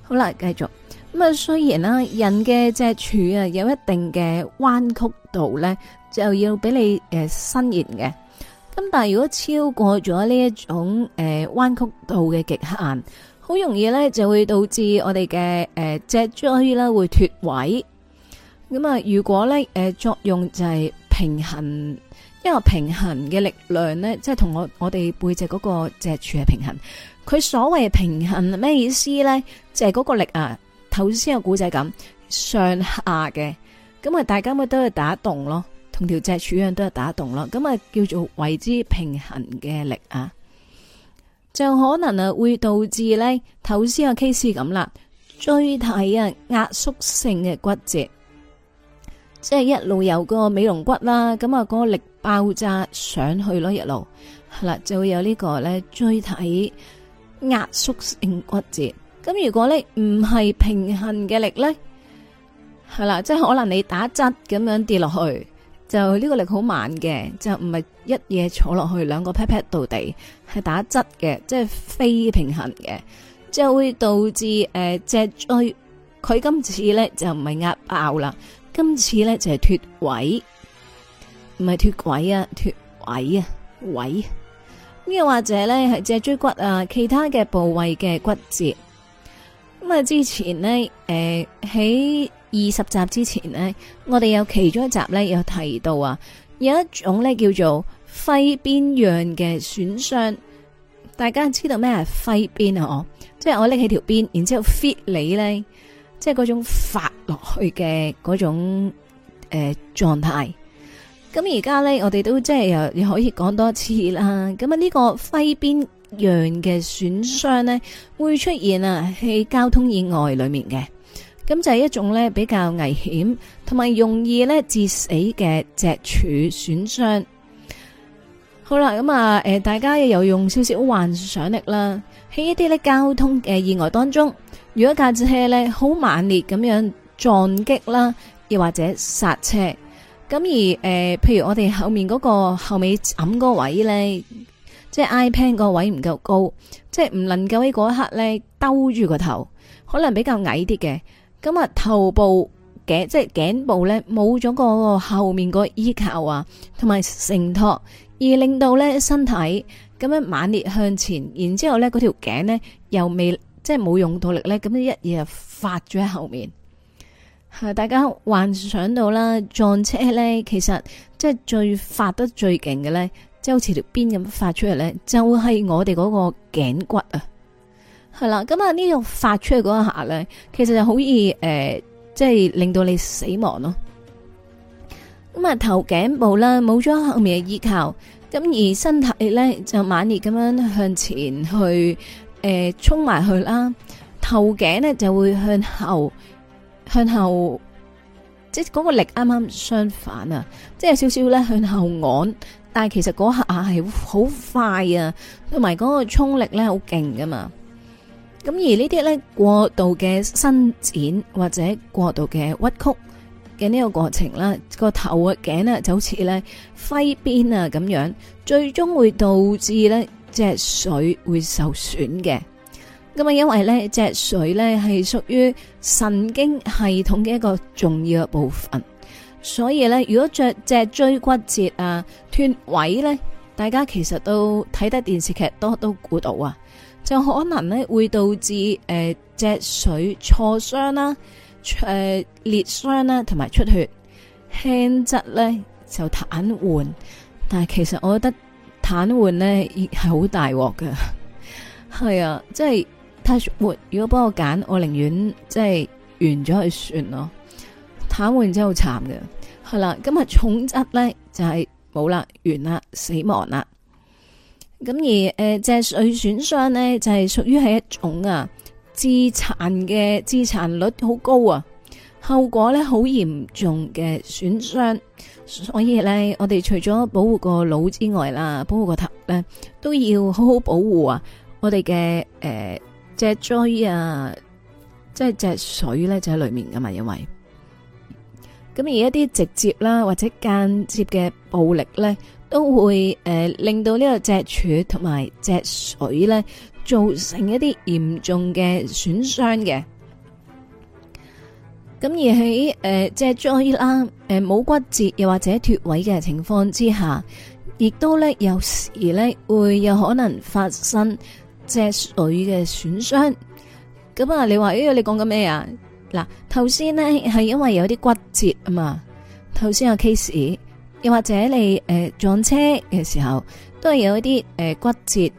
好啦，繼續。咁啊，雖然啦，人嘅脊柱啊，有一定嘅彎曲度咧，就要俾你誒伸延嘅。咁但係如果超過咗呢一種誒彎曲度嘅極限，好容易咧就會導致我哋嘅誒脊椎啦會脫位。咁啊，如果咧誒作用就係平衡，因為平衡嘅力量咧，即係同我我哋背脊嗰個脊柱係平衡。佢所謂平衡咩意思咧？就係嗰個力啊。頭先個古仔咁上下嘅，咁啊大家咪都係打動咯，同條脊柱一樣都係打動咯，咁啊叫做爲之平衡嘅力啊，就可能啊會導致呢頭先個 case 咁啦，椎體啊壓縮性嘅骨折，即係一路有個尾龍骨啦，咁啊個力爆炸上去咯，一路係啦，就會有呢個咧椎體壓縮性骨折。咁如果咧唔係平衡嘅力咧，係啦，即係可能你打側咁樣跌落去，就呢個力好慢嘅，就唔係一嘢坐落去兩個 pat pat 到地，係打側嘅，即係非平衡嘅，即係會導致誒、呃、脊椎佢今次咧就唔係壓爆啦，今次咧就係脫位，唔係脫位啊，脫位啊，位咁又或者咧係脊椎骨啊，其他嘅部位嘅骨折。咁啊！之前呢，誒喺二十集之前呢，我哋有其中一集咧，有提到啊，有一種咧叫做揮鞭樣嘅損傷，大家知道咩係揮鞭啊？哦，即係我拎起條鞭，然之後 fit 你咧，即係嗰種發落去嘅嗰種誒狀態。咁而家咧，我哋都即係又可以講多次啦。咁啊，呢個揮鞭。樣嘅損傷呢，會出現啊喺交通意外裏面嘅，咁就係、是、一種呢比較危險同埋容易呢致死嘅脊柱損傷。好啦，咁啊，誒，大家又有用少少幻想力啦，喺一啲呢交通嘅意外當中，如果架車呢好猛烈咁樣撞擊啦，又或者剎車，咁而誒、呃，譬如我哋後面嗰、那個後尾揞個位呢。即係 iPad 個位唔夠高，即係唔能夠喺嗰一刻咧兜住個頭，可能比較矮啲嘅。咁啊，頭部頸即係頸部咧冇咗個後面個依靠啊，同埋承托，而令到咧身體咁樣猛烈向前，然之後咧嗰條頸咧又未即係冇用到力咧，咁樣一嘢就發咗喺後面。吓，大家幻想到啦，撞車咧，其實即係最發得最勁嘅咧。即係好似條鞭咁發出嚟咧，就係我哋嗰個頸骨啊，係啦。咁啊呢度發出去嗰、就是、一下咧，其實就好易誒、呃，即係令到你死亡咯。咁、嗯、啊頭頸部啦，冇咗後面嘅依靠，咁而身體咧就猛烈咁樣向前去誒衝埋去啦。頭頸咧就會向後向後，即係嗰個力啱啱相反啊，即係有少少咧向後按。但係其實嗰下係好快啊，同埋嗰個沖力咧好勁噶嘛。咁而呢啲咧過度嘅伸展或者過度嘅屈曲嘅呢個過程啦，個頭啊、頸啊就好似咧揮鞭啊咁樣，最終會導致咧脊髓會受損嘅。咁啊，因為咧脊髓咧係屬於神經系統嘅一個重要嘅部分。所以咧，如果着脊椎骨折啊、斷位咧，大家其實都睇得電視劇都都估到啊，就可能咧會導致誒、呃、脊髓挫傷啦、啊、誒、呃、裂傷啦同埋出血。輕則咧就癱瘓，但係其實我覺得癱瘓咧係好大鑊噶，係 啊，即係太活。如果幫我揀，我寧願即係完咗去算咯。癱瘓之後慘嘅係啦，今日重則咧就係冇啦，完啦，死亡啦。咁而誒脊髓損傷咧就係屬於係一種啊，致殘嘅致殘率好高啊，後果咧好嚴重嘅損傷。所以咧，我哋除咗保護個腦之外啦，保護個頭咧都要好好保護啊。我哋嘅誒脊椎啊，即係脊髓咧就喺裏面噶嘛，因為。咁而一啲直接啦或者間接嘅暴力咧，都會令到呢個脊柱同埋脊髓咧造成一啲嚴重嘅損傷嘅。咁而喺誒脊椎啦冇骨骨折又或者脫位嘅情況之下，亦都咧有時咧會有可能發生脊髓嘅損傷。咁啊，你話誒你講緊咩啊？嗱，頭先呢，係因為有啲骨折啊嘛，頭先個 case，又或者你誒撞車嘅時候都係有一啲誒骨折，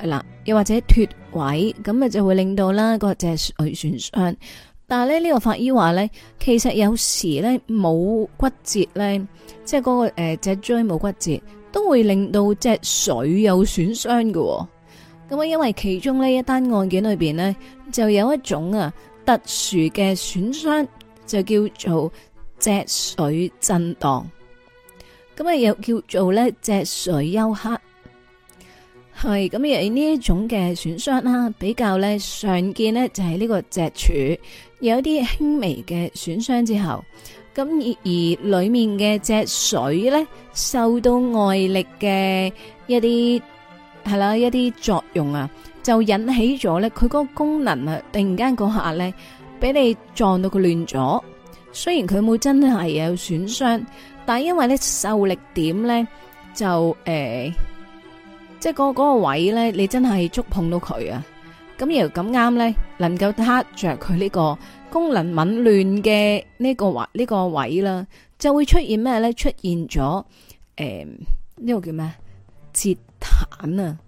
係啦，又或者脱位，咁啊就會令到啦個只水損傷。但係咧呢個法醫話呢，其實有時呢冇骨折呢，即係嗰個誒只、呃、椎冇骨折，都會令到只水有損傷嘅。咁啊，因為其中呢一單案件裏邊呢，就有一種啊。特殊嘅損傷就叫做脊髓震盪，咁啊又叫做咧脊髓休克，係咁。而呢一種嘅損傷啦，比較咧常見咧就係、是、呢個脊柱有啲輕微嘅損傷之後，咁而而裏面嘅脊髓咧受到外力嘅一啲係啦一啲作用啊。就引起咗咧，佢、呃就是那個那個、個功能啊、這個，突然間嗰下咧，俾你撞到佢亂咗。雖然佢冇真係有損傷，但係因為咧受力點咧就誒，即係嗰個位咧，你真係觸碰到佢啊。咁又咁啱咧，能夠撻着佢呢個功能紊亂嘅呢個位呢個位啦，就會出現咩咧？出現咗誒呢個叫咩？截癱啊！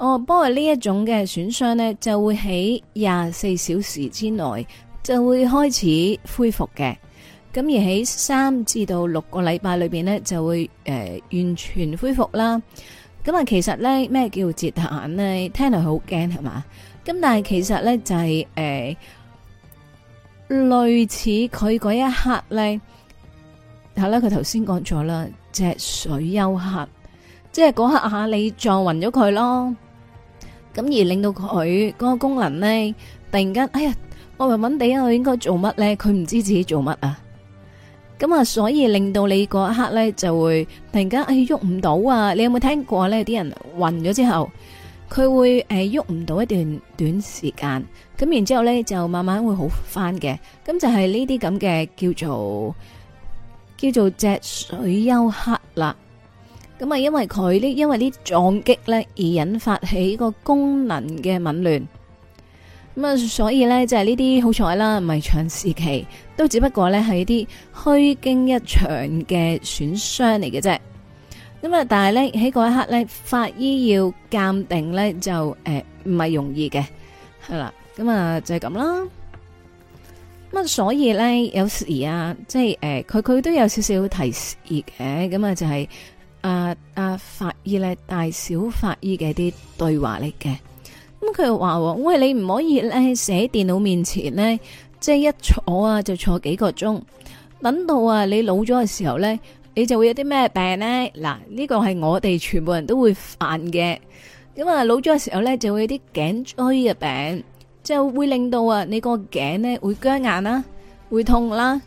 哦，不過呢一種嘅損傷呢，就會喺廿四小時之內就會開始恢復嘅。咁而喺三至到六個禮拜裏邊呢，就會誒、呃、完全恢復啦。咁啊，其實呢，咩叫截癱呢？聽落好驚係嘛？咁但係其實呢，就係、是、誒、呃，類似佢嗰一刻呢。睇咧佢頭先講咗啦，脊髓休克，即係嗰刻下你撞暈咗佢咯。咁而令到佢嗰個功能咧，突然間，哎呀，我暈暈地，我應該做乜咧？佢唔知自己做乜啊！咁啊，所以令到你嗰一刻咧，就會突然間，哎，喐唔到啊！你有冇聽過咧？啲人暈咗之後，佢會誒喐唔到一段短時間，咁然之後咧就慢慢會好翻嘅。咁就係呢啲咁嘅叫做叫做脊髓休克啦。咁啊，因為佢呢，因為啲撞擊咧而引發起個功能嘅紊亂。咁啊，所以咧，即係呢啲好彩啦，唔係長時期，都只不過咧係一啲虛驚一場嘅損傷嚟嘅啫。咁啊，但係咧喺嗰一刻咧，法醫要鑑定咧就誒唔係容易嘅，係啦。咁啊就係咁啦。咁啊，所以咧有時啊，即係誒，佢、呃、佢都有少少提示嘅，咁啊就係、是。啊啊，法醫咧，大小法醫嘅啲對話嚟嘅，咁佢又話，喂，你唔可以咧寫喺電腦面前呢，即係一坐啊就坐幾個鐘，等到啊你老咗嘅時候呢，你就會有啲咩病呢？嗱，呢、呢個係我哋全部人都會犯嘅，咁啊老咗嘅時候呢，就會有啲頸椎嘅病，即係會令到啊你個頸呢會僵硬啦、啊，會痛啦、啊。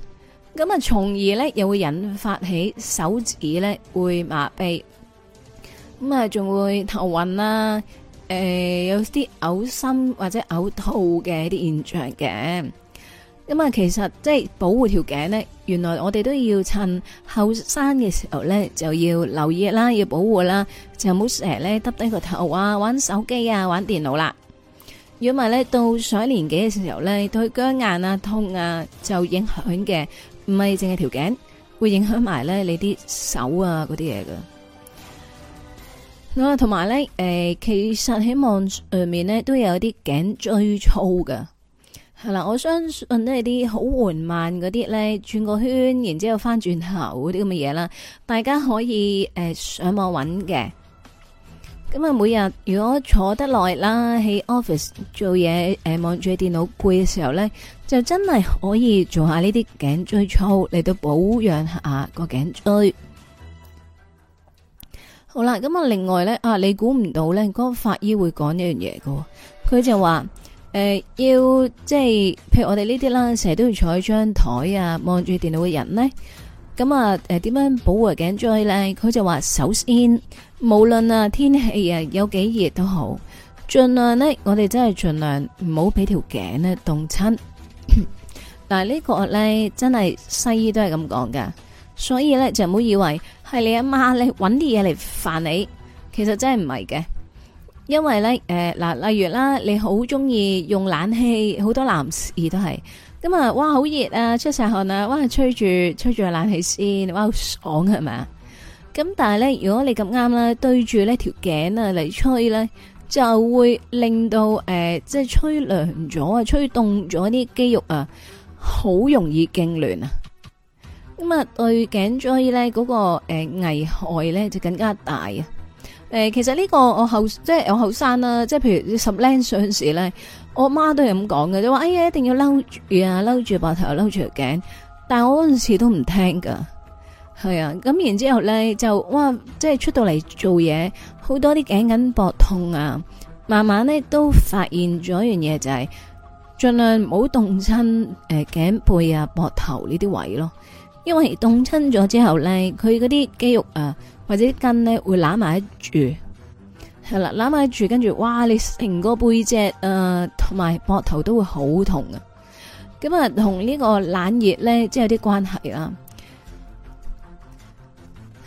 咁啊，從而咧又會引發起手指咧會麻痹，咁啊仲會頭暈啦，誒有啲嘔心或者嘔吐嘅一啲現象嘅。咁啊，其實即係保護條頸咧，原來我哋都要趁後生嘅時候咧就要留意啦，要保護啦，就唔好成日咧耷低個頭啊，玩手機啊，玩電腦啦。如果唔係咧，到上年紀嘅時候咧，對僵硬啊痛啊就影響嘅。唔係淨係條頸，會影響埋咧你啲手啊嗰啲嘢噶。嗱，同埋咧，誒、呃，其實喺網上面咧都有啲頸椎操噶。係啦，我相信咧啲好緩慢嗰啲咧，轉個圈，然之後翻轉頭嗰啲咁嘅嘢啦，大家可以誒、呃、上網揾嘅。咁啊，每日如果坐得耐啦，喺 office 做嘢，誒，望住電腦攰嘅時候咧，就真係可以做下呢啲頸椎操嚟到保養下個頸椎。好啦，咁啊，另外咧，啊，你估唔到咧，嗰個法醫會講呢樣嘢㗎。佢就話，誒、呃，要即係，譬如我哋呢啲啦，成日都要坐喺張台啊，望住電腦嘅人咧，咁啊，誒、呃，點樣保護頸椎咧？佢就話，首先。無論啊天氣啊有幾熱都好，盡量呢，我哋真係盡量唔好俾條頸咧凍親。但係呢個咧真係西醫都係咁講噶，所以咧就唔好以為係你阿媽你搵啲嘢嚟煩你，其實真係唔係嘅。因為咧誒嗱，例如啦，你好中意用冷氣，好多男士都係咁啊，哇好熱啊，出晒汗啊，哇吹住吹住個冷氣先，哇好爽啊，係咪啊？咁但係咧，如果你咁啱咧，對住咧條頸啊嚟吹咧，就會令到誒，即係吹涼咗啊，吹凍咗啲肌肉啊，好容易痙攣啊。咁啊，對頸椎咧嗰個誒危害咧就更加大啊。誒，其實呢個我後即係我後生啦，即係譬如十零歲陣時咧，我媽都係咁講嘅，就話哎呀，一定要嬲住啊，嬲住膊頭，嬲住條頸。但係我嗰陣時都唔聽噶。係啊，咁然之後咧就哇，即係出到嚟做嘢，好多啲頸緊膊痛啊，慢慢咧都發現咗一樣嘢就係、是、盡量唔好凍親誒頸背啊膊頭呢啲位咯，因為凍親咗之後咧，佢嗰啲肌肉啊或者筋咧會攏埋一住，係啦攏埋一住，跟住哇你成個背脊誒同埋膊頭都會好痛啊，咁啊同呢個冷熱咧即係有啲關係啊。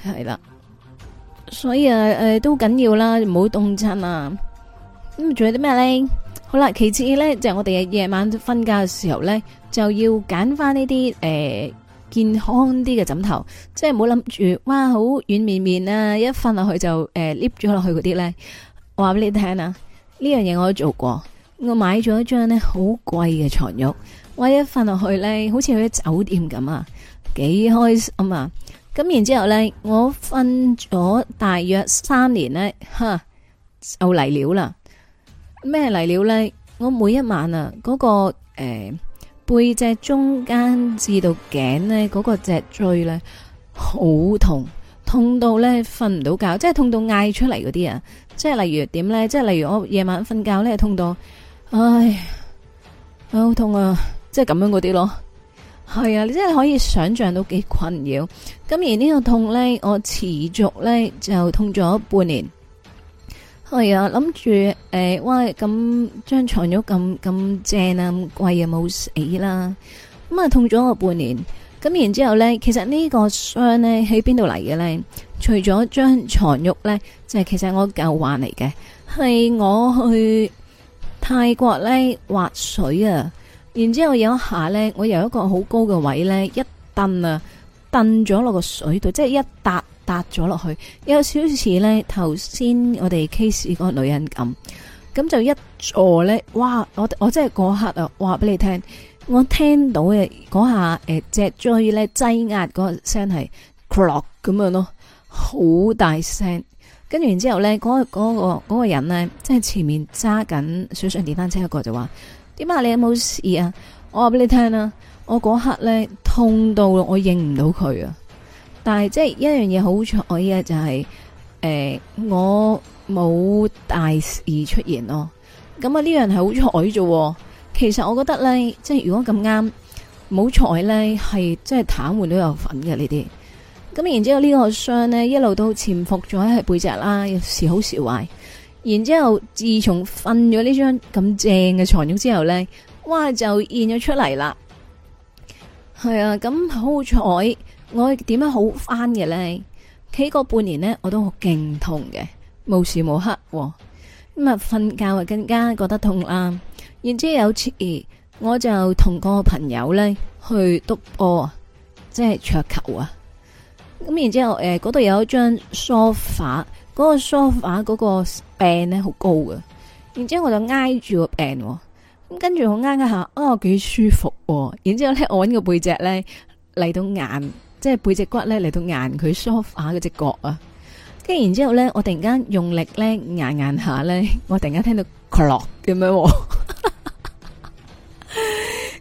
係啦，所以啊誒、呃、都緊要啦，唔好凍親啊。咁、嗯、仲有啲咩咧？好啦，其次咧，就係、我哋夜晚瞓覺嘅時候咧，就要揀翻呢啲誒健康啲嘅枕頭，即係唔好諗住哇好軟綿綿啊，一瞓落去就誒 lift 咗落去嗰啲咧。我話俾你聽啊，呢樣嘢我都做過，我買咗一張咧好貴嘅床褥，哇一瞓落去咧，好似去啲酒店咁啊，幾開心啊！咁然之後咧，我瞓咗大約三年咧，吓就嚟料啦。咩嚟料咧？我每一晚啊，嗰、那個誒、呃、背脊中間至到頸咧，嗰、那個脊椎咧好痛，痛到咧瞓唔到覺，即係痛到嗌出嚟嗰啲啊！即係例如點咧？即係例如我夜晚瞓覺咧，痛到唉，好痛啊！即係咁樣嗰啲咯。係啊，你真係可以想象到幾困擾。咁而呢個痛呢，我持續呢就痛咗半年。係啊，諗住誒，喂、欸！咁張床褥咁咁正啊，咁貴又冇死啦。咁、嗯、啊痛咗我半年。咁然之後呢其實個呢個傷呢喺邊度嚟嘅呢？除咗張床褥呢，就係、是、其實我舊患嚟嘅，係我去泰國呢滑水啊！然之後有一下咧，我由一個好高嘅位咧一掟啊，掟咗落個水度，即係一笪笪咗落去。有少少似咧頭先我哋 case 嗰個女人咁，咁就一坐咧，哇！我我真係嗰刻啊，話俾你聽，我聽到嘅嗰下誒脊椎咧擠壓嗰個聲係 clock 咁樣咯，好大聲。跟住然之後咧，嗰個嗰個人咧，即係前面揸緊水上電單車嗰個就話。點啊！你有冇事啊？我話俾你聽啦，我嗰刻呢，痛到我認唔到佢啊！但係即係一樣嘢，好彩啊，就係誒我冇大事出現咯。咁啊呢樣係好彩啫。其實我覺得呢，即係如果咁啱冇彩呢，係即係癱瘓都有份嘅呢啲。咁然之後呢個傷呢，一路都潛伏咗喺背脊啦，時好時壞。然之後，自從瞓咗呢張咁正嘅床褥之後呢，哇就現咗出嚟啦。係啊，咁好彩，我點樣好翻嘅呢？企嗰半年呢，我都好勁痛嘅，無時無刻、哦。咁、嗯、啊，瞓覺啊更加覺得痛啦、啊。然之後有次，我就同個朋友呢去篤波啊，即係桌球啊。咁然之後，誒嗰度有一張梳化。嗰個沙發嗰個病咧好高㗎，然之後我就挨住個病，咁跟住我挨挨下，啊，幾舒服，然之後咧我搵個背脊咧嚟到硬，即係背脊骨咧嚟到硬佢沙發嗰隻角啊，跟然之後咧我突然間用力咧岩硬下咧，我突然間聽到 collapse 咁樣，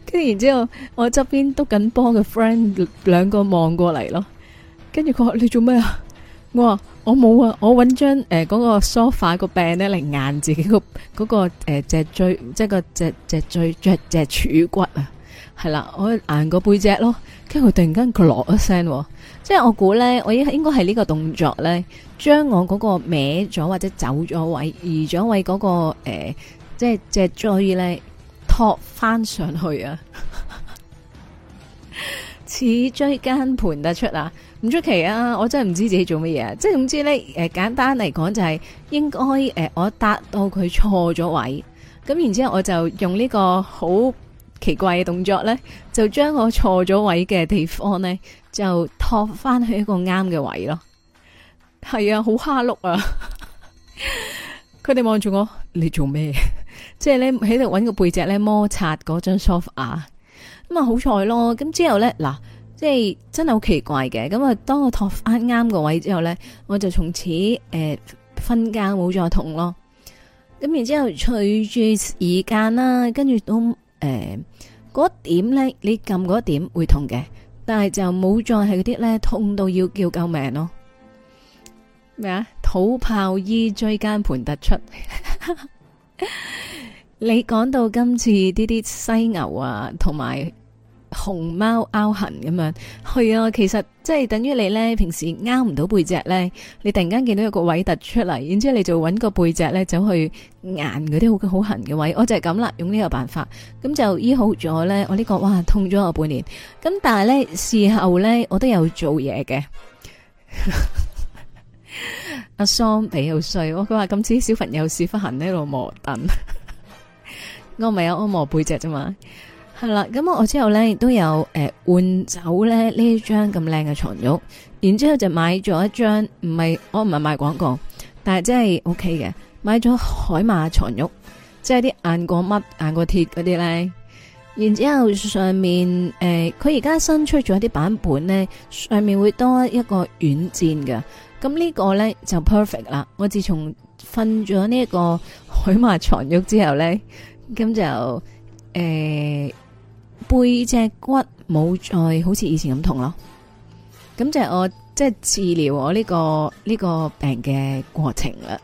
跟然之後我側邊督緊波嘅 friend 兩個望過嚟咯，跟住佢話，你做咩啊？我我冇啊！我搵張誒嗰個梳化個柄咧嚟硬自己，那個嗰個誒脊椎，即係個脊椎脊椎脊椎柱骨啊，係啦，我硬個背脊咯。跟住佢突然間佢落一聲，即係我估咧，我應應該係呢個動作咧，將我嗰個歪咗或者走咗位，移咗位嗰、那個誒，即、呃、係脊椎咧托翻上去啊，似 椎間盤得出啊！唔出奇啊！我真係唔知自己做乜嘢，即係總之咧，誒、呃，簡單嚟講就係、是、應該誒、呃，我答到佢錯咗位，咁然之後我就用呢個好奇怪嘅動作咧，就將我錯咗位嘅地方咧，就托翻去一個啱嘅位咯。係 啊，好蝦碌啊！佢哋望住我，你做咩？即係咧喺度搵個背脊咧摩擦嗰張 sofa，咁啊好彩咯。咁之後咧嗱。即係真係好奇怪嘅，咁啊，當我托啱啱個位之後呢，我就從此誒瞓覺冇再痛咯。咁然後之後隨住時間啦，跟住都誒嗰、呃、點呢，你撳嗰點會痛嘅，但係就冇再係嗰啲呢，痛到要叫救命咯。咩啊麼？土炮醫椎間盤突出， 你講到今次呢啲犀牛啊，同埋，熊貓拗痕咁樣，係啊，其實即係等於你咧，平時拗唔到背脊咧，你突然間見到有個位突出嚟，然之後你就搵個背脊咧走去硬嗰啲好好痕嘅位，我就係咁啦，用呢個辦法，咁就醫好咗咧。我呢、呢個哇痛咗我半年，咁但係咧事後咧我都有做嘢嘅，阿 桑比好衰，喎。佢話今次小朋友屎忽痕呢度磨凳， 我咪有按摩背脊啫嘛。係啦，咁、嗯、我之後咧亦都有誒換、呃、走咧呢張咁靚嘅床褥，然之後就買咗一張，唔係我唔係賣廣告，但係真係 OK 嘅，買咗海馬床褥，即係啲硬過乜、硬過鐵嗰啲咧。然之後上面誒，佢而家新出咗一啲版本咧，上面會多一個軟墊嘅。咁呢個咧就 perfect 啦。我自從瞓咗呢一個海馬床褥之後咧，咁就誒。呃背脊骨冇再好似以前咁痛咯，咁就係我即係、就是、治療我呢、呢個呢、呢個病嘅過程啦。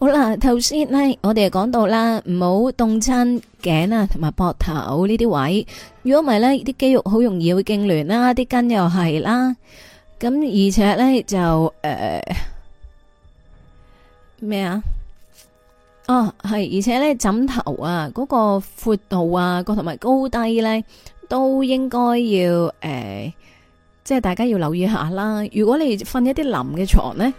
好啦，頭先呢，我哋講到啦，唔好凍親頸啊同埋膊頭呢啲位，如果唔係呢啲肌肉好容易會痙攣啦，啲筋又係啦，咁而且呢，就誒咩啊？呃哦，係、啊，而且咧枕頭啊，嗰、那個闊度啊，個同埋高低咧，都應該要誒、欸，即係大家要留意下啦。如果你瞓一啲冧嘅床咧，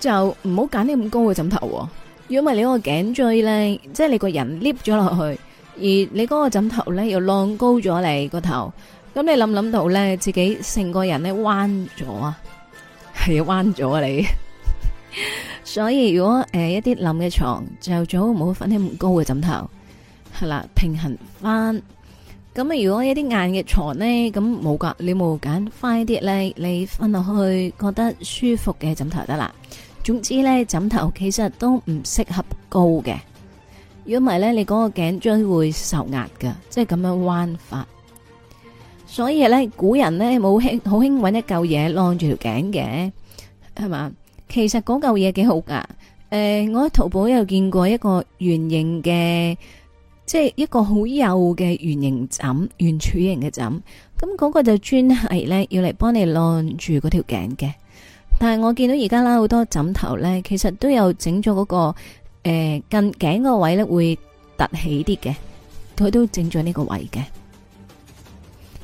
就唔好揀啲咁高嘅枕頭、啊。如果唔係你個頸椎咧，即係你個人 lift 咗落去，而你嗰個枕頭咧又晾高咗你個頭，咁你諗諗到咧，自己成個人咧彎咗啊，係彎咗啊你。 所以如果誒一啲冧嘅床，就最好唔好瞓起咁高嘅枕頭係啦，平衡翻咁。啊，如果一啲硬嘅床呢，咁冇噶你冇，揀快啲咧，你瞓落去覺得舒服嘅枕頭得啦。總之咧枕頭其實都唔適合高嘅，如果唔係咧你嗰個頸椎會受壓噶，即係咁樣彎法。所以咧古人咧冇興好興揾一嚿嘢晾住條頸嘅係嘛？其實嗰嚿嘢幾好噶，誒、呃，我喺淘寶有見過一個圓形嘅，即係一個好幼嘅圓形枕，圓柱形嘅枕，咁、那、嗰個就專係咧要嚟幫你晾住嗰條頸嘅。但係我見到而家啦好多枕頭咧，其實都有整咗嗰個，誒、呃，近頸位個位咧會凸起啲嘅，佢都整咗呢個位嘅。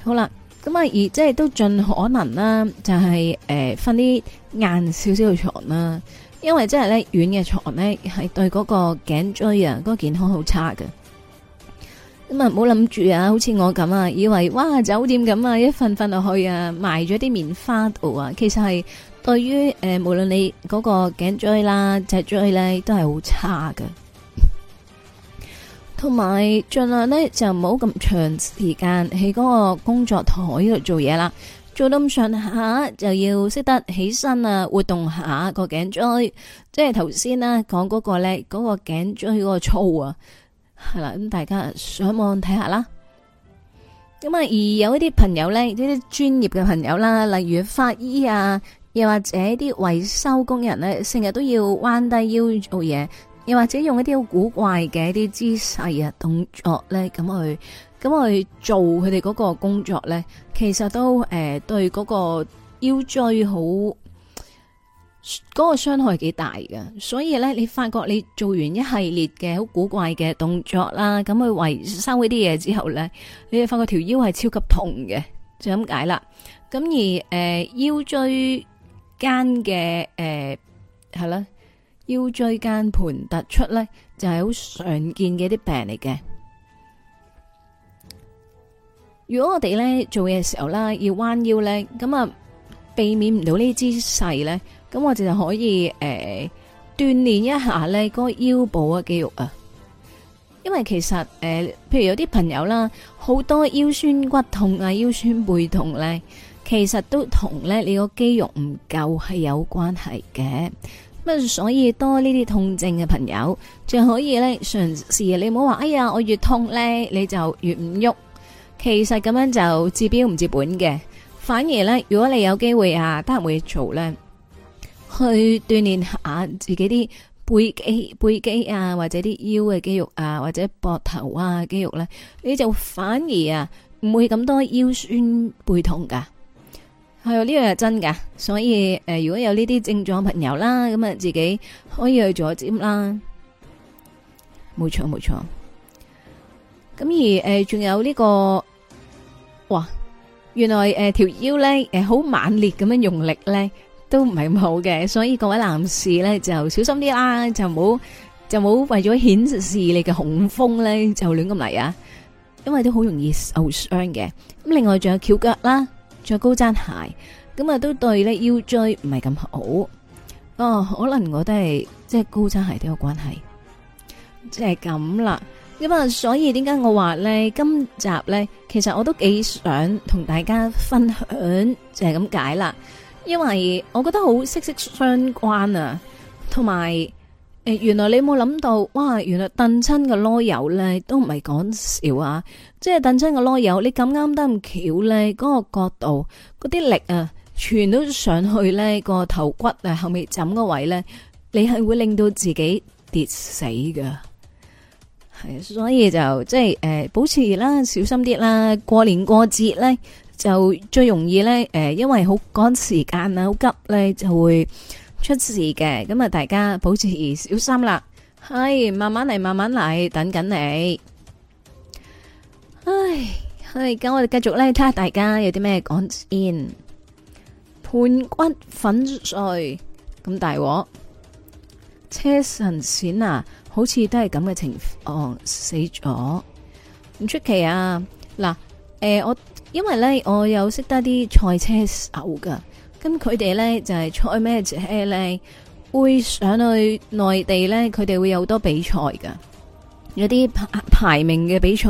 好啦。咁啊，而即係都盡可能啦、就係，就係誒瞓啲硬少少嘅床啦，因為即係咧軟嘅床咧係對嗰個頸椎啊，嗰、嗰個健康好差嘅。咁、嗯、啊，冇諗住啊，好似我咁啊，以為哇酒店咁啊，一瞓瞓落去啊，埋咗啲棉花度啊，其實係對於誒、呃、無論你嗰個頸椎啦、啊、脊椎咧都係好差嘅。同埋盡量呢，就唔好咁長時間喺嗰個工作台度做嘢啦，做到咁上下就要識得起身啊，活動下個頸椎。即係頭先咧講嗰個咧，嗰、嗰個頸椎嗰個粗啊，係啦。咁大家上網睇下啦。咁啊，而有一啲朋友呢，咧，啲專業嘅朋友啦，例如法醫啊，又或者啲維修工人呢，成日都要彎低腰做嘢。又或者用一啲好古怪嘅一啲姿勢啊動作咧，咁去咁去做佢哋嗰個工作咧，其實都誒、呃、對嗰個腰椎好嗰、嗰個傷害幾大嘅。所以咧，你發覺你做完一系列嘅好古怪嘅動作啦，咁去維修嗰啲嘢之後咧，你會發覺條腰係超級痛嘅，就咁、是、解啦。咁而誒、呃、腰椎間嘅誒係啦。腰椎間盤突出呢，就係好常見嘅啲病嚟嘅。如果我哋呢做嘢嘅時候啦，要彎腰呢，咁啊避免唔到呢姿勢呢。咁我哋就可以誒鍛煉一下呢個腰部嘅肌肉啊。因為其實誒，譬如有啲朋友啦，好多腰酸骨痛啊、腰酸背痛呢，其實都同呢你個肌肉唔夠係有關係嘅。所以多呢啲痛症嘅朋友，仲可以咧嘗試。你唔好話，哎呀，我越痛咧你就越唔喐。其實咁樣就治標唔治本嘅。反而咧，如果你有機會啊，得閒會做咧，去鍛煉下自己啲背肌、背肌啊，或者啲腰嘅肌肉啊，或者膊頭啊肌肉咧、啊啊，你就反而啊唔會咁多腰酸背痛噶。係啊，呢樣係真噶，所以誒，如果有呢啲症狀朋友啦，咁啊自己可以去做針啦。冇錯冇錯，咁而誒仲有呢個，哇，原來誒條腰咧誒好猛烈咁樣用力咧，都唔係咁好嘅，所以各位男士咧就小心啲啦，就唔好就唔好為咗顯示你嘅雄風咧就亂咁嚟，啊，因為都好容易受傷嘅。咁另外仲有翹腳啦。着高踭鞋，咁啊都對咧腰椎唔係咁好，哦、啊，可能我都係即係高踭鞋都有關係，即係咁啦。咁啊，所以點解我話咧今集咧，其實我都幾想同大家分享就係咁解啦，因為我覺得好息息相關啊，同埋。誒，原來你冇諗到，哇！原來蹬親個籮柚咧，都唔係講笑啊！即係蹬親個籮柚，你咁啱得咁巧咧，嗰個角度，嗰啲力啊，傳到上去咧，個頭骨啊，後面枕個位咧，你係會令到自己跌死噶。係啊，所以就即係誒、呃，保持啦，小心啲啦。過年過節咧，就最容易咧，誒、呃，因為好趕時間啊，好急咧，就會出事嘅，咁啊，大家保持小心啦。係，慢慢嚟，慢慢嚟，等緊你。唉，係，咁我哋繼續咧，睇下大家有啲咩講先。盤骨粉碎，咁大鑊。車神閃啊，好似都係咁嘅情況，哦，死咗，唔出奇啊。嗱，誒、呃，我因為咧，我有識得啲賽車手噶。咁佢哋咧就係、是、賽咩嘢咧？會上去內地咧，佢哋會有好多比賽噶，有啲排名嘅比賽。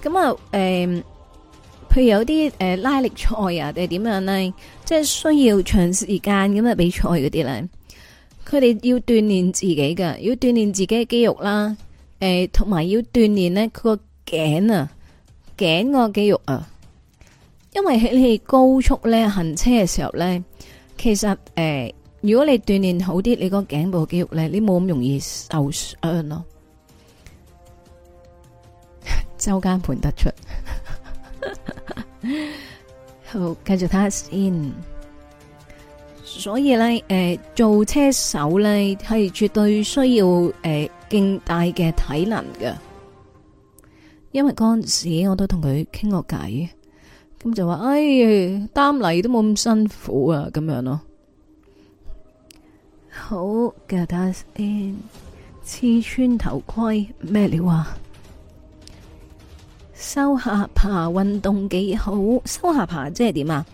咁啊，誒、呃，譬如有啲誒、呃、拉力賽啊，定係點樣咧？即係需要長時間咁嘅比賽嗰啲咧，佢哋要鍛煉自己噶，要鍛煉自己嘅肌肉啦。誒、呃，同埋要鍛煉咧佢個頸啊，頸個肌肉啊。因為喺你高速咧行車嘅時候咧，其實誒，如果你鍛煉好啲，你個頸部肌肉咧，你冇咁容易受傷咯。周間盤突出，好，繼續睇下先。所以咧，誒，做車手咧係絕對需要誒，勁大嘅體能噶。因為嗰陣時我都同佢傾過偈。咁就話，哎呀，擔嚟都冇咁辛苦啊，咁樣咯。好，繼續睇下先。刺穿頭盔咩料啊？收下巴運動幾好？收下巴即係點啊？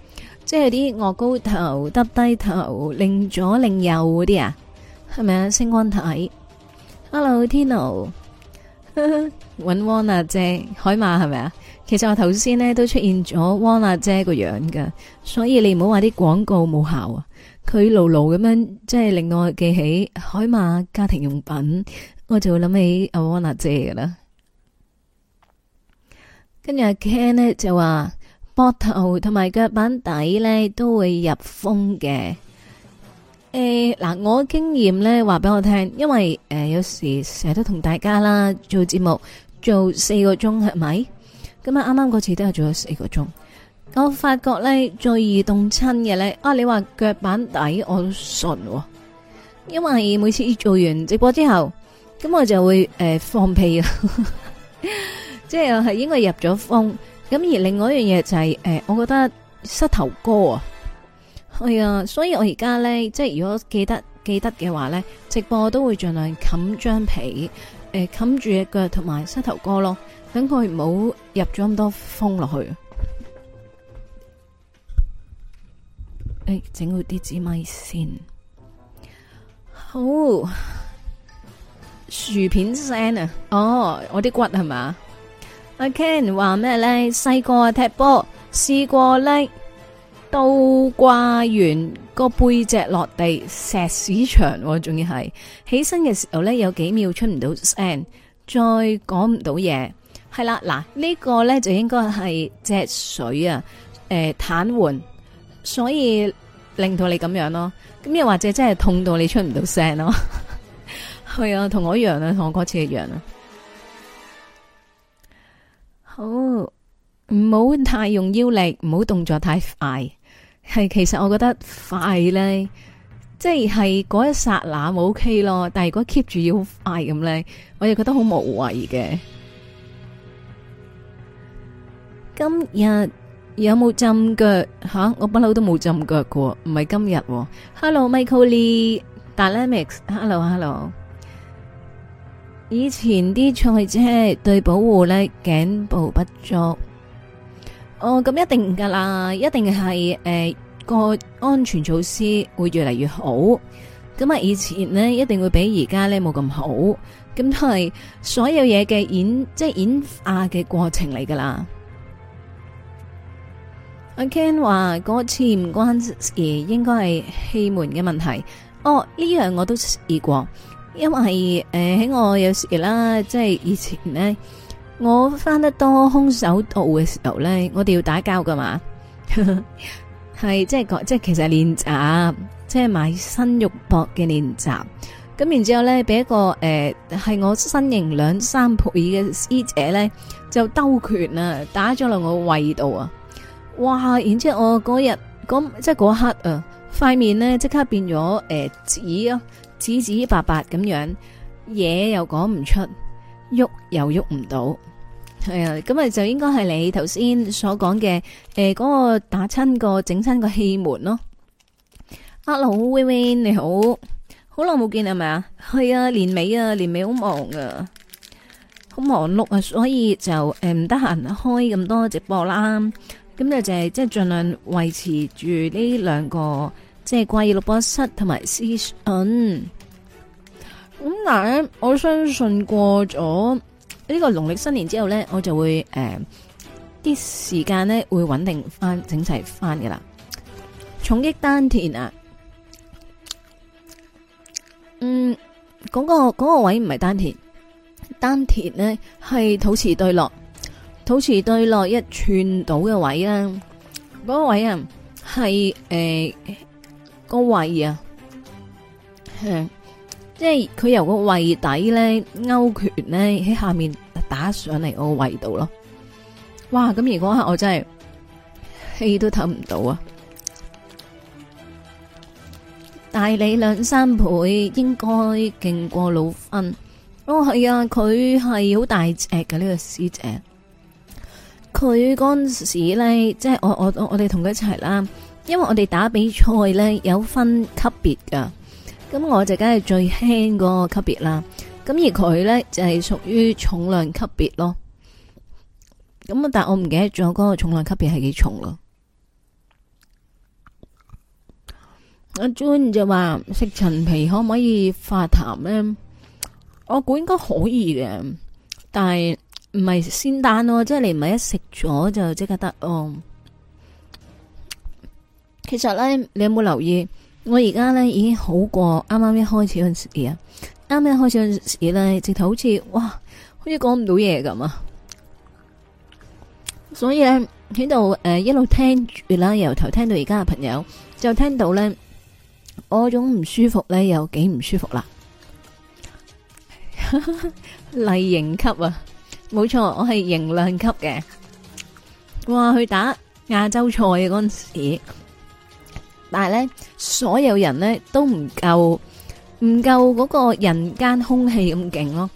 即係啲岳高頭、耷低頭、擰左擰右嗰啲啊？係咪啊？星光體，Hello Tino 呵呵搵汪啊姐，海馬係咪啊？其實我頭先呢都出現咗汪娜姐個樣噶，所以你唔好話啲廣告冇效啊。佢牢牢咁樣即係令我記起海馬家庭用品，我就會諗起阿汪娜姐噶啦。跟住阿 Ken 呢就話膊頭同埋腳板底呢都會入風嘅。誒嗱，我經驗呢話俾我聽，因為誒、呃、有時成日都同大家啦做節目做四個鐘，係咪？是咁啱啱嗰次都係做咗四個鐘，我發覺咧，最易凍親嘅咧，啊，你話腳板底我都信喎，哦！因為每次做完直播之後，咁我就會誒、呃、放屁， 即係係因為入咗風。咁而另外一樣嘢就係、是、誒、呃，我覺得膝頭哥啊，係、哎、啊，所以我而家咧，即係如果記得記得嘅話咧，直播我都會盡量冚張被，誒、呃，冚住隻腳同埋膝頭哥咯。等佢唔好入咗咁多風落去。誒、欸，整好啲紙咪先。好薯片聲啊！哦，我啲骨係嘛？阿 Ken 話咩咧？細個、okay, 踢波試過咧，倒掛完個背脊落地石屎牆、啊，仲要係起身嘅時候咧，有幾秒出唔到聲，再講唔到嘢。係啦，嗱呢個咧就應該係只水啊，誒、呃，癱瘓，所以令到你咁樣咯。咁又或者真係痛到你出唔到聲咯。係 啊，同我一樣啊，同我嗰次一樣啊。好，唔好太用腰力，唔好動作太快。係，其實我覺得快咧，即係嗰一剎那冇 ok 咯。但係如果 keep 住要好快咁咧，我又覺得好無謂嘅。今日有冇浸腳吓？我不嬲都冇浸腳過，唔係今日。Hello，Michael Lee，Dynamics，Hello，Hello。哦、hello, Michael Lee. Hello, hello. 以前啲賽車對保護呢頸部不足，哦咁、嗯嗯、一定噶啦，一定係誒個安全措施會越嚟越好。咁、嗯、啊，以前呢，一定會比而家呢冇咁好。咁、嗯、都係所有嘢嘅演，即係演化嘅過程嚟噶啦。阿 Ken 話嗰次唔關嘢，應該係氣門嘅問題。哦，呢樣我都試過，因為誒喺、呃、我有時啦，即係以前咧，我返得多空手道嘅時候咧，我哋要打交噶嘛，係 即係即係其實練習，即係埋身肉搏嘅練習。咁然之後咧，俾一個誒係、呃、我身形兩三倍嘅師姐咧，就兜拳啊，打咗落我胃度啊！哇！然之後我嗰日咁即係嗰刻啊，塊面呢即刻變咗誒、呃、紫啊，紫紫白白咁樣，嘢又講唔出，喐又喐唔到，係、嗯、啊！咁咪就應該係你頭先所講嘅誒嗰個打親個整親個氣門咯。Hello，Win Win 你好，好耐冇見係咪啊？係啊，年尾啊，年尾好忙啊好忙碌啊，所以就誒唔得閒開咁多直播啦。咁就係即係盡量維持住呢兩個即係怪異錄播室同埋屍訊。咁嗱，我相信過咗呢個農曆新年之後咧，我就會誒啲、呃、時間咧會穩定返整齊返嘅喇。重益丹田啊，嗯，嗰、那個嗰、那個位唔係丹田，丹田呢係肚臍對落。肚臍對落一寸到嘅位啦，嗰、嗰個位啊係誒個胃啊、嗯，即係佢由個胃底咧勾拳咧喺下面打上嚟個胃度咯。哇！咁而嗰刻我真係氣都唞唔到啊！大你兩三倍，應該勁過老芬。哦，係啊，佢係好大隻嘅呢個師姐。佢嗰時咧，即係我我我哋同佢一齊啦，因為我哋打比賽咧有分級別噶，咁我就梗係最輕嗰個級別啦，咁而佢咧就係屬於重量級別咯，咁啊，但我唔記得仲有嗰個重量級別係幾重咯。阿 John 就話食陳皮可唔可以化痰咧？我估應該可以嘅，但係。唔係仙丹囉，即係你唔係一食咗就即刻得哦。其實咧，你有冇留意？我而家咧已經好過啱啱一開始嗰陣時啊！啱啱一開始嗰陣時咧，直頭好似哇，好似講唔到嘢咁啊！所以咧喺度誒，一路聽住啦，由頭聽到而家嘅朋友就聽到咧，我種唔舒服咧，又幾唔舒服啦。 例型級啊！冇錯，我係營量級嘅。哇，去打亞洲賽嘅嗰陣時，但係咧所有人咧都唔夠唔夠嗰個人間空氣咁勁咯。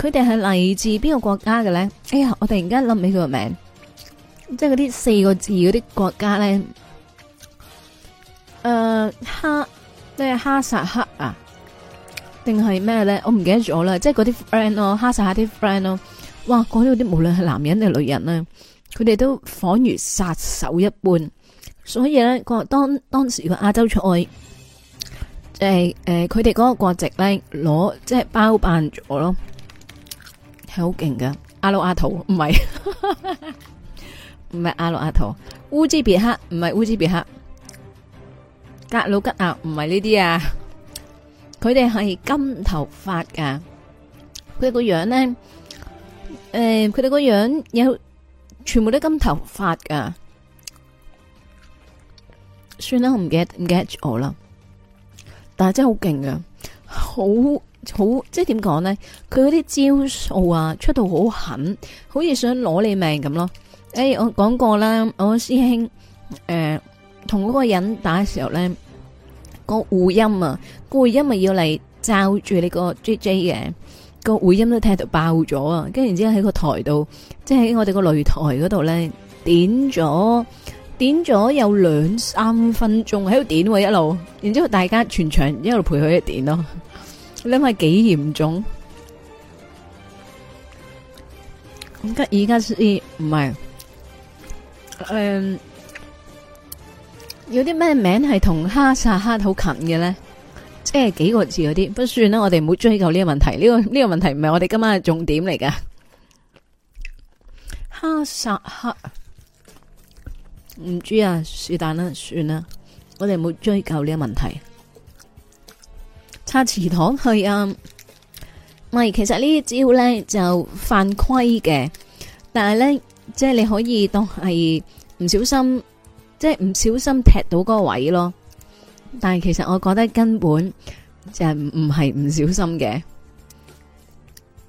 佢哋係嚟自邊個國家嘅咧？哎呀，我突然間諗起佢個名字，即係嗰啲四個字嗰啲國家咧。誒、呃，哈，即係哈薩克啊？定係咩咧？我唔記得咗啦。即係嗰啲 friend 咯，哈薩克啲 friend 咯。哇！講到啲無論係男人定係女人咧，佢哋都恍如殺手一般。所以呢，個當當時個亞洲菜，即係誒，佢哋嗰個國籍呢，攞，即係包辦咗咯，係好勁噶。阿魯阿圖唔係，唔係阿魯阿圖，烏茲別克唔係烏茲別克，格魯吉亞唔係呢啲啊。佢哋係金頭髮噶，佢個樣呢。誒，佢哋個樣有全部都金頭髮噶，算啦，我唔記得唔記得住我啦。但係真係好勁嘅，好好即係點講咧？佢嗰啲招數啊，出到好狠，好像想似想攞你命咁咯。誒、哎，我講過啦，我師兄誒同嗰個人打嘅時候咧，個護音啊，個護音咪要嚟罩住你個 J J 嘅。個回音都聽到爆咗啊！跟住然之後喺個台度，即係喺我哋個擂台嗰度咧，點咗點咗有兩三分鐘喺度點，一路，然之後大家全場一路陪佢一點咯。你諗下幾嚴重？咁而家而家唔係，誒、哎嗯，有啲咩名係同哈薩克好近嘅咧？即係幾個字嗰啲，不算啦。我哋唔好追究呢個問題。呢個呢個問題唔係我哋今晚嘅重點嚟㗎。哈薩克，唔知啊，是但啦，算啦。我哋唔好追究呢個問題。叉池塘去啊，咪，其實這呢啲只要咧就犯規嘅，但係咧即係你可以當係唔小心，即係唔小心踢到嗰個位咯。但係其實我覺得根本就係唔係唔小心嘅。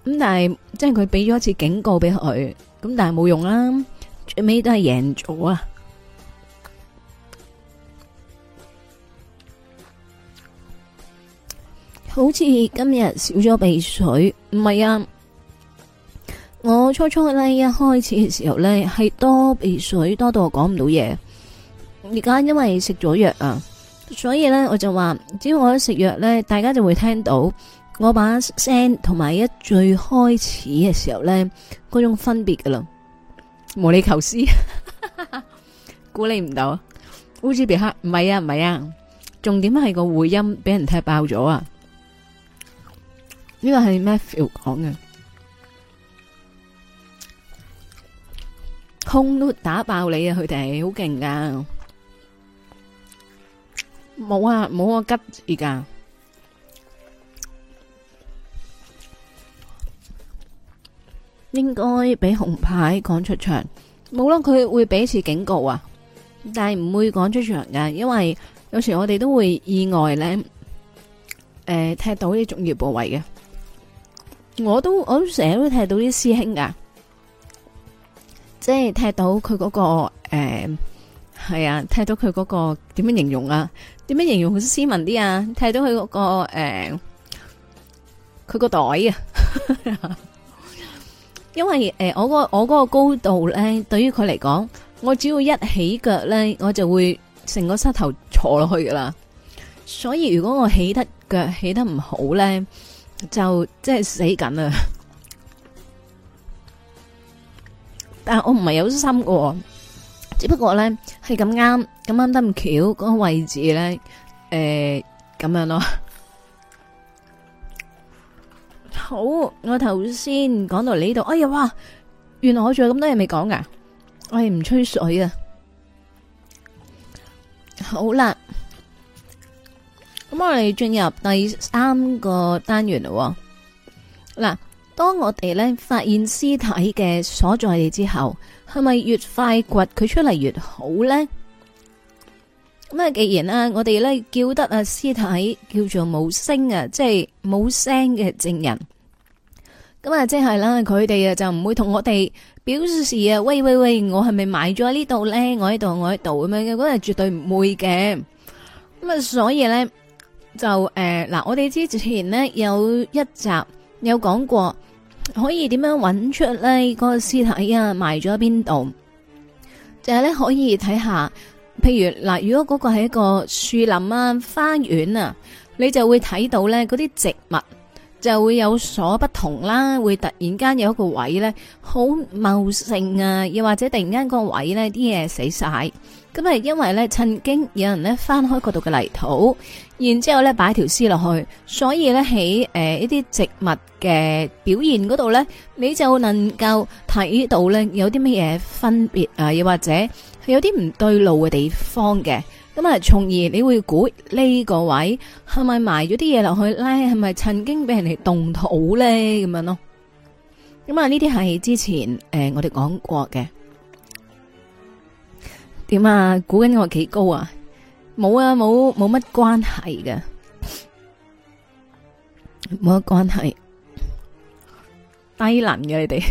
咁但係即係佢俾咗一次警告俾佢，咁但係冇用啦，最尾都係贏咗啊！好似今日少咗鼻水，唔係啊！我初初咧一開始嘅時候咧係多鼻水，多到我講唔到嘢，而家因為食咗藥啊。所以咧，我就話只要我一食藥咧，大家就會聽到我把聲同埋一最開始嘅時候咧嗰種分別噶啦。毛里求斯，估你唔到烏茲別克，唔係啊，唔係啊，重點係個回音俾人踢爆咗啊！呢個係 Matthew 講嘅，空都打爆你啊！佢哋係好勁噶。冇啊，冇我吉而家，應該俾紅牌趕出場，冇咯。佢會俾次警告啊，但係唔會趕出場噶，因為有時我哋都會意外咧，誒、呃、踢到啲重要部位嘅，我都我都成日都踢到啲師兄噶，即係踢到佢嗰、那個誒，係、呃、啊，踢到佢嗰、那個點樣形容啊？點樣形容好斯文啲啊？睇到佢嗰、嗰個誒，佢、呃、個袋啊， 因為誒、呃，我個我個高度咧，對於佢嚟講，我只要一起腳咧，我就會成個膝頭坐落去噶啦。所以如果我起得腳起得唔好咧，就即係死緊啊！ 但係我唔係有心個，只不過咧係咁啱。咁啱得唔巧，嗰個位置咧，誒、呃，咁樣咯。 好，我頭先講到呢度，哎呀，哇，原來我仲有咁多嘢未講噶，我係唔吹水啊。好啦，咁我哋進入第三個單元喎。嗱，當我哋咧發現屍體嘅所在地之後，係咪越快掘佢出嚟越好咧？咁啊！既然咧，我哋咧叫得啊，屍體叫做冇聲啊，即係冇聲嘅證人。咁啊，即係啦，佢哋啊就唔會同我哋表示啊，喂喂喂，我係咪埋咗喺呢度咧？我喺度，我喺度咁樣嘅，嗰個絕對唔會嘅。咁啊，所以咧就誒嗱、呃，我哋之前呢有一集有講過，可以點樣揾出咧嗰個屍體啊埋咗喺邊度？就係、是、咧可以睇下。譬如嗱，如果嗰個係一個樹林啊、花園啊，你就會睇到咧嗰啲植物就會有所不同啦，會突然間有一個位咧好茂盛啊，又或者突然間個位咧啲嘢死晒。咁啊，因為咧，曾經有人咧翻開嗰度嘅泥土，然之後咧擺條屍落去，所以咧喺誒一啲植物嘅表現嗰度咧，你就能夠睇到咧有啲乜嘢分別啊，又或者係有啲唔對路嘅地方嘅。咁啊，從而你會估呢個位係咪埋咗啲嘢落去咧，係咪曾經俾人哋動土咧咁樣咯？咁啊，呢啲係之前誒我哋講過嘅。點啊？估緊我幾高啊？冇啊，冇冇乜關係嘅，冇乜關係，低能嘅你哋。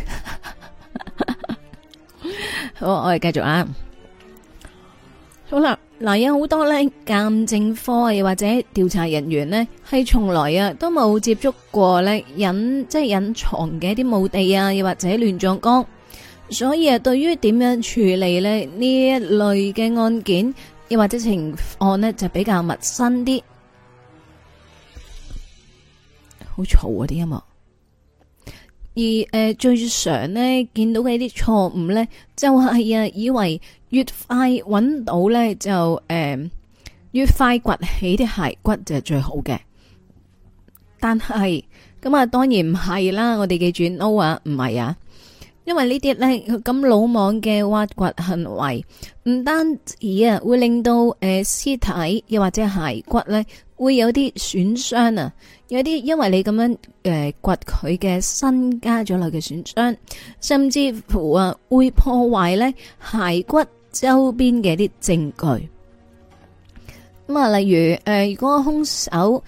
好，我哋繼續啊。好啦，嗱，有好多呢，鑒證科啊，又或者調查人員呢，係從來啊都冇接觸過呢隱，即係、就是、隱藏嘅一啲墓地啊，又或者亂葬崗。所以啊，對於點樣處理呢，呢一類嘅案件，又或者情況呢，就比較陌生啲，好嘈啊啲音啊！音樂而誒、呃，最常呢，見到嘅一啲錯誤呢，就係啊，以為越快揾到呢，就誒、呃、越快掘起啲骸骨就係最好嘅，但係咁啊，當然唔係啦，我哋記住 No 啊，唔係啊。因為這些呢啲咧，咁魯莽嘅挖掘行為，唔單止啊，會令到誒呃、屍體又或者骸骨咧會有啲損傷啊，有啲因為你咁樣誒、呃、掘佢嘅身加咗落嘅損傷，甚至乎啊會破壞咧骸骨周邊嘅啲證據。咁啊，例如誒、呃，如果凶手誒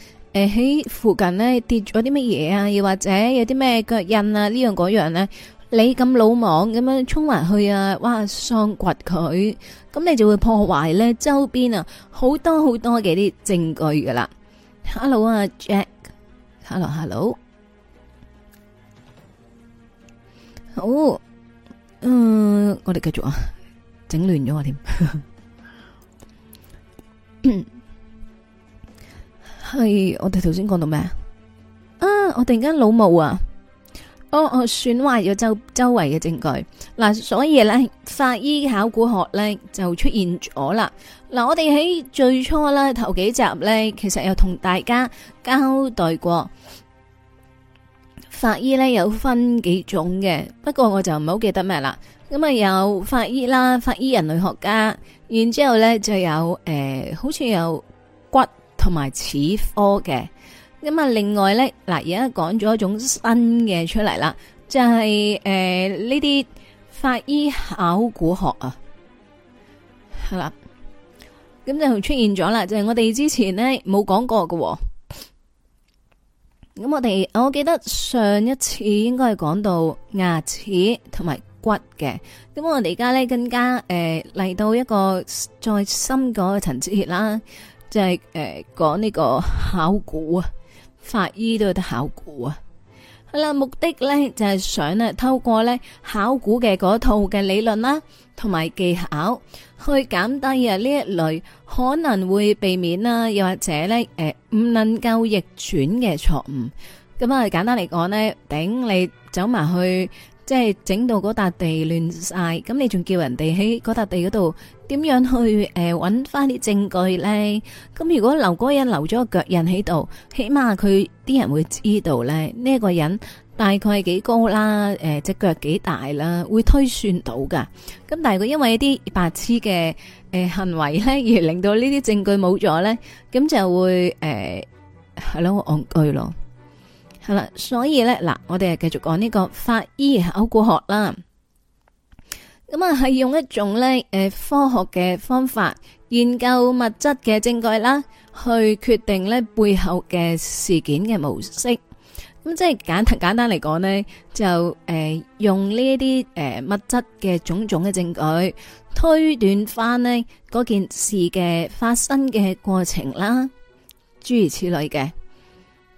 喺、呃、附近呢跌咗啲乜嘢啊，又或者有啲咩腳印啊，樣樣呢樣嗰樣咧。你咁魯莽咁樣衝埋去啊！哇，喪掘佢，咁你就會破壞咧周邊啊，好多好多嘅啲證據噶啦。Hello 啊，Jack，Hello，Hello，好 hello、Oh，嗯、uh，我哋繼續啊，整亂咗、啊、 我添，係我哋頭先講到咩啊？我突然間老毛啊！哦，我損壞咗周周圍嘅證據嗱、啊，所以咧法醫考古學咧就出現咗啦嗱，我哋喺最初啦，頭幾集咧，其實有同大家交代過法醫咧有分幾種嘅，不過我就唔好記得咩啦咁啊，有法醫啦，法醫人類學家，然之後咧就有誒、呃，好似有骨同埋齒科嘅。咁啊，另外咧，嗱，而家講咗一種新嘅出嚟啦，就係誒呢啲法醫考古學啊，係嘛，咁就出現咗啦，就係、是、我哋之前呢冇講過嘅、哦。咁我哋我記得上一次應該係講到牙齒同埋骨嘅。咁我哋而家咧更加誒嚟、呃、到一個再深嘅層次啦，就係誒講呢個考古啊。法醫都有得考古啊，係啦，目的咧就係想咧透過咧考古嘅嗰套嘅理論啦，同埋技巧去減低啊呢一類可能會避免啦，又或者咧誒唔能夠逆轉嘅錯誤。咁啊，簡單嚟講呢，頂你走埋去。即係整到嗰笪地亂晒，咁你仲叫人哋喺嗰笪地嗰度點樣去誒揾翻啲證據咧？咁如果留嗰人留咗個腳印喺度，起碼佢啲人會知道咧，呢一個人大概幾高啦，誒隻腳幾大啦，會推算到噶。咁但係佢因為一啲白痴嘅誒行為咧，而令到呢啲證據冇咗咧，咁就會誒係咯戇居咯。呃所以咧嗱，我哋繼續講呢個法醫考古學啦。咁啊，係用一種咧誒、呃、科學嘅方法研究物質嘅證據啦，去決定咧背後嘅事件嘅模式。咁即係簡簡單嚟講呢就誒、呃、用呢啲誒物質嘅種種嘅證據推斷翻呢嗰件事嘅發生嘅過程啦，諸如此類嘅。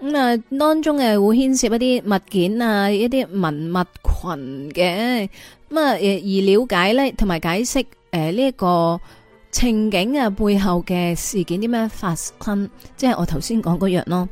咁啊、嗯，當中嘅會牽涉一啲物件啊，一啲文物群嘅，咁啊，而了解咧同埋解釋誒呢一個情景啊背後嘅事件點樣發生，即係我頭先講嗰樣咯。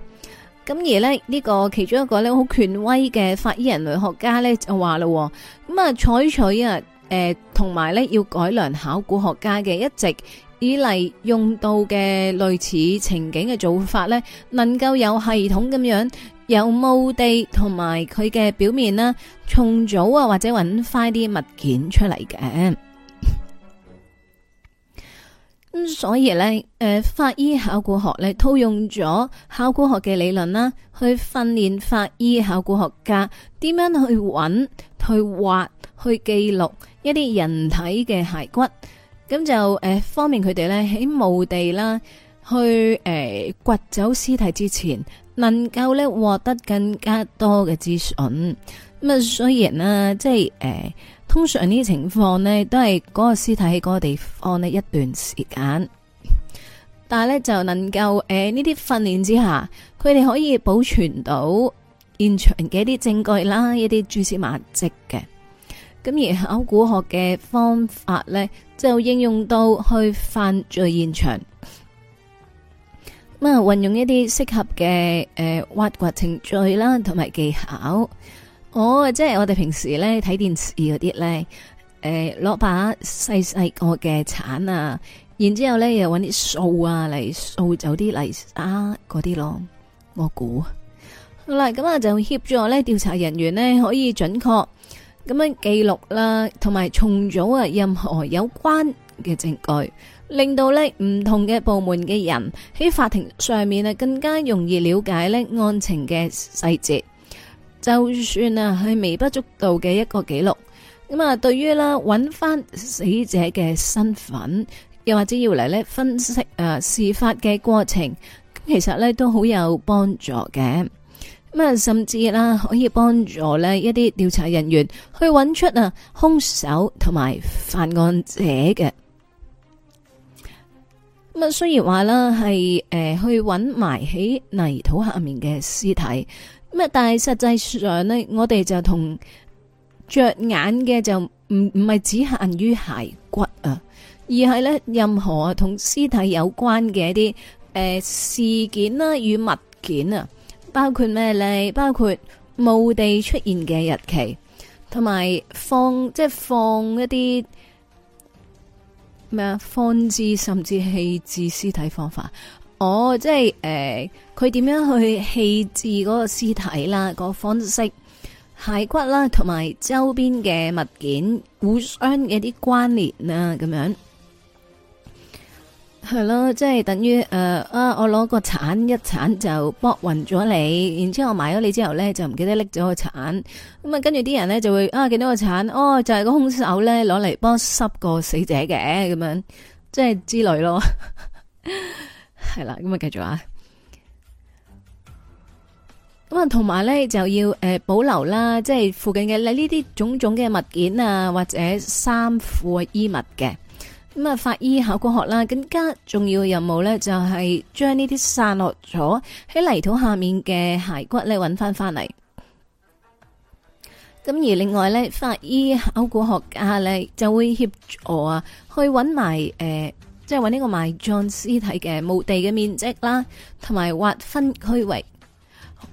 咁而咧呢、這個其中一個咧好權威嘅法醫人類學家咧就話咯，咁啊採取啊誒同埋咧要改良考古學家嘅一直。」以嚟用到嘅類似情景嘅做法呢，能夠有系統咁樣，由墓地同埋佢嘅表面啦，重組啊或者揾翻啲物件出嚟嘅。咁 所以呢、呃，法醫考古學呢，套用咗考古學嘅理論啦，去訓練法醫考古學家點樣去揾、去挖、去記錄一啲人體嘅骸骨。咁就誒、呃，方便佢哋咧喺墓地啦，去誒掘、呃、走屍體之前，能夠咧獲得更加多嘅資訊。咁啊，雖然啦，即係誒、呃，通常呢啲情況咧，都係嗰個屍體喺嗰個地方咧一段時間，但係咧就能夠誒呢啲訓練之下，佢哋可以保存到現場嘅一啲證據啦，一啲蛛絲馬跡嘅。咁而考古學嘅方法咧，就應用到去犯罪現場，咁、嗯、啊，運用一啲適合嘅誒、呃、挖掘程序啦，同埋技巧。哦、即我即係我哋平時咧睇電視嗰啲咧，誒、呃、攞把細細個嘅鏟啊，然之後咧又搵啲掃啊嚟掃走啲泥沙嗰啲咯。我估，嗱咁啊就協助咧調查人員呢，可以準確。咁樣記錄啦，同埋重組啊，任何有關嘅證據，令到呢唔同嘅部門嘅人喺法庭上面啊，更加容易了解呢案情嘅細節。就算啊係微不足道嘅一個記錄，咁啊，對於啦搵翻死者嘅身份，又或者要嚟呢分析啊、呃、事發嘅過程，咁其實呢都好有幫助嘅。咁啊，甚至啦，可以幫助呢一啲調查人員去揾出啊凶手同埋犯案者嘅。咁啊，雖然話啦係誒去揾埋喺泥土下面嘅屍體，咁啊，但係實際上呢，我哋就同着眼嘅就唔唔係只限於骸骨啊，而係呢任何同屍體有關嘅一啲誒、呃、事件啦與物件啊。包括咩咧？包括墓地出現嘅日期，同埋放即係放一啲咩啊？放置甚至棄置屍體方法，我、哦、即係誒，佢點樣去棄置嗰個屍體啦？個方式、骸骨啦，同埋周邊嘅物件互相嘅一啲關聯啊，咁樣。係咯，即係等於誒、呃、啊！我攞個鏟一鏟就剝暈咗你，然之後我買咗你之後咧就唔記得拎咗個鏟，咁啊跟住啲人咧就會啊見到個鏟哦，就係、是、個凶手咧攞嚟幫濕個死者嘅咁樣，即係之類咯。係 啦，咁啊繼續啊，咁啊同埋咧就要誒、呃、保留啦，即係附近嘅呢呢啲種種嘅物件啊，或者衫褲衣物嘅。咁啊，法醫考古學啦，更加重要嘅任務咧就係將呢啲散落咗喺泥土下面嘅骸骨咧揾翻翻嚟。咁而另外咧，法醫考古學家咧就會協助啊去揾埋誒、呃，即係揾呢個埋葬屍體嘅墓地嘅面積啦，同埋劃分區域。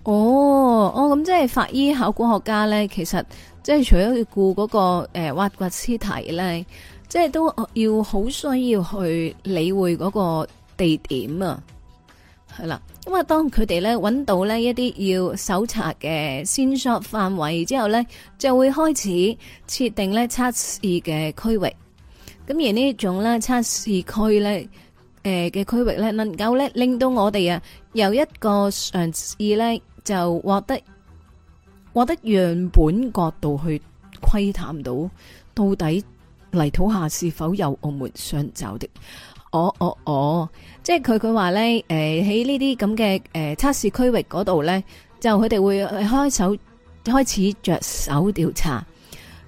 哦，哦，咁即係法醫考古學家呢，其實即係除咗要顧嗰個誒挖、呃、掘屍體咧。即係都要好需要去理會嗰個地點啊，係啦。咁啊，當佢哋咧揾到呢一啲要搜查嘅線索範圍之後咧，就會開始設定呢測試嘅區域。咁而呢種咧測試區咧，誒嘅區域咧，能夠咧令到我哋啊由一個嘗試咧就獲得獲得樣本角度去窺探到到底。泥土下是否有我們想找的？哦哦哦，即係佢佢話咧，誒喺呢啲咁嘅誒測試區域嗰度呢，就佢哋會開手開始着手調查，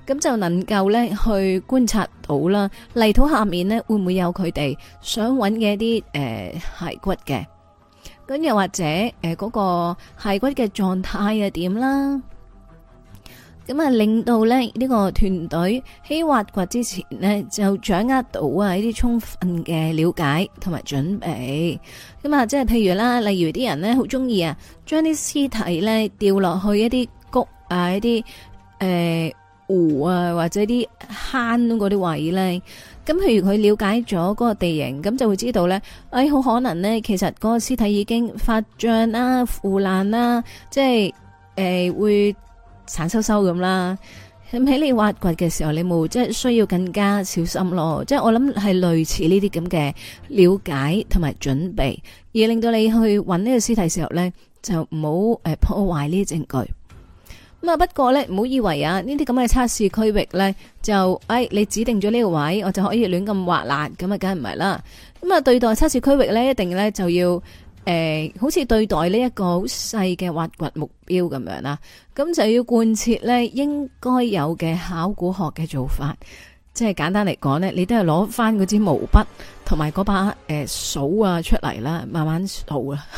咁就能夠呢去觀察到啦。泥土下面呢，會唔會有佢哋想揾嘅一啲誒骸骨嘅？咁又或者誒嗰個骸骨嘅狀態係點啦？咁啊，令到咧呢個團隊喺挖掘之前咧，就掌握到啊一啲充分嘅了解同埋準備。咁啊，即係譬如啦，例如啲人呢好中意啊，將啲屍體咧掉落去一啲谷啊、一啲誒、呃、湖啊或者啲坑嗰啲位呢。咁譬如佢了解咗嗰個地形，咁就會知道呢，誒、哎，好可能呢其實嗰個屍體已經發脹啦、啊、腐爛啦、啊，即係誒、呃、會。散收收咁啦，喺你挖掘嘅時候，你冇即係需要更加小心咯。即係我諗係類似呢啲咁嘅了解同埋準備，而令到你去揾呢個屍體時候呢，就唔好誒破壞呢啲證據。咁啊，不過呢，唔好以為啊，呢啲咁嘅測試區域呢，就誒、哎、你指定咗呢個位，我就可以亂咁挖爛，咁啊，梗係唔係啦。咁啊，對待測試區域呢，一定呢，就要。誒、呃，好似對待呢一個好細嘅挖掘目標咁樣啦，咁就要貫徹呢應該有嘅考古學嘅做法，即係簡單嚟講呢，你都係攞翻嗰支毛筆同埋嗰把誒掃、呃、啊出嚟啦，慢慢掃啦。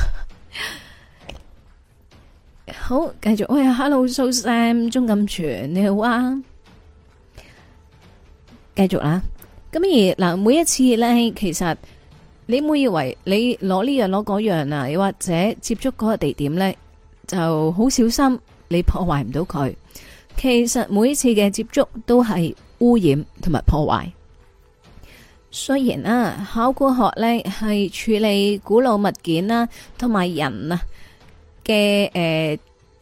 好，繼續喂，Hello，蘇 Sam，鍾錦全你好啊，繼續啦。咁而嗱，每一次呢，其實。你唔會以為你攞呢樣攞嗰樣啊，又或者接觸嗰個地點呢，就好小心，你破壞唔到佢。其實每一次嘅接觸都係污染同埋破壞。雖然啊，考古學呢係處理古老物件，啊啊呃、啦，同埋人啊嘅誒，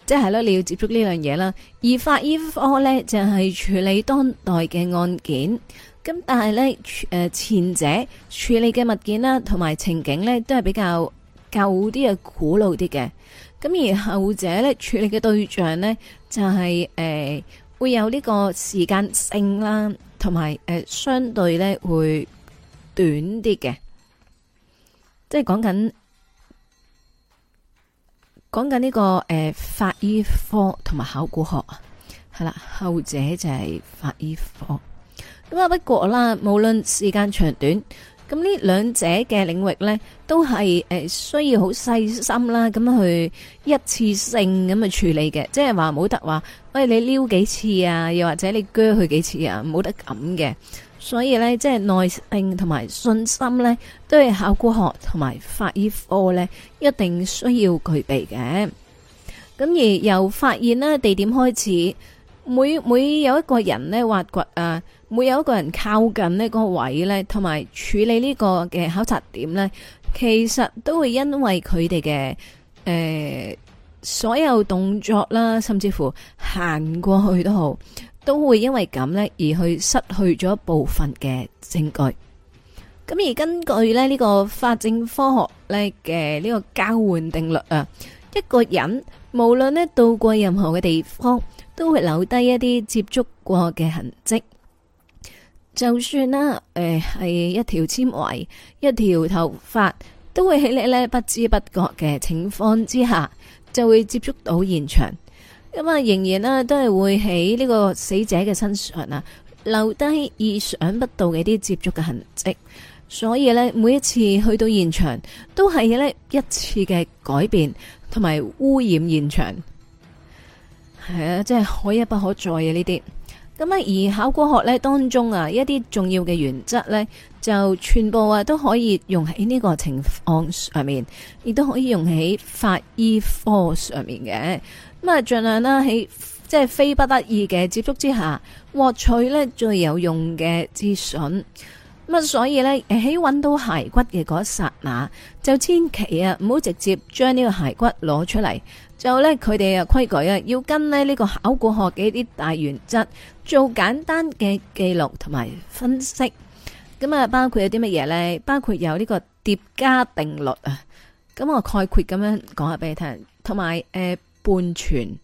即係咧你要接觸呢樣嘢啦。而法醫科呢，就係、係、處理當代嘅案件。咁但係咧，誒前者處理嘅物件啦，同埋情景咧，都係比較舊啲嘅古老啲嘅。咁而後者咧處理嘅對象呢，就係誒會有呢個時間性啦，同埋誒相對咧會短啲嘅。即係講緊講緊呢個誒法醫科同埋考古學啊，係啦，後者就係法醫科。咁啊！不過啦，無論時間長短，咁呢兩者嘅領域呢，都係誒、呃、需要好細心啦，咁去一次性咁去處理嘅，即係話冇得話，喂你撩幾次啊，又或者你鋸佢幾次啊，冇得咁嘅。所以呢，即係耐性同埋信心呢，都係考古學同埋法醫科呢一定需要具備嘅。咁而由發現啦地點開始，每每有一個人呢，挖掘啊。每有一個人靠近呢個位呢，同埋處理呢個嘅考察點呢，其實都會因為佢哋嘅，誒所有動作啦，甚至乎行過去都好，都會因為咁呢而去失去咗部分嘅證據。咁而根據呢呢個法證科學呢嘅呢個交換定律啊，一個人無論呢到過任何嘅地方，都會留低一啲接觸過嘅痕跡。就算啦，誒、呃，係一條纖維、一條頭髮，都會喺你呢不知不覺嘅情況之下，就會接觸到現場。咁啊，仍然咧都係會喺呢個死者嘅身上啊，留低意想不到嘅啲接觸嘅痕跡。所以呢，每一次去到現場，都係呢一次嘅改變同埋污染現場。係啊，真係可一不可再呀呢啲。咁啊，而考古學咧，當中啊，一啲重要嘅原則咧，就全部啊都可以用喺呢個情況上面，亦都可以用喺法醫科上面嘅。咁啊，盡量啦喺即係非不得已嘅接觸之下，獲取咧最有用嘅資訊。咁所以咧喺揾到骸骨嘅嗰一剎那，就千祈啊唔好直接將呢個骸骨攞出嚟。就咧佢哋啊規矩啊，要跟呢呢個考古學嘅一啲大原則做簡單嘅記錄同埋分析。咁啊，包括有啲乜嘢咧？包括有呢個疊加定律啊。咁我概括咁樣講下俾你聽，同埋誒半存。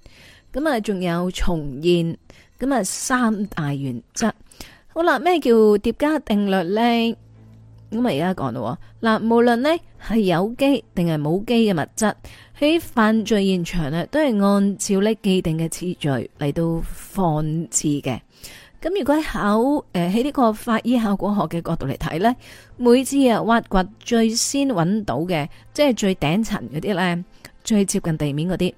咁啊，仲有重現。咁啊，三大原則。好啦，咩叫疊加定律呢？咁啊，而家講喎。嗱，無論呢係有機定係冇機嘅物質，喺犯罪現場呢都係按照呢既定嘅次序嚟到放置嘅。咁如果考誒喺呢個法醫考古學嘅角度嚟睇呢，每次啊挖掘最先揾到嘅，即係最頂層嗰啲呢，最接近地面嗰啲，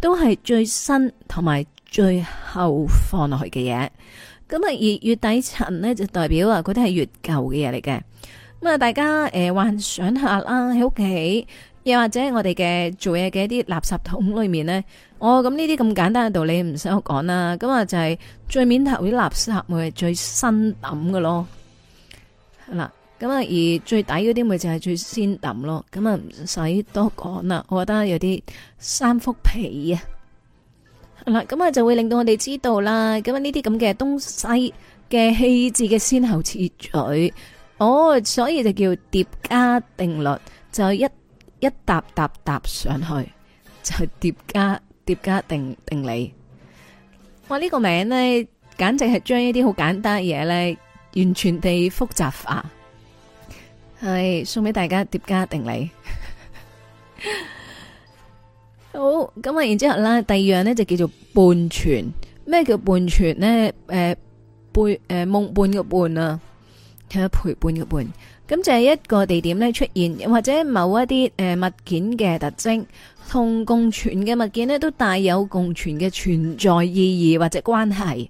都係最新同埋最後放落去嘅嘢。咁啊，而越底層咧就代表啊，嗰啲係越舊嘅嘢嚟嘅。咁啊，大家誒、呃、幻想下啦，喺屋企，又或者我哋嘅做嘢嘅一啲垃圾桶裏面咧，哦，咁呢啲咁簡單嘅道理唔使我講啦。咁啊，就係最面頭啲垃圾咪係最新抌嘅咯。係啦，咁啊，而最底嗰啲咪就係最先抌咯。咁啊，唔使多講啦，我覺得有啲三幅皮啊。嗱，咁啊，就會令到我哋知道啦。咁啊，呢啲咁嘅東西嘅氣質嘅先後次序，哦，所以就叫疊加定律，就一一搭搭搭上去，就疊加疊加定定理。哇！呢、呢個名呢，簡直係將一啲好簡單嘅嘢呢，完全地複雜化。係送俾大家疊加定理。 好咁啊！然之後啦，第二樣咧就叫做伴存。咩叫伴存呢？誒、呃呃，半誒夢伴嘅伴啊，有陪伴嘅伴。咁就係一個地點咧出現，或者某一啲誒、呃、物件嘅特徵同共存嘅物件呢都帶有共存嘅存在意義或者關係。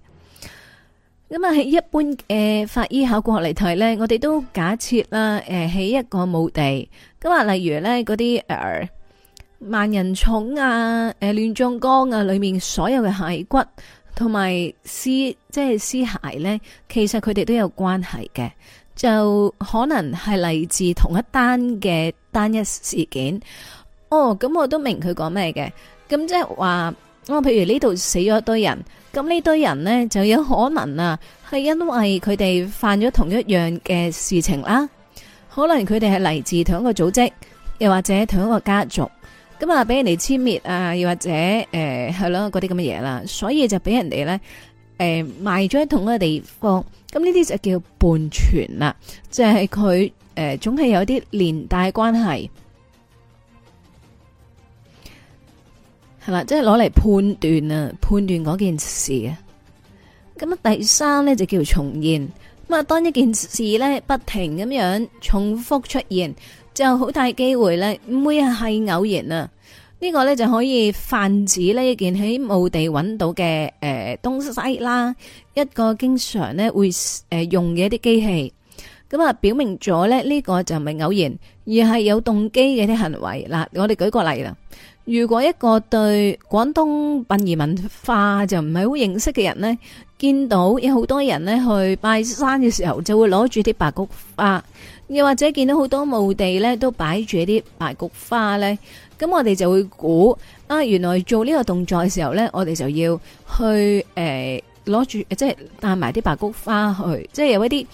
咁啊喺一般誒、呃、法醫考古學嚟睇呢，我哋都假設啦，誒、呃、喺一個墓地。咁啊，例如呢嗰啲誒。呃萬人寵啊！誒，亂葬崗啊，裏面所有嘅骸骨同埋屍，即係屍骸呢，其實佢哋都有關係嘅，就可能係嚟自同一單嘅單一事件。哦，咁我都明佢講咩嘅。咁即係話，我，哦，譬如呢度死咗一堆人，咁呢堆人呢，就有可能啊，係因為佢哋犯咗同一樣嘅事情啦。可能佢哋係嚟自同一個組織，又或者同一個家族。咁啊，俾人哋殲滅啊，又或者誒，係咯嗰啲咁嘅嘢啦，所以就俾人哋咧，誒、呃、賣咗喺同一個地方。咁呢啲就叫半傳啦，即係佢誒，總係有啲連帶關係，係啦，即係攞嚟判斷啊，判斷嗰件事啊。咁啊，第三呢就叫重現。咁啊，當一件事呢不停咁樣重複出現。就好大機會咧，唔會係偶然啊！呢個咧就可以泛指呢一件喺墓地揾到嘅誒東西啦，一個經常咧會用嘅一啲機器，咁啊表明咗咧呢個就唔係偶然，而係有動機嘅啲行為嗱。我哋舉個例啦，如果一個對廣東殯儀文化就唔係好認識嘅人呢，見到有好多人呢去拜山嘅時候，就會攞住啲白菊花，又或者見到好多墓地咧，都擺住一啲白菊花咧，咁我哋就會估啊，原來做呢個動作嘅時候咧，我哋就要去誒，攞、呃、住即係帶埋啲白菊花去，即係有一啲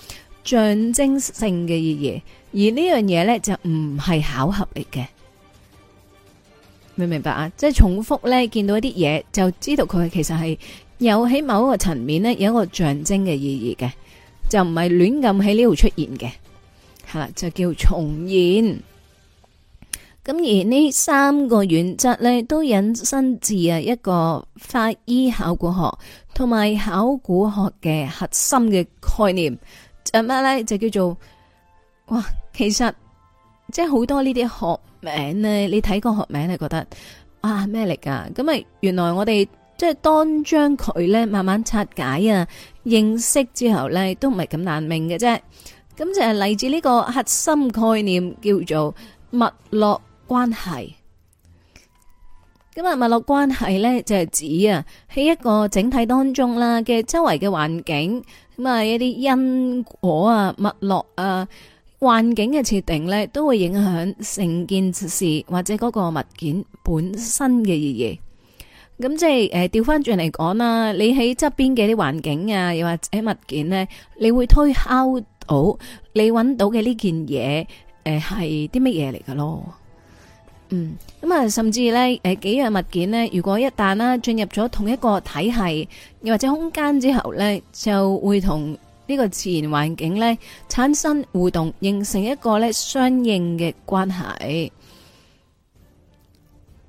象徵性嘅意義。而呢樣嘢咧就唔係巧合嚟嘅，明唔明白啊？即係重複咧見到一啲嘢，就知道佢其實係有喺某一個層面咧有一個象徵嘅意義嘅，就唔係亂咁喺呢度出現嘅。就叫重現。咁而呢三個原則咧，都引申自啊一個法醫考古學同埋考古學嘅核心嘅概念。就係咩咧？就叫做哇！其實即係好多呢啲學名呢，你睇個學名你覺得啊咩嚟噶？咁啊，原來我哋即係當將佢咧慢慢拆解啊，認識之後咧，都唔係咁難明嘅啫。咁就係嚟自呢個核心概念，叫做脈絡關係。咁啊，脈絡關係咧就係指啊，喺一個整體當中啦嘅周圍嘅環境，咁啊一啲因果啊、脈絡啊、環境嘅設定咧，都會影響成件事或者嗰個物件本身嘅意義。咁即係誒，調翻轉嚟講啦，你喺側邊嘅啲環境啊，又或者物件咧，你會推敲。好，oh, 你揾到嘅呢件嘢，誒，係啲乜嘢嚟噶咯？嗯，咁啊，甚至呢誒，幾樣物件呢，如果一旦啦進入咗同一個體系又或者空間之後呢，就會同呢個自然環境呢產生互動，形成一個呢相應嘅關係。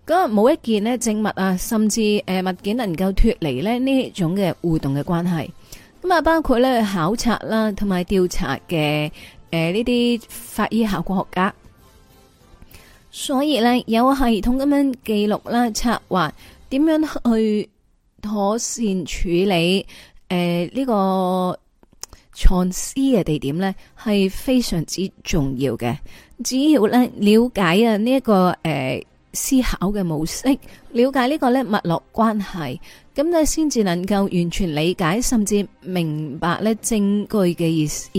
咁冇一件呢證物啊，甚至誒、呃、物件能夠脫離呢呢種嘅互動嘅關係。咁啊，包括咧考察啦，同埋調查嘅誒呢啲法醫考古學家，所以咧有系統咁樣記錄啦，策劃點樣去妥善處理誒呢、呃這個藏屍嘅地點咧，係非常之重要嘅。只要咧了解啊呢一個誒、呃、思考嘅模式，了解呢個咧脈絡關係。咁你先至能夠完全理解甚至明白咧證據嘅意思。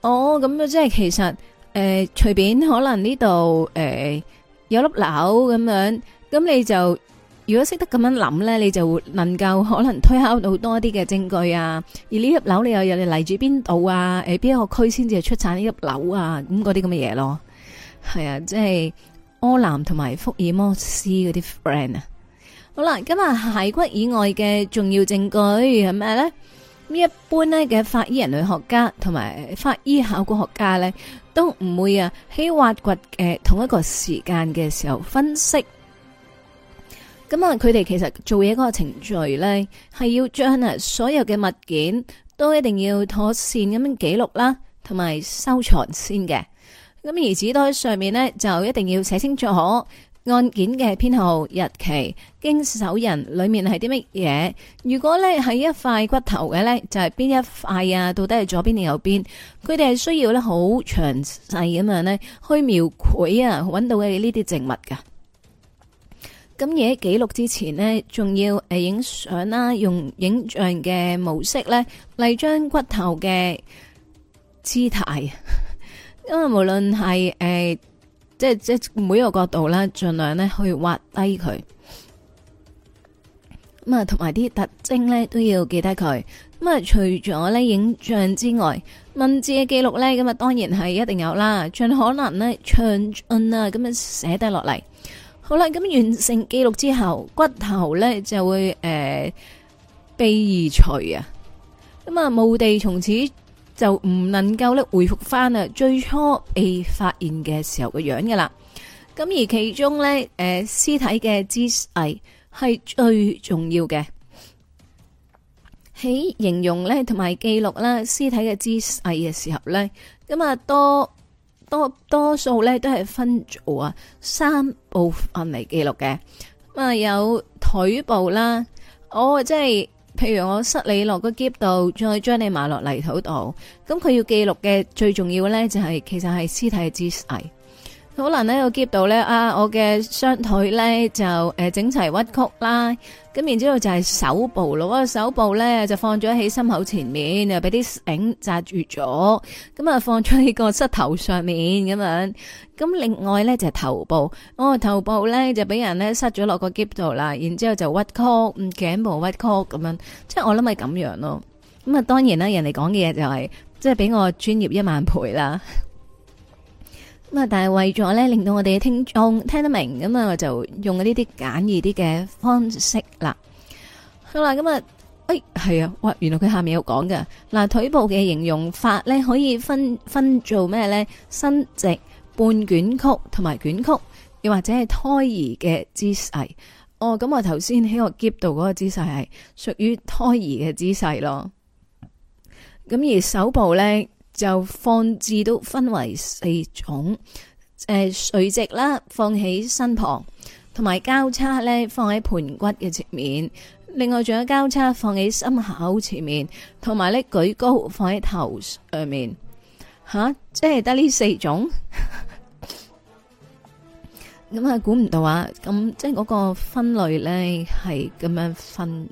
哦，咁、嗯、啊，即係其實誒、呃，隨便可能呢度誒有粒樓咁樣，咁、嗯、你就如果識得咁樣諗咧，你就能夠可能推敲到多啲嘅證據啊。而呢粒樓又有你又又嚟自邊度啊？誒，邊一個區先至係出產呢粒樓啊？咁嗰啲咁嘅嘢咯，係、嗯、啊，即係柯南同埋福爾摩斯嗰啲 friend 啊。好啦，咁啊，骸骨以外嘅重要證據係咩咧？一般呢嘅法醫人類學家同埋法醫考古學家咧，都唔會啊喺挖掘嘅同一個時間嘅時候分析。咁啊，佢哋其實做嘢嗰個程序咧，係要將啊所有嘅物件都一定要妥善咁樣記錄啦，同埋收藏先嘅。咁而紙袋上面呢，就一定要寫清楚。案件嘅編號、日期、經手人，裏面係啲乜嘢？如果咧係一塊骨頭嘅咧，就係邊一塊啊？到底係左邊定右邊？佢哋係需要咧好詳細咁樣咧去描繪啊，搵到嘅呢啲植物噶。咁而喺記錄之前呢，仲要誒影相啦，用影像嘅模式咧，嚟將骨頭嘅姿態，因為無論係誒。呃即係即係每一個角度咧，盡量去劃呢去挖低佢。咁啊，同埋啲特徵呢都要記得佢。咁啊，除咗呢影像之外，文字嘅記錄呢，咁啊當然係一定有啦。盡可能呢詳盡，啊，咁啊寫低落嚟。好啦，咁完成記錄之後，骨頭呢就會誒被移除啊。咁、呃、啊，墓地從此。就唔能夠咧回復翻啊最初被發現嘅時候嘅樣嘅啦。咁而其中咧，誒、呃，屍體嘅姿勢係最重要嘅。喺形容咧同埋記錄啦，屍體嘅姿勢嘅時候咧，咁啊多多多數咧都係分組啊三部分嚟記錄嘅。咁啊有腿部啦，哦即係。譬如我塞你落個篋度，再將你埋落泥土度，咁佢要記錄嘅最重要嘅咧，就是，就係其實係屍體嘅姿勢。可能呢個喼度咧，啊我嘅雙腿咧就誒整齊屈曲啦，咁然之後就係手部咯，我手部咧就放咗喺心口前面，又俾啲繩紮住咗，咁啊放咗喺個膝頭上面咁樣，咁另外咧就係頭部，我、哦、頭部咧就俾人咧塞咗落個喼度啦，然之後就屈曲，唔頸部屈曲咁樣，即係我諗係咁樣咯，咁啊當然啦，人哋講嘅嘢就係、是、即係俾我專業一萬倍啦。咁啊！但係為咗咧，令到我哋嘅聽眾聽得明，咁啊，我就用呢啲簡易啲嘅方式啦。好啦，咁啊，誒、哎，係啊，哇！原來佢下面有講嘅。嗱，腿部嘅形容法咧，可以分分做咩咧？伸直、半捲曲同埋捲曲，又或者係胎兒嘅姿勢。哦，咁我頭先喺 e 肩度嗰個姿勢係屬於胎兒嘅姿勢咯。咁而手部咧？就放置都分為四種，誒、呃、垂直啦，放喺身旁，同埋交叉咧放喺盆骨嘅前面。另外仲有交叉放喺心口前面，同埋咧舉高放喺頭上面。吓，即係得呢四種。咁啊，估唔到啊！咁即係嗰個分類咧係咁樣分。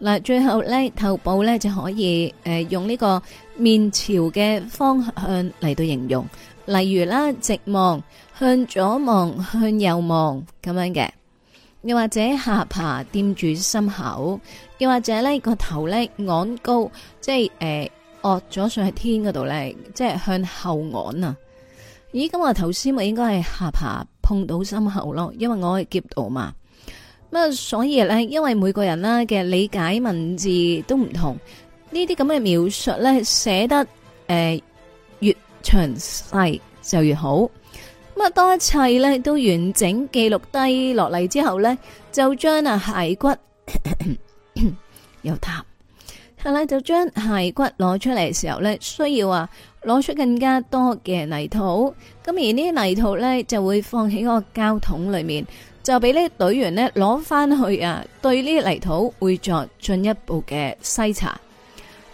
嗱，最後咧頭部咧就可以誒、呃、用呢、這個。面朝嘅方向嚟到形容，例如啦，直望，向左望，向右望咁樣嘅，又或者下巴掂住心口，又或者呢個頭呢昂高，即係誒，昂、呃、咗上喺天嗰度呢，即係向後昂啊！咦，咁啊，頭先咪應該係下巴碰到心口咯，因為我係夾到嘛。咁啊，所以呢，因為每個人啦嘅理解文字都唔同。呢啲咁嘅描述呢，寫得誒、呃、越詳細就越好。咁啊，當一切呢，都完整記錄低落嚟之後呢，就將啊骸骨又塌，係啦， 就將骸骨攞出嚟嘅時候呢，需要啊攞出更加多嘅泥土。咁而呢啲泥土呢，就會放喺嗰個膠桶裏面，就俾呢隊員呢攞翻去啊，對呢啲泥土會作進一步嘅篩查。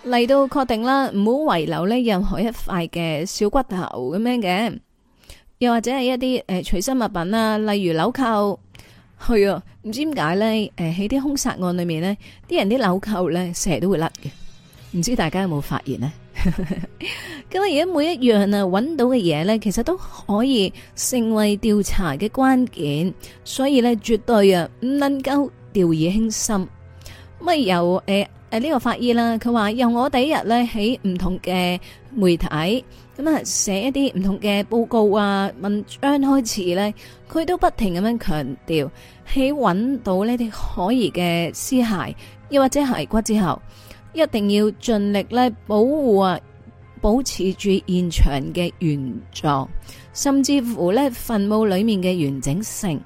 嚟到確定啦，唔好遺留呢任何一塊嘅小骨頭咁樣嘅，又或者係一啲誒隨身物品啊，例如紐扣，係啊，唔知點解咧？誒喺啲兇殺案裏面呢，啲人啲紐扣咧成日都會甩嘅，唔知大家有冇發現呢？咁啊，而家每一樣啊揾到嘅嘢咧，其實都可以成為調查嘅關鍵，所以咧絕對啊唔能夠掉以輕心。乜有誒？呃誒，呢個法醫啦，佢話由我第一日咧喺唔同嘅媒體咁啊寫一啲唔同嘅報告啊文章開始咧，佢都不停咁樣強調喺揾到呢啲可疑嘅屍骸，又或者骸骨之後，一定要盡力咧保護啊，保持住現場嘅原狀，甚至乎咧墳墓裏面嘅完整性。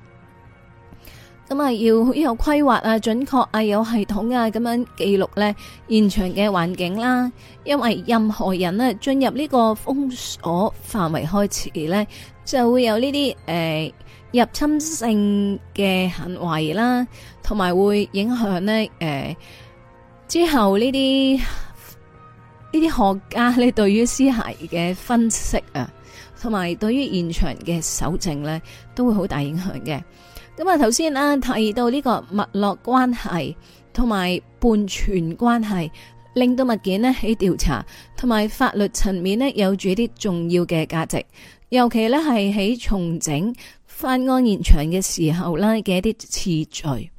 咁啊，要有規劃啊，準確啊，有系統啊，咁樣記錄咧現場嘅環境啦。因為任何人咧進入呢個封鎖範圍開始呢，就會有呢啲誒入侵性嘅行為啦，同埋會影響呢誒之後呢啲呢啲學家咧對於屍骸嘅分析啊，同埋對於現場嘅搜證呢，都會好大影響嘅。咁啊，頭先啊提到呢個脈絡關係同埋伴隨關係，令到物件呢喺調查同埋法律層面呢有住一啲重要嘅價值，尤其呢係喺重整犯案現場嘅時候啦嘅一啲次序。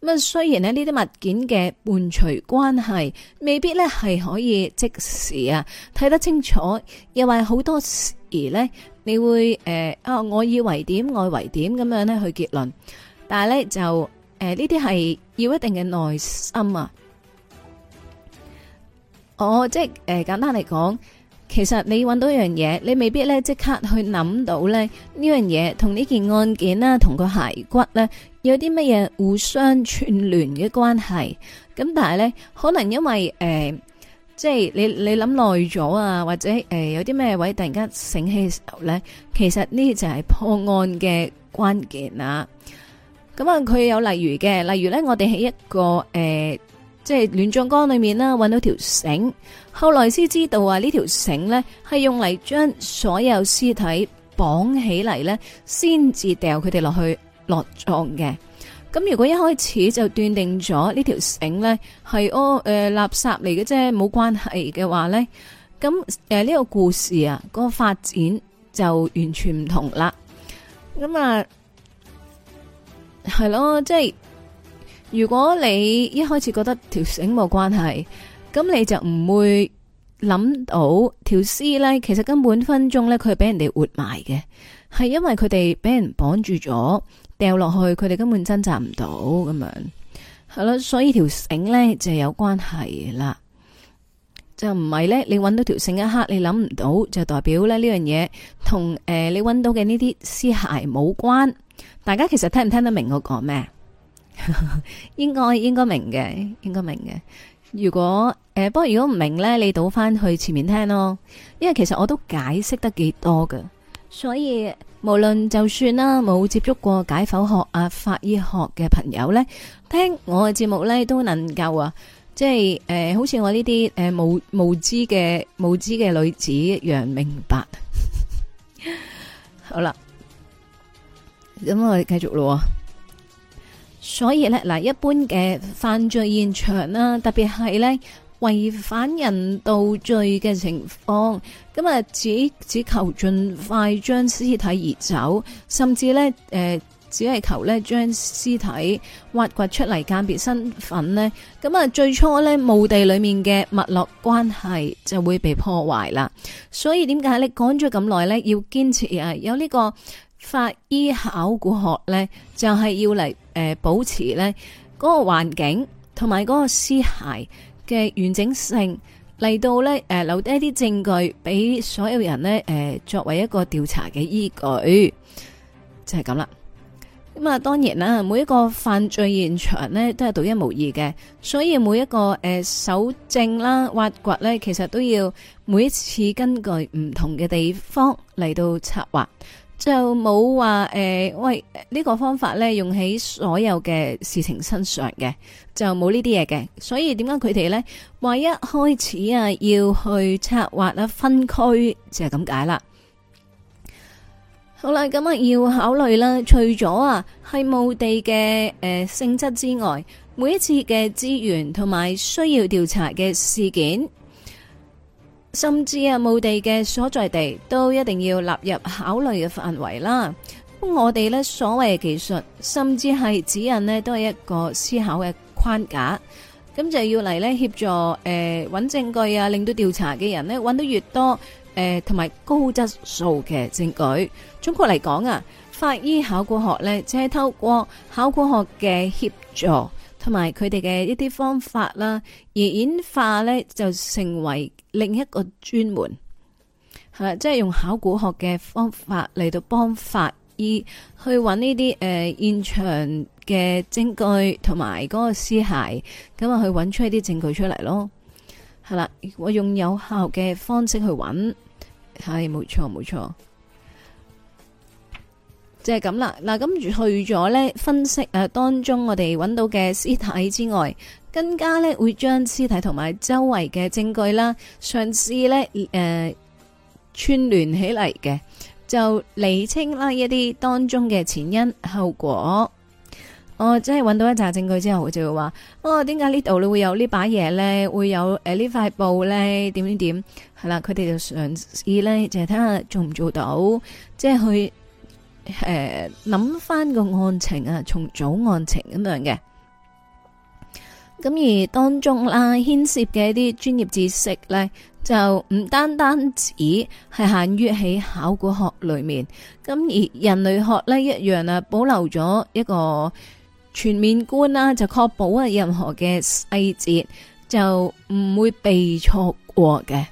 咁啊，雖然呢啲物件嘅伴隨關係未必呢係可以即時啊睇得清楚，又係好多時呢。你會誒啊我以為點，我以為點咁樣咧去結論，但係咧就誒呢啲係要一定嘅耐心啊！哦，即係誒簡單嚟講，其實你揾到一樣嘢，你未必咧即刻去諗到咧呢樣嘢同呢件案件啦，同個骸骨咧有啲乜嘢互相串聯嘅關係。咁但係咧，可能因為誒。即係你你諗耐咗啊，或者誒、呃、有啲咩位突然間醒起嘅時候咧，其實呢就係破案嘅關鍵啊！咁啊，佢有例如嘅，例如咧，我哋喺一個誒、呃，即係亂葬崗裏面啦，搵到條繩，後來先知道啊，呢條繩咧係用嚟將所有屍體綁起嚟咧，先至掉佢哋落去落葬嘅。咁如果一開始就斷定咗呢條繩呢係哦誒、呃、垃圾嚟嘅啫，冇關係嘅話呢，咁誒呢個故事啊，個發展就完全唔同啦。咁啊，係咯，即係如果你一開始覺得條繩冇關係，咁你就唔會諗到條絲呢。其實根本分鐘呢，佢係俾人哋活埋嘅，係因為佢哋俾人綁住咗。掉落去，佢哋根本掙扎唔到咁樣，係啦，所以條繩呢就有關係啦。就唔係呢，你揾到條繩一刻，你諗唔到，就代表呢呢樣嘢同誒你揾到嘅呢啲屍骸冇關。大家其實聽唔聽得明我講咩？應該應該明嘅，應該明嘅。如果誒、呃，不過如果唔明呢，你倒翻去前面聽咯，因為其實我都解釋得幾多嘅。所以無論就算啦，冇接觸過解剖學啊、法醫學嘅朋友呢，聽我嘅節目呢，都能夠啊，即係誒、呃，好似我呢啲誒冇無知嘅無知嘅女子一樣明白。 好啦，咁我哋繼續咯。所以呢，嗱，一般嘅犯罪現場啦，特別係呢。違反人道罪嘅情況，咁啊，只只求盡快將屍體移走，甚至呢誒，只係求呢將屍體挖掘出嚟鑑別身份呢，咁啊，最初呢墓地裏面嘅脈絡關係就會被破壞啦。所以點解你講咗咁耐呢要堅持啊？有呢個法醫考古學呢就係要嚟誒，保持呢嗰個環境同埋嗰個屍骸嘅完整性嚟到呢，誒留低一啲證據俾所有人呢，誒作為一個調查嘅依據，就係咁啦。咁啊，當然啦，每一個犯罪現場呢都係獨一無二嘅，所以每一個誒搜證啦、挖掘呢，其實都要每一次根據唔同嘅地方嚟到策劃。就冇話誒，喂呢、這個方法咧用喺所有嘅事情身上嘅，就冇呢啲嘢嘅。所以點解佢哋呢？話一開始啊要去策劃分區就係咁解啦。好啦，咁啊要考慮啦，除咗啊係墓地嘅誒、呃、性質之外，每一次嘅資源同埋需要調查嘅事件。甚至啊，墓地嘅所在地都一定要納入考慮嘅範圍啦。咁我哋呢所謂技術，甚至係指引呢都係一個思考嘅框架。咁就要嚟呢協助誒揾、呃、證據啊，令到調查嘅人呢揾到越多誒，同、呃、埋高質素嘅證據。總括嚟講啊，法醫考古學呢，即係透過考古學嘅協助。.同埋佢哋嘅一啲方法啦，而演化咧就成為另一個專門系啦，即係用考古學嘅方法嚟到幫法醫去揾呢啲誒現場嘅證據，同埋嗰個屍骸咁啊，去揾出一啲證據出嚟咯。係啦，我用有效嘅方式去揾，係冇錯冇錯。沒錯就係咁啦，嗱咁去咗咧分析誒當中我哋揾到嘅屍體之外，更加咧會將屍體同埋周圍嘅證據啦，嘗試咧誒串聯起嚟，嘅，就釐清啦一啲當中嘅前因後果。哦，即係揾到一紮證據之後，就會話哦，點解呢度你會有呢把嘢咧？會有誒呢塊布咧？點點點係啦，佢哋就嘗試咧，就係睇下做唔做到，即係去。誒，諗翻個案情啊，重組案情咁樣嘅，咁而當中啦，牽涉嘅一啲專業知識呢，就唔單單止係限於喺考古學裏面，咁而人類學呢一樣啊，保留咗一個全面觀啦，就確保啊任何嘅細節就唔會被錯過嘅。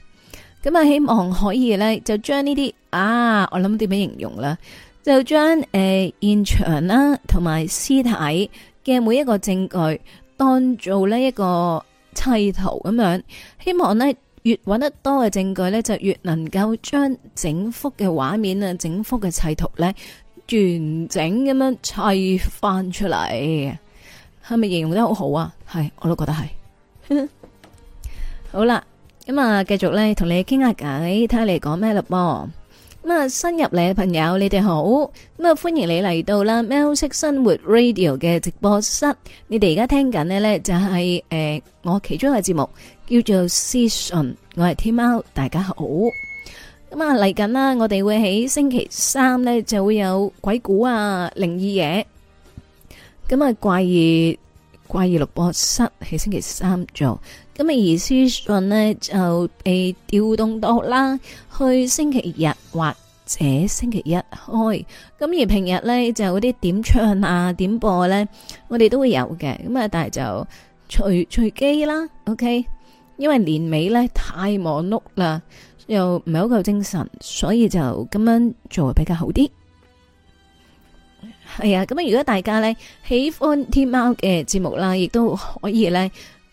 咁啊，希望可以呢，就將呢啲啊，我諗點樣形容啦？就將誒、呃、現場啦、啊，同埋屍體嘅每一個證據，當做呢一個砌圖咁樣，希望呢越搵得多嘅證據呢，就越能夠將整幅嘅畫面啊，整幅嘅砌圖呢，完整咁樣砌翻出嚟，係咪形容得好好啊？係，我都覺得係。 好啦，咁、嗯、啊，繼續呢，同你傾下偈，睇下你講咩嘞噃。咁啊，新入嚟嘅朋友，你哋好！咁啊，歡迎你嚟到啦，喵式生活 radio 嘅直播室。你哋而家聽緊呢，呢就係誒，我其中一個節目叫做屍訊，我係天喵，大家好。咁啊，嚟緊啦，我哋會喺星期三呢就會有鬼故啊，靈異嘢。咁啊，怪異怪異錄播室喺星期三做。咁而屍訊呢就被調動到啦，去星期日或者星期一開。咁而平日呢就嗰啲點唱啊點播呢，我哋都會有嘅。咁啊，但係就隨隨機啦，OK。因為年尾呢太忙碌啦，又唔係好夠精神，所以就咁樣做比較好啲。係啊，咁啊，如果大家呢喜歡天喵嘅節目啦，亦都可以呢。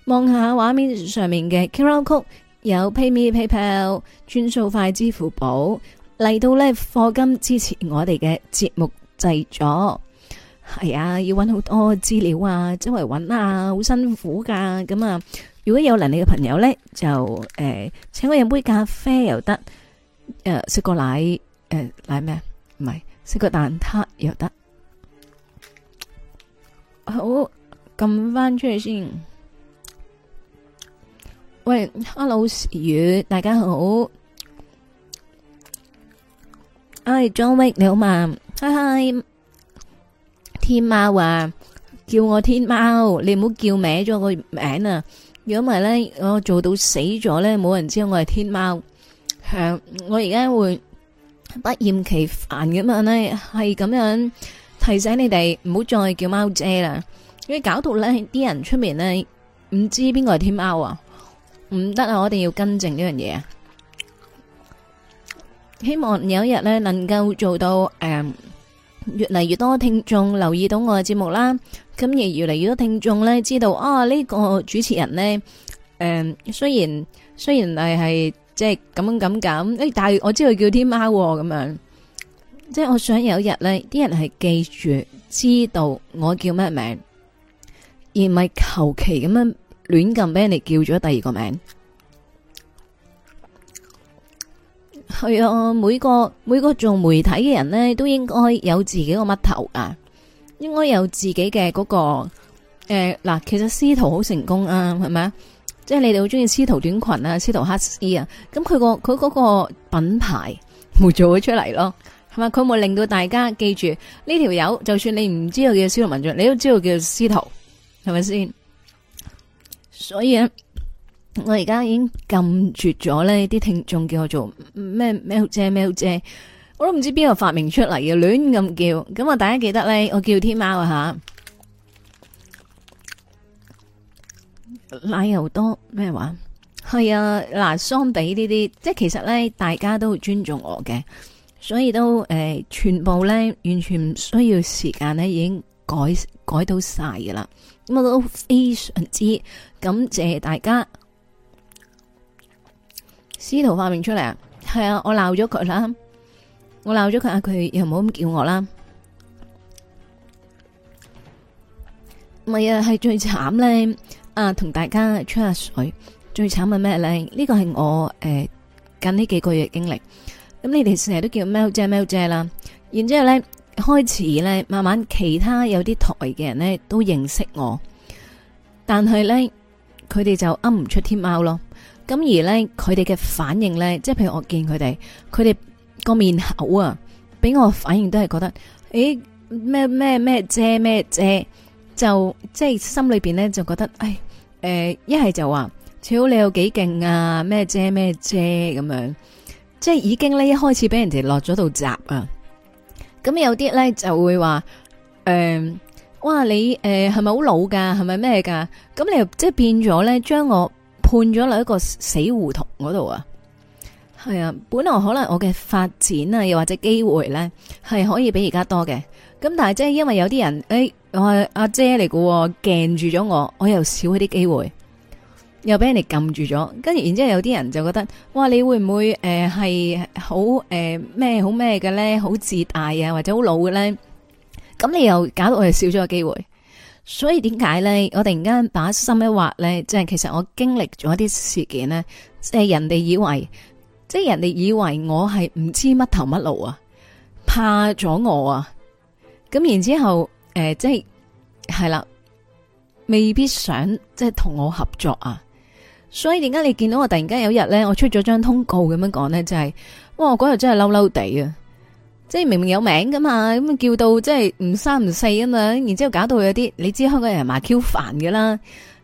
望下畫面上面嘅 QR Code，有 PayMe、PayPal 轉數快支付寶嚟到呢課金支持我哋嘅節目製作係啊、哎，要揾好多資料啊，周圍揾啊，好辛苦噶咁啊。如果有能力嘅朋友呢，就誒、呃、請我飲杯咖啡又得，誒食個奶誒、呃、奶咩啊？唔係食個蛋撻又得。好撳翻出去先。喂，Hello，雨，大家好。Hi，John Wick，你好嘛？Hi，Hi。天貓啊，叫我天貓，你唔好叫歪咗個名啊！如果唔係咧，我做到死咗咧，冇人知道我係天貓。係，我而家會不厭其煩咁樣咧，係咁樣提醒你哋唔好再叫貓姐啦，因為搞到咧啲人出面咧唔知邊個係天貓啊！唔得啊！我一定要更正呢樣嘢啊！希望有一日呢，能夠做到誒、嗯，越嚟越多聽眾留意到我嘅節目啦。咁亦越嚟越多聽眾呢，知道啊呢、哦這個主持人呢，誒、嗯、雖然雖然係係即係咁咁咁，誒、就是欸、但係我知佢叫天喵咁樣。即係我想有一日呢，啲人係記住知道我叫咩名，而唔係求其咁樣。亂撳俾人哋叫咗第二個名，係啊！每個每個做媒體嘅人咧，都應該有自己個乜頭啊，應該有自己嘅嗰、那個誒嗱、呃。其實司徒好成功啊，係咪啊？即係你哋好中意司徒短裙啊，司徒黑絲啊，咁佢個佢嗰個品牌冇做咗出嚟咯，係咪？佢冇令到大家記住呢條友，就算你唔知道叫司徒文進，你都知道叫司徒，係咪先？所以咧，我而家已經禁絕咗呢啲聽眾叫我做咩喵姐喵姐，我都唔知邊個發明出嚟嘅，亂咁叫。咁我大家記得咧，我叫天喵啊吓，奶油多咩話？係啊，嗱，相比呢啲，即係其實咧，大家都會尊重我嘅，所以都誒、呃，全部咧完全唔需要時間咧，已經改改到晒噶啦。咁我都非常之感謝大家。司徒發明出嚟啊，係啊，我鬧咗佢啦，我鬧咗佢啊，佢又唔好咁叫我啦。唔係啊，係最慘咧啊，同大家吹下水，最慘係咩咧？呢個係我誒、呃、近呢幾個月嘅經歷。咁你哋成日都叫喵姐喵姐啦，然之後咧。開始咧，慢慢其他有啲台嘅人咧都認識我，但係咧佢哋就噏唔出天喵咯。咁而咧佢哋嘅反應咧，即係譬如我見佢哋，佢哋個面口啊，俾我反應都係覺得，誒咩咩咩啫咩啫，就即係心裏邊咧就覺得，唉，誒一係就話，超你有幾勁啊，咩啫咩啫咁樣，即係已經咧一開始俾人哋落咗度閘啊。咁有啲咧就會話，誒、呃，哇，你誒係咪好老噶，係咪咩噶？咁你又即係變咗咧，將我判咗落一個死胡同嗰度啊？係啊，本來可能我嘅發展啊，又或者機會咧係可以比而家多嘅，咁但係即係因為有啲人誒、哎，我係阿姐嚟喎，鏡住咗我，我又少咗啲機會。又俾人哋撳住咗，跟住然之後有啲人就覺得，哇！你會唔會誒係好誒咩好咩嘅咧？好、呃呃、自大啊，或者好老嘅咧？咁你又搞到我哋少咗個機會，所以點解咧？我突然間把心一劃咧，即係其實我經歷咗一啲事件咧，誒人哋以為，即係人哋以為我係唔知乜頭乜路啊，怕咗我啊，咁然之後誒、呃、即係係啦，未必想即係同我合作啊。所以點解你見到我突然間有日咧，我出咗張通告咁樣講咧，就係、是，哇！嗰日真係嬲嬲地啊，即係明明有名噶嘛，咁叫到即係唔三唔四咁樣，然之後搞到有啲，你知香港人麻 Q 煩噶啦，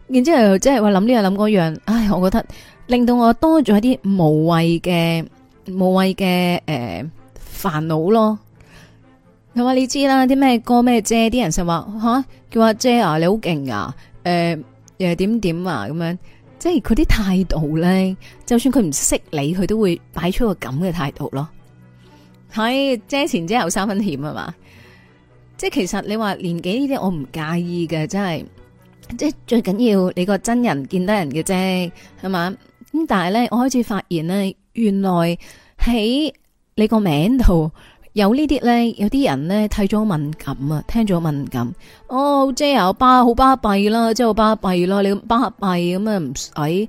然之後即係話諗呢樣諗嗰樣，唉、哎，我覺得令到我多咗一啲無謂嘅無謂嘅誒、呃、煩惱咯。同話你知啦，啲咩哥咩姐，啲人就話吓，叫阿姐啊，你好勁啊，誒又係點點啊咁樣。即係佢啲態度咧，就算佢唔識你，佢都會擺出個咁嘅態度咯。係借錢之後三分險係嘛？即係其實你話年紀呢啲我唔介意嘅，真係即係最緊要你個真人見得人嘅啫，係嘛？咁但係咧，我開始發現咧，原來喺你個名度。有些呢啲咧，有啲人咧睇咗敏感啊，聽咗敏感哦，即係有巴好巴閉啦，即係好巴閉啦，你咁巴閉咁啊唔使，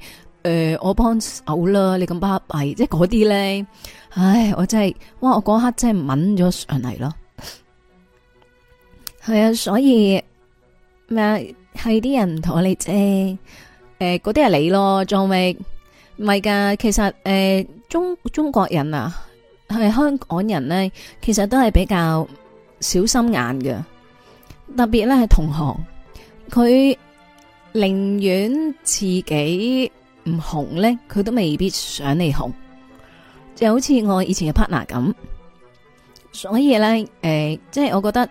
誒，我幫手啦，你咁巴閉，即係嗰啲咧，唉，我真係哇，我嗰刻真係敏咗上嚟咯。係 啊，所以咩啊，係啲人唔妥你啫，誒、呃，嗰啲係你咯，仲未，唔係噶，其實誒、呃，中中國人啊。係香港人咧，其實都係比較小心眼嘅，特別咧係同行，佢寧願自己唔紅咧，佢都未必想你紅，就好似我以前嘅 partner 咁。所以咧，誒、呃，即係我覺得，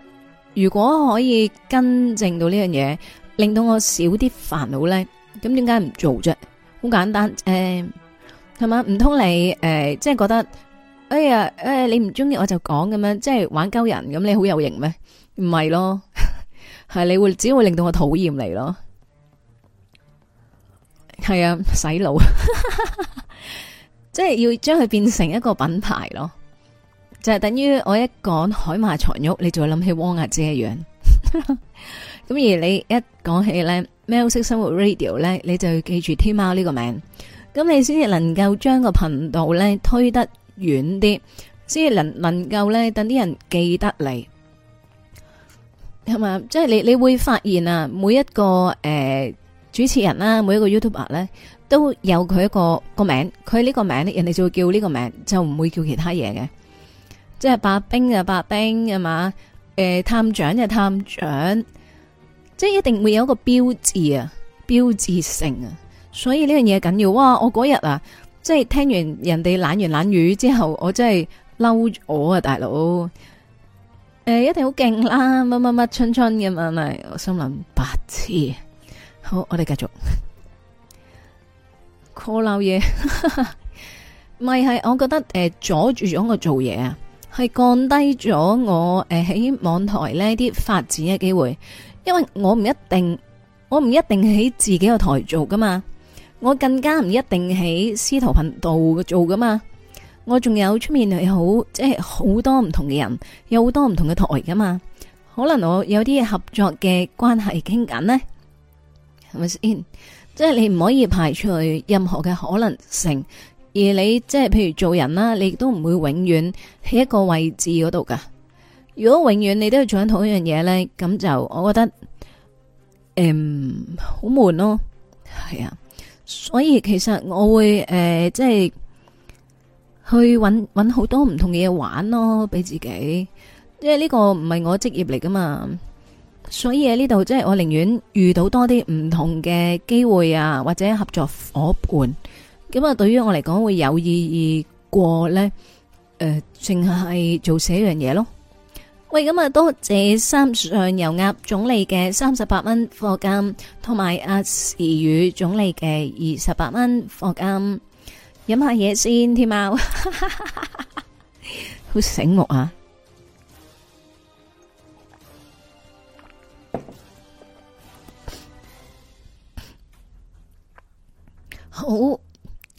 如果可以更正到呢樣嘢，令到我少啲煩惱咧，咁點解唔做啫？好簡單，誒、呃，係嘛？唔通你誒、呃，即係覺得？哎呀，誒、呃，你唔中意我就講咁樣，即係玩鳩人咁，你好有型咩？唔係咯， 係你會只會令到我討厭你咯。係啊，洗腦 即係要將佢變成一個品牌咯。就係等於我一講海馬床褥， 你就會諗起汪阿姐一樣。咁而你一講起咧，喵式生活 radio 咧，你就要記住天喵呢個名，咁你先至能夠將個頻道咧推得。遠啲，即係能能夠咧，等啲人記得你，係嘛？即係你你會發現每一個、呃、主持人啊，每一個誒主持人啦，每一個 YouTuber 咧，都有佢一個個名，佢呢個名人哋就會叫呢個名，就唔會叫其他嘢嘅。即係白冰啊，白冰，係嘛？誒，探長就探長，即係一定會有一個標誌啊，標誌性啊，所以呢樣嘢緊要哇那天啊！我嗰日啊。即係聽完人哋懶完懶語之後，我真係嬲我啊，大佬！誒、欸，一定好勁啦，乜乜乜，春春嘅嘛咪，我心諗白痴。好，我哋繼續 call 鬧嘢，咪係 老？ 我覺得誒、呃，阻住咗我做嘢啊，係降低咗我誒喺、呃、網台呢啲發展嘅機會，因為我唔一定，我唔一定喺自己個台做噶嘛。我更加唔一定喺司徒頻道做噶嘛，我仲有出面係好即係好多唔同嘅人，有好多唔同嘅台噶嘛。可能我有啲合作嘅關係傾緊呢，係咪先？即係你唔可以排除任何嘅可能性，而你即係譬如做人啦，你都唔會永遠喺一個位置嗰度噶。如果永遠你都要做緊同一樣嘢呢，咁就我覺得誒好悶咯，係啊。所以其實我會誒、呃，即係去揾揾好多唔同嘅嘢玩咯，俾自己，因為呢個唔係我職業嚟噶嘛。所以喺呢度，即係我寧願遇到多啲唔同嘅機會啊，或者合作夥伴，咁啊，對於我嚟講會有意義過呢，誒、呃，淨係做寫樣嘢咯。喂，咁啊，多謝三上油鴨總理嘅三十八蚊課金，同埋阿時宇總理嘅二十八蚊課金，飲下嘢先，添啊， 好醒目啊！好，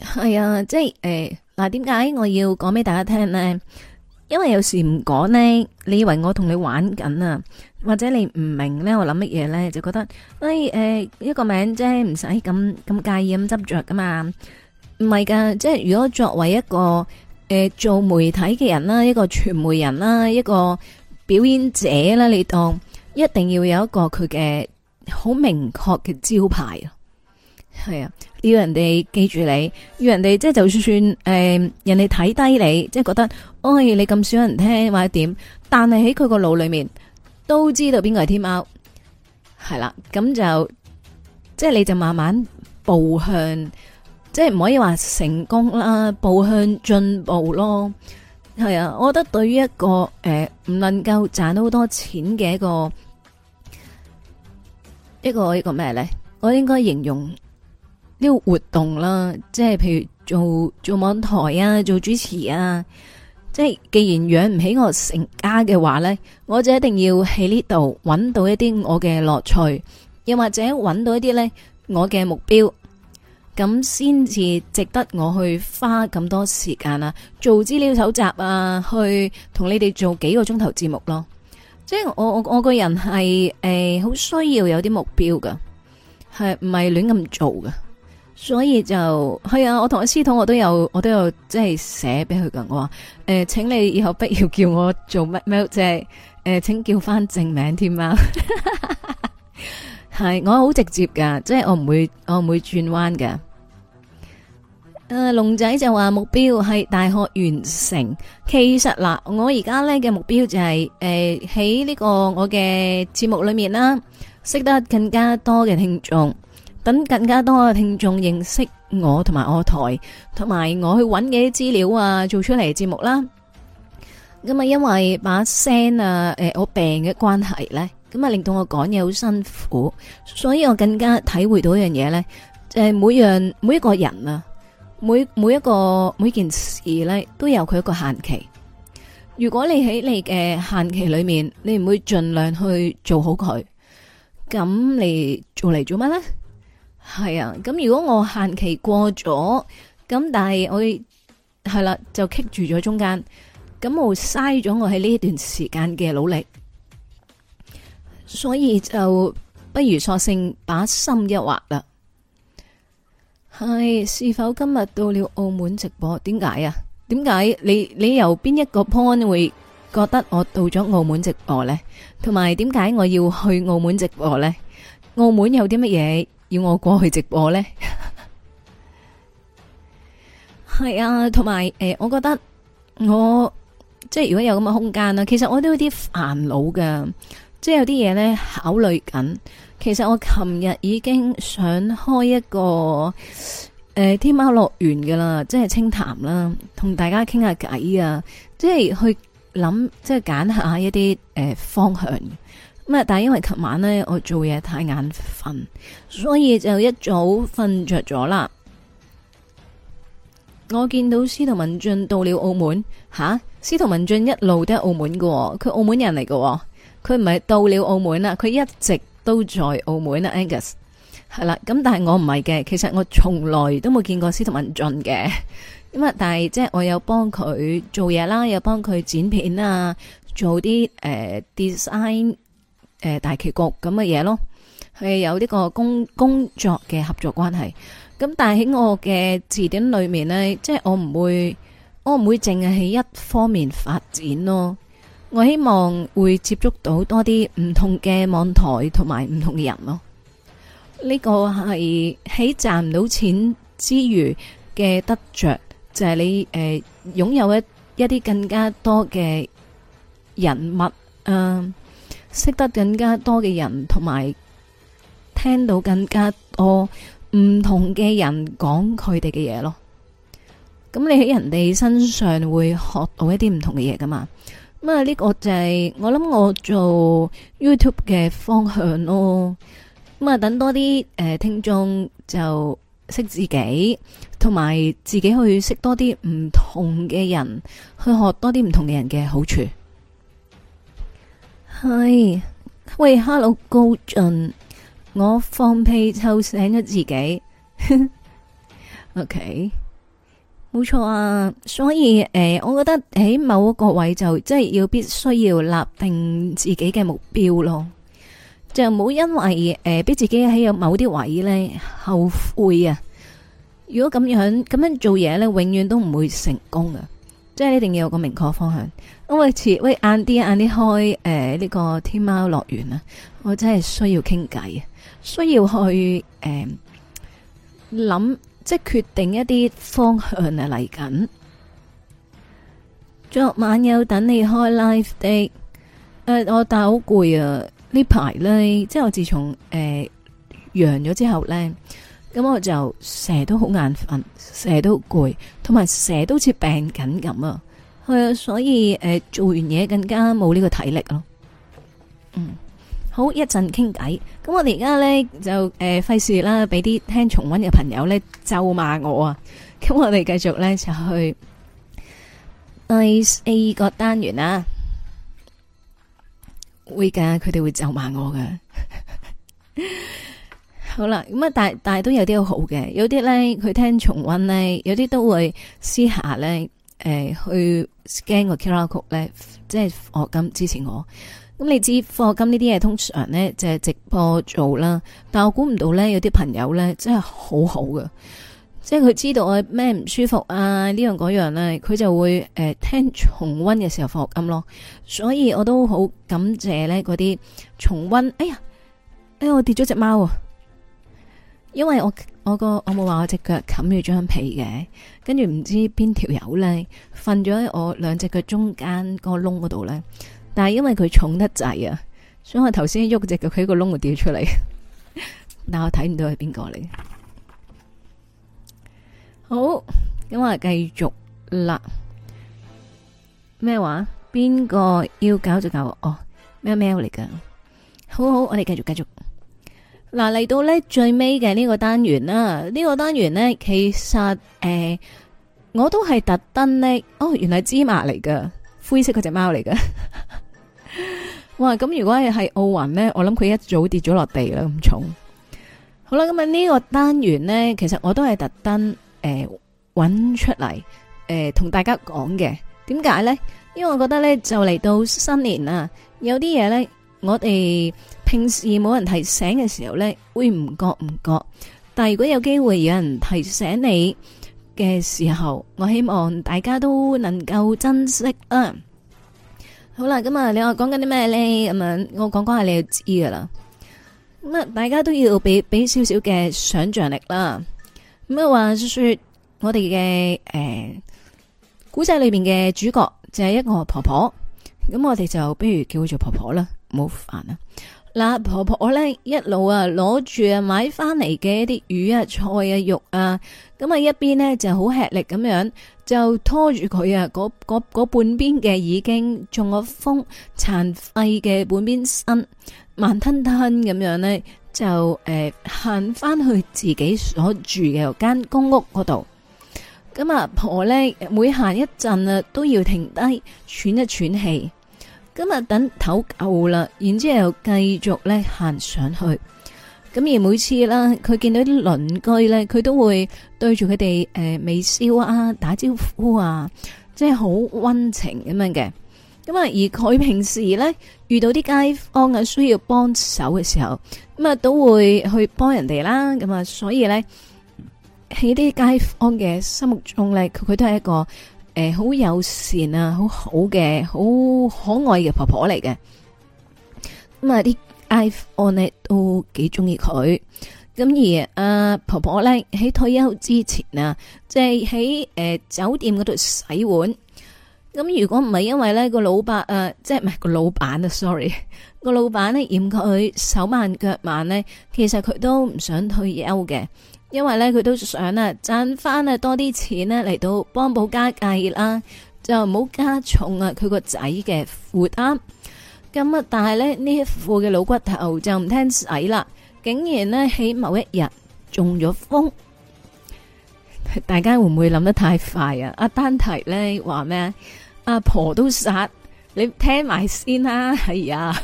係、哎、啊，即係誒，嗱、哎，點解我要講俾大家聽呢？因為有時唔講呢，你以為我同你玩緊啊？或者你唔明呢，我諗乜嘢呢，就覺得喂，誒、哎呃，一個名真係唔使咁咁介意咁執着噶嘛？唔係噶，即係如果作為一個誒、呃、做媒體嘅人啦，一個傳媒人啦，一個表演者啦，你當一定要有一個佢嘅好明確嘅招牌啊，係啊，要人哋記住你，要人哋即係就算誒、呃、人哋睇低你，即係覺得。哦、哎，你咁少人聽或者點，但係喺佢個腦裏面都知道邊個係天喵，係啦，咁就即係、就是、你就慢慢步向，即係唔可以話成功啦，步向進步咯，係啊，我覺得對於一個誒唔、呃、能夠賺到好多錢嘅一個一個一個咩咧，我應該形容呢個活動啦，即係譬如做做網台啊，做主持啊。即係，既然養唔起我成家嘅話呢，我就一定要喺呢度揾到一啲我嘅樂趣，又或者揾到一啲呢我嘅目標，咁先至值得我去花咁多時間啊，做資料搜集啊，去同你哋做幾個鐘頭節目咯。即係我我我個人係誒，好、欸、需要有啲目標㗎，係唔係亂咁做㗎？所以就係啊，我同阿司徒我都有我都有即係寫俾佢噶，我話誒，請你以後不要叫我做乜咩，即係誒，請叫翻正名添啊，係我好直接噶，即係我唔會我唔會轉彎噶。誒，龍仔就話目標係大學完成，其實嗱，我而家咧嘅目標就係誒喺呢個我嘅節目裏面啦，識得更加多嘅聽眾。等更加多嘅聽眾認識我同埋我台，同埋我去揾嘅啲資料啊，做出嚟嘅節目啦。咁啊，因為把聲啊，誒，我病嘅關係咧，咁啊，令到我講嘢好辛苦，所以我更加體會到一樣嘢咧，即係每樣每一個人啊，每每一個每件事咧，都有佢一個限期。如果你喺你嘅限期裏面，你唔會盡量去做好佢，咁你做嚟做乜咧？係啊，咁如果我限期過咗，咁但係我係啦、啊，就棘住咗中間，咁我嘥咗我喺呢一段時間嘅努力，所以就不如索性把心一劃啦。係，是否今日到了澳門直播？點解啊？點解你你由邊一個 point 會覺得我到咗澳門直播呢？同埋點解我要去澳門直播呢？澳門有啲乜嘢？要我過去直播呢？係 啊，同埋誒，我覺得我即係如果有咁嘅空間啦，其實我都有啲煩惱噶，即係有啲嘢呢考慮緊。其實我琴日已經想開一個誒、呃、天喵樂園噶啦，即係清談啦，同大家傾下偈啊，即係去諗，即係揀下一啲誒、呃、方向。咁啊！但係因為琴晚咧，我做嘢太眼瞓，所以就一早瞓着咗啦。我見到司徒文進到了澳門吓，司徒文進一路都喺澳門㗎喎，佢澳門人嚟㗎喎，佢唔係到了澳門啦，佢一直都在澳門啦。Angus 係啦，咁但係我唔係嘅，其實我從來都冇見過司徒文進嘅。咁啊，但係即係我有幫佢做嘢啦，又幫佢剪片啊，做啲誒 design。呃誒，大格局咁嘅嘢咯，係有呢個工工作嘅合作關係。咁但係喺我嘅字典裏面咧，即係我唔會，我唔會淨係喺一方面發展咯。我希望會接觸到多啲唔同嘅網台同埋唔同嘅人咯。呢個係喺賺唔到錢之餘嘅得着，就係你誒擁有一一啲更加多嘅人物，嗯。識得更加多嘅人，同埋聽到更加多唔同嘅人講佢哋嘅嘢咯。咁你喺人哋身上會學到一啲唔同嘅嘢㗎嘛？咁啊呢個就係、是、我諗我做 YouTube 嘅方向咯。咁啊等多啲誒、呃、聽眾就識自己，同埋自己去識多啲唔同嘅人，去學多啲唔同嘅人嘅好處。係、哎、喂，Hello，高進，我放屁臭醒咗自己。O K，冇錯啊，所以誒、呃，我覺得喺某一個位就即係要必須要立定自己嘅目標咯，就唔好因為誒俾、呃、自己喺有某啲位置呢後悔啊。如果咁樣咁樣做嘢呢，永遠都唔會成功啊。即係一定要有個明確方向，因為遲啲晏啲晏啲開誒呢、呃這個天貓樂園啊，我真係需要傾偈啊，需要去誒諗、呃，即係決定一啲方向啊嚟緊。琴晚有等你開 live d 嘅、呃，誒我但係好攰啊，呢排呢，即係我自從誒陽咗之後呢。咁我就成日都，都，都好眼瞓，成日都攰，同埋成日都好似病緊咁啊！係啊，所以誒、呃，做完嘢更加冇呢個體力咯。嗯，好，一陣傾偈。咁我哋而家咧就誒，費、呃、事啦，俾啲聽重溫嘅朋友咧咒罵我啊！咁我哋繼續咧就去，第四個單元啦。會噶，佢哋會咒罵我噶。 好啦，咁啊，但但係都有啲好嘅，有啲咧佢聽重溫咧，有啲都會私下咧誒去 scan 個 QR code 呢，咧、呃 ER，即係課金支持我。咁你知課金呢啲嘢，通常咧就係、是、直播做啦，但我估唔到咧有啲朋友咧真係好好㗎。即係佢知道我咩唔舒服啊，呢樣嗰樣咧，佢就會誒、呃、聽重溫嘅時候課金咯，所以我都好感謝咧嗰啲重溫。哎呀，哎呀我跌咗隻貓啊！因為我我個我冇話我隻腳冚住張被嘅，跟住唔知邊條友咧瞓咗喺我兩隻腳中間個窿嗰度咧，但係因為佢重得滯啊，所以我頭先喐隻腳佢個窿度掉出嚟，但我睇唔到係邊個嚟。好，咁我哋繼續啦。咩話？邊個要搞就搞。哦，喵喵嚟噶。好好，我哋繼續繼續。繼續嗱，嚟到呢最尾嘅呢個單元啦，呢、呢個單元呢，其實誒、呃，我都係特登呢，哦，原來芝麻嚟噶，灰色嗰隻貓嚟噶， 哇！咁如果係係奧運呢，我諗佢一早跌咗落地啦，咁重。好啦，咁啊呢個單元呢，其實我都係特登誒揾出嚟誒同大家講嘅，點解呢？因為我覺得呢，就嚟到新年啦，有啲嘢呢，我哋。平時冇人提醒嘅時候呢，會唔覺唔覺。但係如果有機會有人提醒你嘅時候，我希望大家都能夠珍惜啊！好啦，咁、嗯、啊，你，話你、嗯、我講緊啲咩呢？咁樣我講講下你就知噶啦。咁、嗯、啊，大家都要俾俾少少嘅想象力啦。咁、嗯、啊，話說我哋嘅誒、古、欸、仔裏邊嘅主角就係一個婆婆，咁我哋就不如叫佢做婆婆啦，唔好煩啦。嗱，婆婆咧一路啊，攞住啊買翻嚟嘅一啲魚啊、菜啊、肉啊，咁、嗯、啊，一邊呢就好吃力咁樣就拖住佢啊，嗰嗰嗰半邊嘅已經中咗風、殘廢嘅半邊身，慢吞吞咁樣呢就誒行翻去自己所住嘅間公屋嗰度。咁、嗯、啊，婆咧每行一陣啊都要停低喘一喘氣。今日等唞夠啦，然之後繼續咧行上去。咁而每次啦，佢見到啲鄰居咧，佢都會對住佢哋誒微笑啊，打招呼啊，即係好溫情咁樣嘅。咁啊，而佢平時咧遇到啲街坊啊需要幫手嘅時候，咁啊都會去幫人哋啦。咁啊，所以咧喺啲街坊嘅心目中咧，佢都係一個。誒，好、呃、友善啊，好好嘅，好可愛嘅婆婆嚟嘅。咁、嗯、啊，啲 iPhone 咧都幾中意佢。咁、嗯、而阿、啊、婆婆咧喺退休之前啊，即係喺誒酒店嗰度洗碗。咁、嗯、如果唔係因為咧個老伯誒，即係唔係個老闆啊，sorry，個 老闆咧嫌佢手慢腳慢咧，其實佢都唔想退休嘅。因為咧，佢都想啊賺翻啊多啲錢呢，嚟到幫補家計啦，就唔好加重啊佢個仔嘅負擔。咁啊，但係咧呢一副嘅老骨頭就唔聽使啦，竟然呢，喺某一日中咗風。大家會唔會諗得太快啊？阿丹提呢話咩？阿婆都殺你聽，聽埋先啦。係。 啊，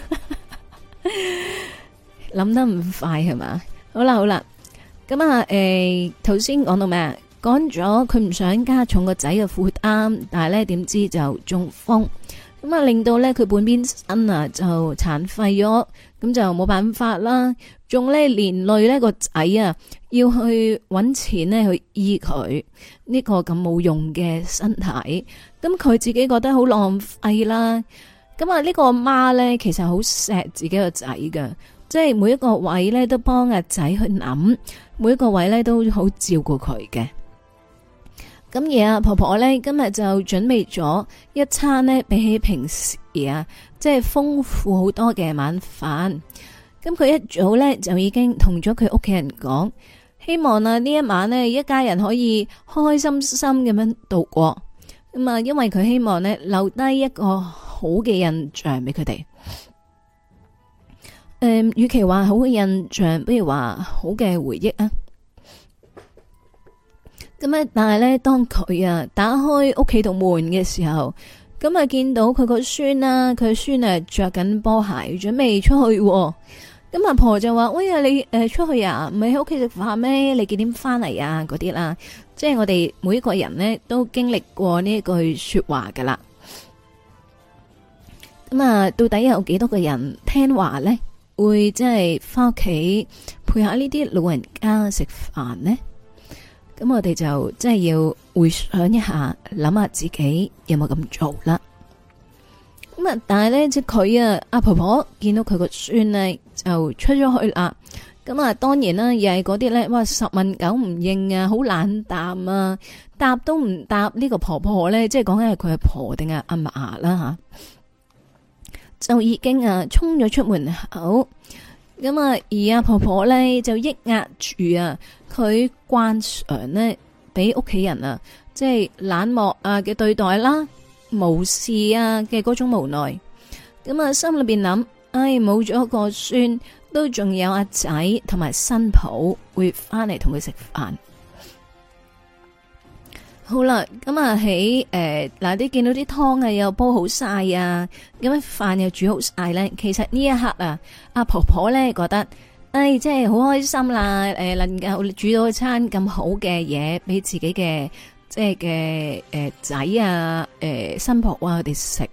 諗得唔快係嘛？好啦，好啦。咁啊，誒，頭先講到咩啊？講咗佢唔想加重個仔嘅負擔，但係咧點知就中風，咁啊令到咧佢半邊身啊就殘廢咗，咁就冇辦法啦。仲咧連累呢個仔啊，要去搵錢咧去醫佢呢、這個咁冇用嘅身體，咁佢自己覺得好浪費啦。咁啊呢個媽咧其實好錫自己個仔㗎，即係每一個位咧都幫阿仔去諗。每一個位咧都好照顧佢嘅，咁而阿婆婆咧今日就準備咗一餐呢，比起平時啊，即係豐富好多嘅晚飯。咁佢一早呢，就已經同咗佢屋企人講，希望啊呢一晚呢，一家人可以開開心心咁樣度過。咁啊，因為佢希望呢，留低一個好嘅印象俾佢哋。誒，與其話好嘅印象，不如話好嘅回憶啊。咁但係咧，當佢啊打開屋企度門嘅時候，咁啊見到佢個孫啦，佢孫啊着緊波鞋，準備出去。咁阿婆就話：喂啊，你誒出去啊，唔係喺屋企食飯咩？你幾點翻嚟啊？嗰啲啦，即係我哋每一個人呢都經歷過呢一句說話噶啦。咁啊，到底有幾多個人聽話咧？會即係翻屋企陪下呢啲老人家食飯呢。咁我哋就即係要回想一下，諗下自己有冇咁做啦。咁啊，但係咧，即佢啊，阿婆婆見到佢個孫呢，就出咗去啦。咁啊，當然啦，又係嗰啲咧，哇，十問九唔應啊，好冷淡啊，答都唔答。呢個婆婆咧，即係講緊，係佢係婆定係阿嫲啦吓。就已經啊，衝咗出門口，咁啊，而阿婆婆咧就抑壓住啊，佢慣常呢，俾屋企人啊，即係冷漠啊嘅對待啦，無視啊嘅嗰種無奈，咁啊，心裏邊諗，唉，冇咗個孫，都仲有阿仔同埋新抱會翻嚟同佢食飯。好啦，咁啊喺誒嗱啲見到啲湯啊又煲好晒啊，咁樣飯又煮好晒咧，啊呃呃啊呃啊嗯呃。其實呢一刻啊，阿婆婆咧覺得，誒即係好開心啦。誒能夠煮到一餐咁好嘅嘢俾自己嘅即係嘅誒仔啊，誒新抱啊，佢哋食。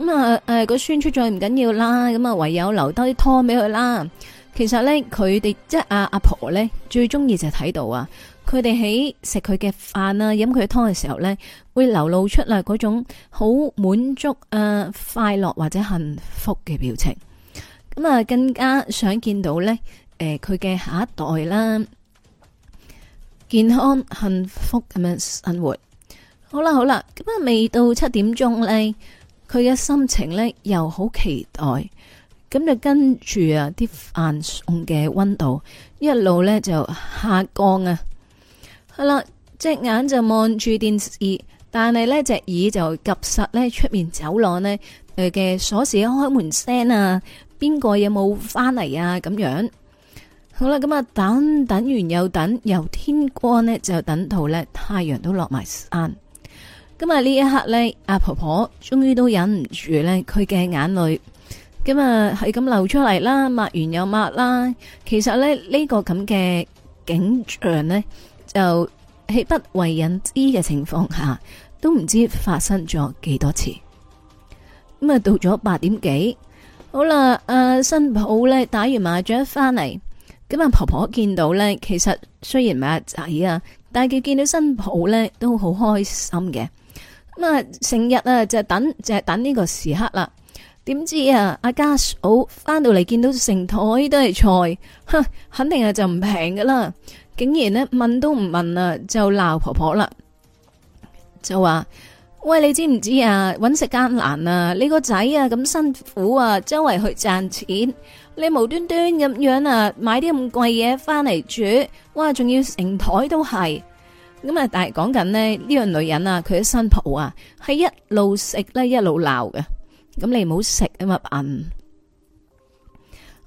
咁啊誒個孫出再唔緊要啦，咁啊唯有留低啲湯俾佢啦。其實咧佢哋即係阿阿婆咧最中意就睇到啊。佢哋喺食佢嘅飯啊，飲佢湯嘅時候咧，會流露出嚟嗰種好滿足啊、快樂或者幸福嘅表情。咁啊，更加想見到咧，誒、呃，佢嘅下一代啦，健康幸福咁樣生活。好啦，好啦，咁啊，未到七點鐘咧，佢嘅心情咧又好期待。咁就跟住啊，啲飯餸嘅温度一路咧就下降啊。好啦，隻、嗯、眼就望住電視，但係咧隻耳就及實呢出面走廊咧嘅鎖匙開門聲啊，邊個有冇翻嚟啊？咁樣好啦，咁啊等等完又等，由天光呢就等到呢，太陽都落埋山。咁啊呢一刻呢，阿婆婆終於都忍唔住呢，佢嘅眼淚咁啊係咁流出嚟啦，抹完又抹啦。其實呢，呢個咁嘅景象呢，就喺不為人知嘅情況下，都唔知發生咗幾多次。咁啊，到咗八點幾，好啦，阿新抱咧打完麻雀翻嚟，咁阿婆婆見到咧，其實雖然唔係阿仔啊，但係佢見到新抱咧都好開心嘅。咁啊，成日啊就等就係等呢個時刻啦。點知啊，阿家嫂翻到嚟見到成台都係菜，哼，肯定係就唔平㗎啦。竟然呢問都唔問啊，就鬧婆婆啦！就話：喂，你知唔知啊？搵食艱難啊！你個仔啊咁辛苦啊，周圍去賺錢，你無端端咁樣啊買啲咁貴嘢翻嚟煮，哇！仲要成枱都係咁、這個、啊！但係講緊呢呢樣女人啊，佢嘅新抱啊，係一路食咧一路鬧嘅。咁你唔好食啊嘛，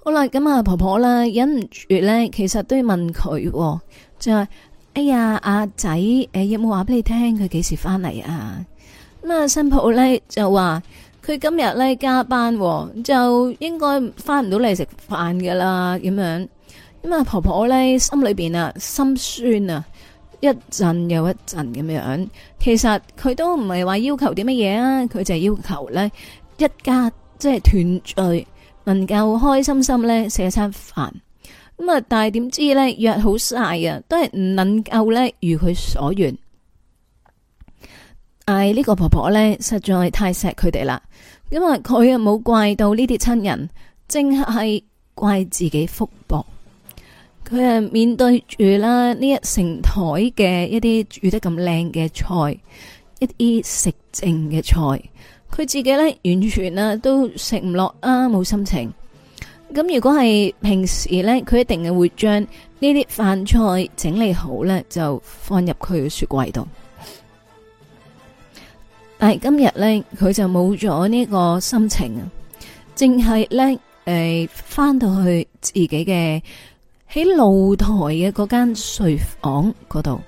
好啦，咁啊婆婆啦忍唔住咧，其實都要問佢、喎，就係、是、哎呀阿、啊、仔，誒、呃、有冇話俾你聽佢幾時翻嚟啊？咁啊新抱咧就話佢今日咧加班、喎，就應該翻唔到嚟食飯噶啦，咁樣咁啊婆婆咧心裏邊啊心酸啊一陣又一陣咁樣，其實佢都唔係話要求啲乜嘢啊，佢就係要求咧一家即係團聚。能夠開心心咧食一餐飯，咁啊！但係點知咧約好晒啊，都係唔能夠咧如佢所願。唉，呢個婆婆咧實在太錫佢哋啦，因為佢又冇怪到呢啲親人，正係怪自己福薄。佢係面對住啦呢一成枱嘅一啲煮得咁靚嘅菜，一啲食剩嘅菜。佢自己咧完全啊都食唔落啊，冇、啊、心情。咁如果係平時呢，佢一定係會將呢啲飯菜整理好呢，就放入佢嘅雪櫃度。但係今日呢，佢就冇咗呢個心情啊，淨係返誒翻到去自己嘅喺露台嘅嗰間睡房嗰度。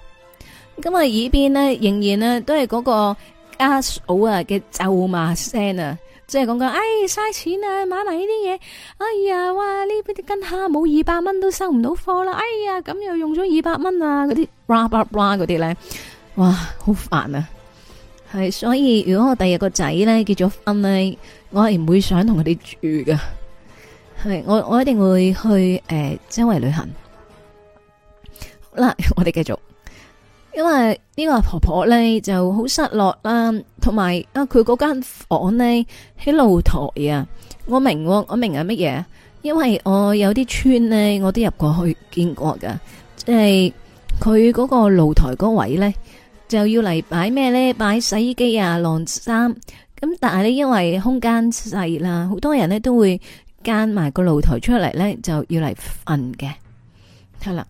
咁啊耳邊呢，仍然呢、啊，都係嗰、嗰個。家嫂啊嘅咒罵聲啊，即係講講，哎，嘥錢啊，買埋呢啲嘢，哎呀，哇，呢邊啲跟下冇二百蚊都收唔到貨啦，哎呀，咁又用咗二百蚊啊，嗰啲 blah blah blah 嗰啲咧，哇，好煩啊，係，所以如果我第日個仔咧結咗婚呢，分我係唔會想同佢哋住噶，係，我我一定會去誒、呃、周圍旅行。好啦，我哋繼續。因為呢個婆婆呢就好失落啦，同埋啊佢嗰間房呢喺露台啊，我明我明係乜嘢？因為我有啲村呢，我都入過去見過噶，即係佢嗰個露台嗰位呢，就要嚟擺咩呢？擺洗衣機啊，晾衫咁，但係呢，因為空間細啦，好多人呢都會間埋個露台出嚟呢，就要嚟瞓嘅，係啦。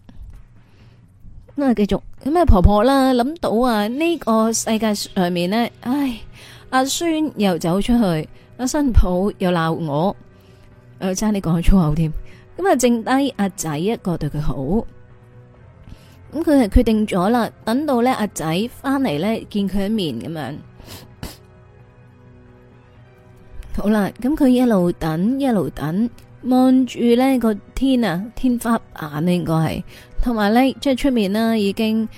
咁啊，繼續咁啊，婆婆啦，諗到啊，呢個世界上面呢，唉，阿孫又走出去，阿新抱又鬧我，又差啲講咗粗口添。咁啊，剩低阿仔一個對佢好，咁佢係決定咗啦，等到呢阿仔翻嚟呢，見佢一面咁樣。好啦，咁佢一路等，一路等。望住呢個天啊，天花板呢，應該係，同埋呢，即係出面咧已經，誒、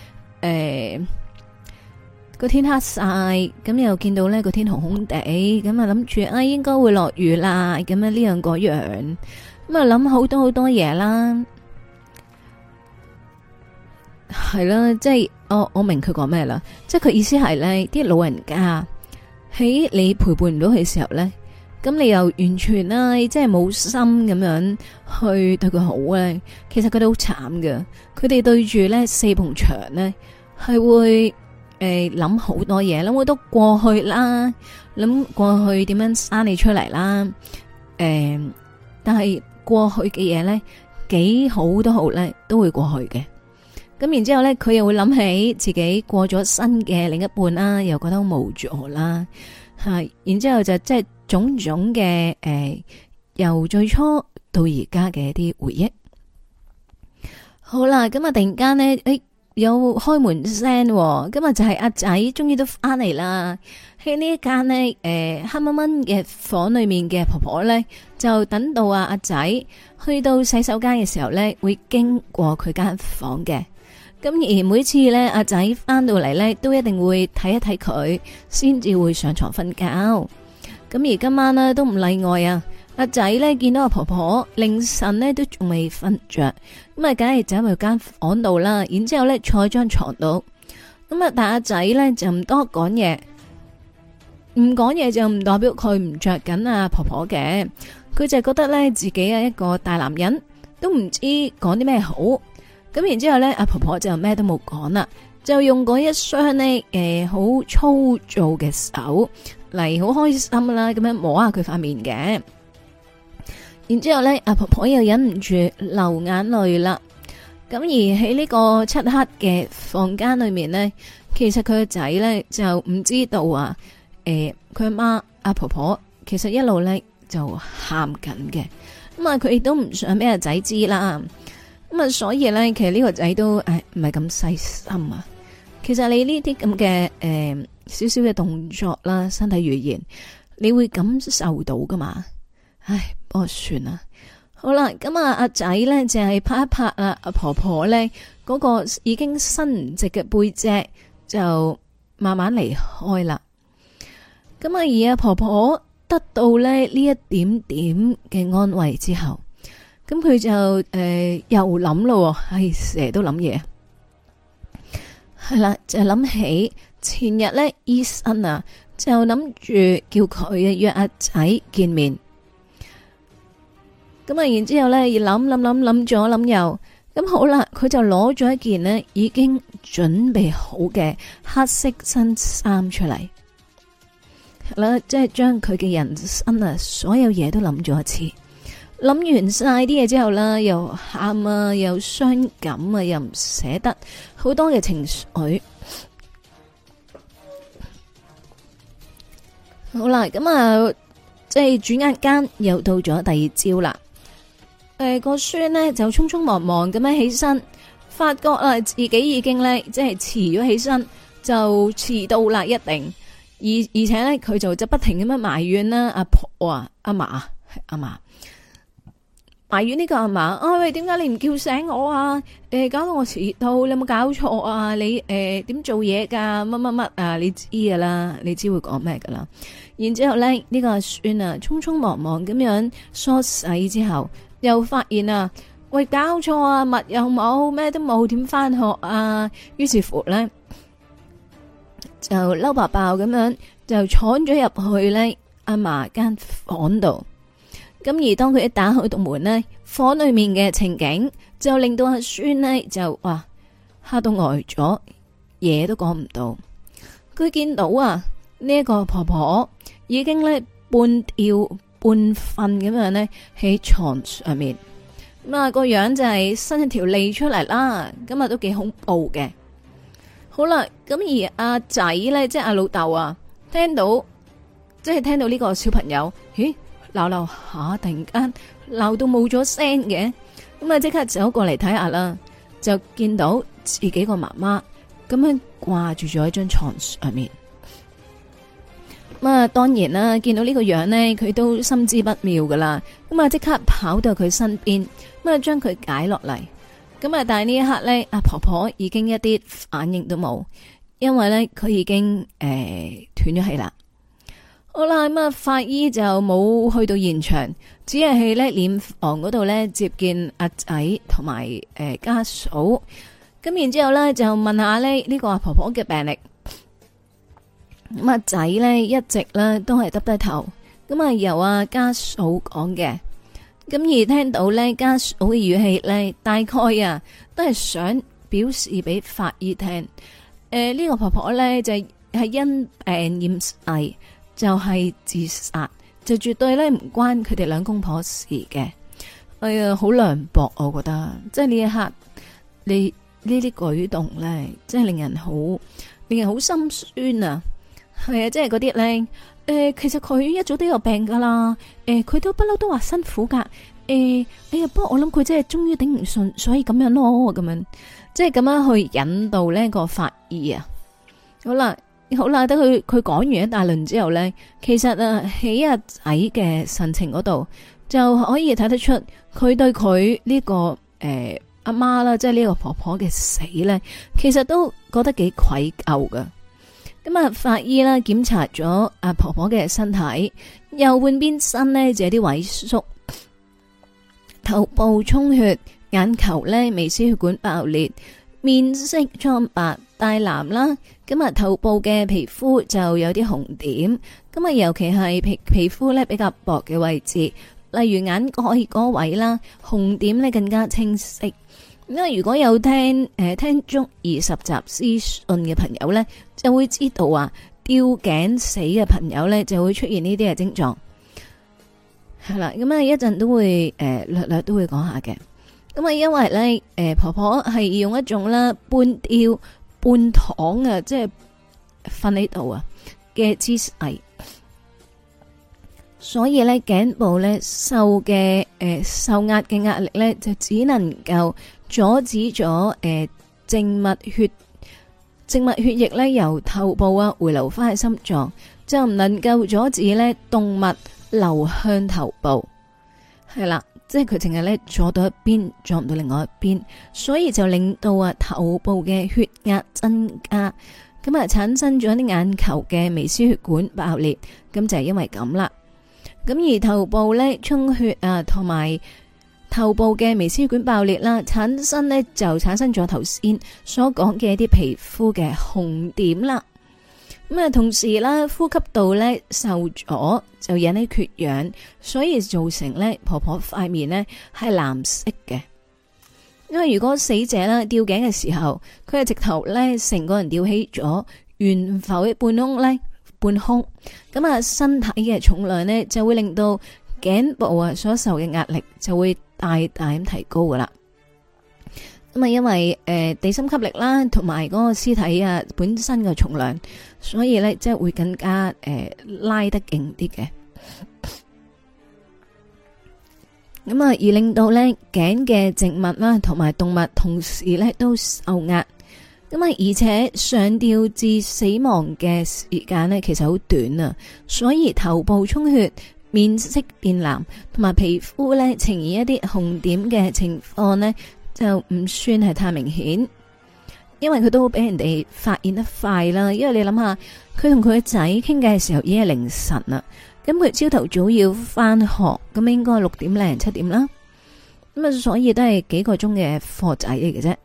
呃、個天黑晒，咁又見到呢個天紅紅地，咁啊諗住啊應該會落雨，這樣這樣很多很多啦，咁啊呢樣嗰樣，咁啊諗好多好多嘢啦，係啦，即係我我明佢講咩啦，即係佢意思係呢啲老人家喺你陪伴唔到佢嘅時候呢。咁你又完全啦，即係冇心咁樣去對佢好咧。其實佢哋好慘㗎。佢哋對住咧四埲牆咧，係會誒諗好多嘢，諗好多過去啦，諗過去點樣生你出嚟啦。誒、欸，但係過去嘅嘢咧，幾好都好咧，都會過去嘅。咁然之後咧，佢又會諗起自己過咗新嘅另一半啦，又覺得好無助啦。係，然之後就即係種種嘅，誒、呃，由最初到而家嘅一啲回憶。好啦，咁、嗯、啊突然間咧，誒、哎、有開門聲、哦，咁、嗯、啊就係阿仔終於都翻嚟啦。喺呢一間呢誒、呃、黑蚊蚊嘅房裏面嘅婆婆咧，就等到啊阿仔去到洗手間嘅時候咧，會經過佢間房嘅。咁而每次呢，阿仔返到嚟呢，都一定會睇一睇佢，先至會上床瞓覺。咁而今晚呢，都唔例外啊！阿仔呢，見到阿婆婆，凌晨呢都仲未瞓着，咁啊梗係走去間房度啦。然之後呢坐喺張床度，咁啊但阿仔呢，就唔多講嘢，唔講嘢就唔代表佢唔着緊阿婆婆嘅，佢就覺得呢，自己係一個大男人都唔知講啲咩好。咁然之後咧，阿婆婆就咩都冇講啦，就用嗰一雙呢誒好、呃、粗糙嘅手嚟好開心啦，咁樣摸下佢塊面嘅。然之後咧，阿婆婆又忍唔住流眼淚啦。咁而喺呢個漆黑嘅房間裏面呢，其實佢個仔咧就唔知道啊。誒、呃，佢阿媽阿婆婆其實一路咧就喊緊嘅，咁啊佢亦都唔想俾阿仔知啦。咁啊，所以咧，其實呢個仔都誒唔係咁細心啊。其實你呢啲咁嘅誒少少嘅動作啦，身體語言，你會感受到噶嘛？唉，我算啦。好啦，咁啊阿仔咧就係、是、拍一拍啊阿婆婆咧嗰，那個已經伸唔直嘅背脊，就慢慢離開啦。咁啊而阿婆婆得到咧呢一點點嘅安慰之後。咁佢就誒、呃、又諗咯，唉、哎，成日都諗嘢，係啦，就諗起前日呢醫生啊就諗住叫佢約阿仔見面。咁啊，然之後呢要諗諗諗諗咗諗又，咁好啦，佢就攞咗一件呢已經準備好嘅黑色新衫出嚟，啦即係將佢嘅人生啊所有嘢都諗咗一次。諗完晒啲嘢之後呢，又喊啊，又傷感啊，又唔捨得，好多嘅情緒。好啦，咁啊，即係轉眼間又到咗第二朝啦。誒、呃，個孫呢就匆匆忙忙咁樣起身，發覺啦自己已經呢，即係遲咗起身，就遲到啦一定。而而且呢，佢就就不停咁樣埋怨啦，阿、啊、婆啊，阿嫲啊媽，阿嫲。埋怨呢個阿嫲，哎喂，點解你唔叫醒我啊？誒、哎，搞到我遲到，你有冇搞錯啊？你誒點、哎、做嘢噶？乜乜乜啊？你知噶啦，你知會講咩噶啦？然之後咧，呢、這個阿孫啊，匆匆忙忙咁樣梳洗之後，又發現啊，喂，搞錯啊，物又冇，咩都冇，點翻學啊？於是乎咧，就嬲爆爆咁樣，就闖咗入去咧阿嫲間房度。咁而當佢一打開道門呢，房裏面嘅情景就令到阿孫呢，就哇吓到呆咗，嘢都講唔到。佢見到啊呢一、呢個婆婆已經咧半吊半瞓咁樣呢，喺床上面，咁啊個樣就係伸一條脷出嚟啦，咁啊都幾恐怖嘅。好啦，咁而阿、啊、仔呢，即係阿、啊、老豆啊，聽到即係聽到呢個小朋友，咦？鬧鬧下、啊，突然間鬧到冇咗聲嘅，咁啊即刻走過嚟睇下啦，就見到自己個媽媽咁樣掛住咗喺張床上面。咁啊，當然啦，見到呢個樣呢，佢都心知不妙噶啦，咁啊即刻跑到佢身邊，咁啊將佢解落嚟。咁啊，但係呢一刻呢，阿婆婆已經一啲反應都冇，因為呢，佢已經誒斷咗氣啦。欸好啦，咁啊，法醫就冇去到現場，只係喺咧殮房嗰度咧接見阿仔同埋誒家嫂。咁然之後咧就問下呢呢個阿婆婆嘅病歷。咁阿仔咧一直咧都係耷低頭。咁啊，由阿家嫂講嘅，咁而聽到咧家嫂嘅語氣咧，大概啊都係想表示俾法醫聽，誒、這、呢個婆婆咧就係因病染危。就係自殺，就絕對咧唔關佢哋兩公婆事嘅。哎呀，好涼薄，我覺得，即係呢一刻，你呢啲舉動咧，即係令人好，令人好心酸啊！係、哎、啊，即係嗰啲咧，誒、呃，其實佢一早都有病噶啦，誒、呃，佢都不嬲都話辛苦噶，誒、呃，哎呀，不過我諗佢即係終於頂唔順，所以咁樣咯，咁樣，即係咁樣去引導呢個法醫啊。好啦。好啦，得佢，佢講完一大輪之後呢，其實啊，喺阿仔嘅神情嗰度就可以睇得出佢對佢呢、呢個、誒、阿、呃、媽啦，即係呢個婆婆嘅死呢，其實都覺得幾愧疚噶。咁啊，法醫啦檢查咗阿、啊、婆婆嘅身體，右半邊身呢就有啲萎縮，頭部充血，眼球呢、微絲血管爆裂。面色蒼白、帶藍啦，咁啊頭部嘅皮膚就有啲紅點，咁啊尤其係皮皮膚咧比較薄嘅位置，例如眼角嗰位啦，紅點咧更加清晰。咁啊，如果有聽誒、呃、聽足二十集屍訊嘅朋友咧，就會知道啊，吊頸死嘅朋友咧就會出現呢啲嘅症狀。係啦，咁啊一陣都會誒、呃、略略都會講下嘅。咁啊，因為咧，誒，婆婆係用一種咧半吊半躺啊，即係瞓喺度啊嘅姿勢，所以咧頸部咧受嘅誒受壓嘅壓力咧就只能夠阻止咗誒靜脈血靜脈血液咧由頭部啊回流翻去心臟，就唔能夠阻止咧動物流向頭部，係啦。即係佢淨係咧坐到一邊，坐唔到另外一邊，所以就令到啊頭部嘅血壓增加，咁啊產生咗啲眼球嘅微絲血管爆裂，咁就係因為咁啦。咁而頭部咧充血啊，同埋頭部嘅微絲血管爆裂啦，產生呢就產生咗頭先所講嘅一啲皮膚嘅紅點啦。咁啊，同時咧，呼吸道咧受阻，就引起缺氧，所以造成咧婆婆塊面咧係藍色嘅。因為如果死者咧吊頸嘅時候，佢係直頭咧成個人吊起咗，懸浮半空咧半空，咁啊，身體嘅重量咧就會令到頸部啊所受嘅壓力就會大大咁提高噶啦。咁啊，因為誒地心吸力啦，同埋嗰個屍體啊本身嘅重量，所以呢即係會更加誒拉得勁啲嘅。咁啊，而令到呢頸嘅靜脈啦，同埋動脈同時呢都受壓。咁啊，而且上吊至死亡嘅時間呢，其實好短啊，所以頭部充血、面色變藍，同埋皮膚呢呈現一啲紅點嘅情況呢就唔算係太明顯，因為佢都俾人哋發現得快啦。因為你諗下，佢同佢個仔傾偈嘅時候已經係凌晨啦，咁佢朝頭早要翻學，咁應該六點零七點啦。咁啊，所以都係幾個鐘嘅課仔嚟嘅啫。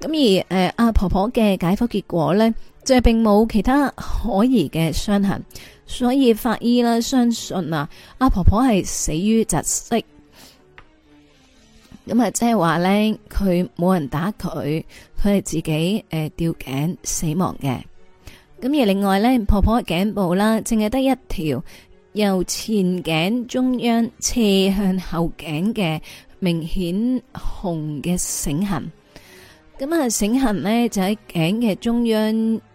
咁而誒阿、呃、婆婆嘅解剖結果呢，就係並冇其他可疑嘅傷痕，所以法醫啦相信啊阿婆婆係死於窒息。咁啊，即係話咧，佢冇人打佢，佢係自己誒、呃、吊頸死亡嘅。咁而另外咧，婆婆嘅頸部啦，淨係得一條由前頸中央斜向後頸嘅明顯紅嘅繩痕。咁啊，繩痕咧就喺頸嘅中央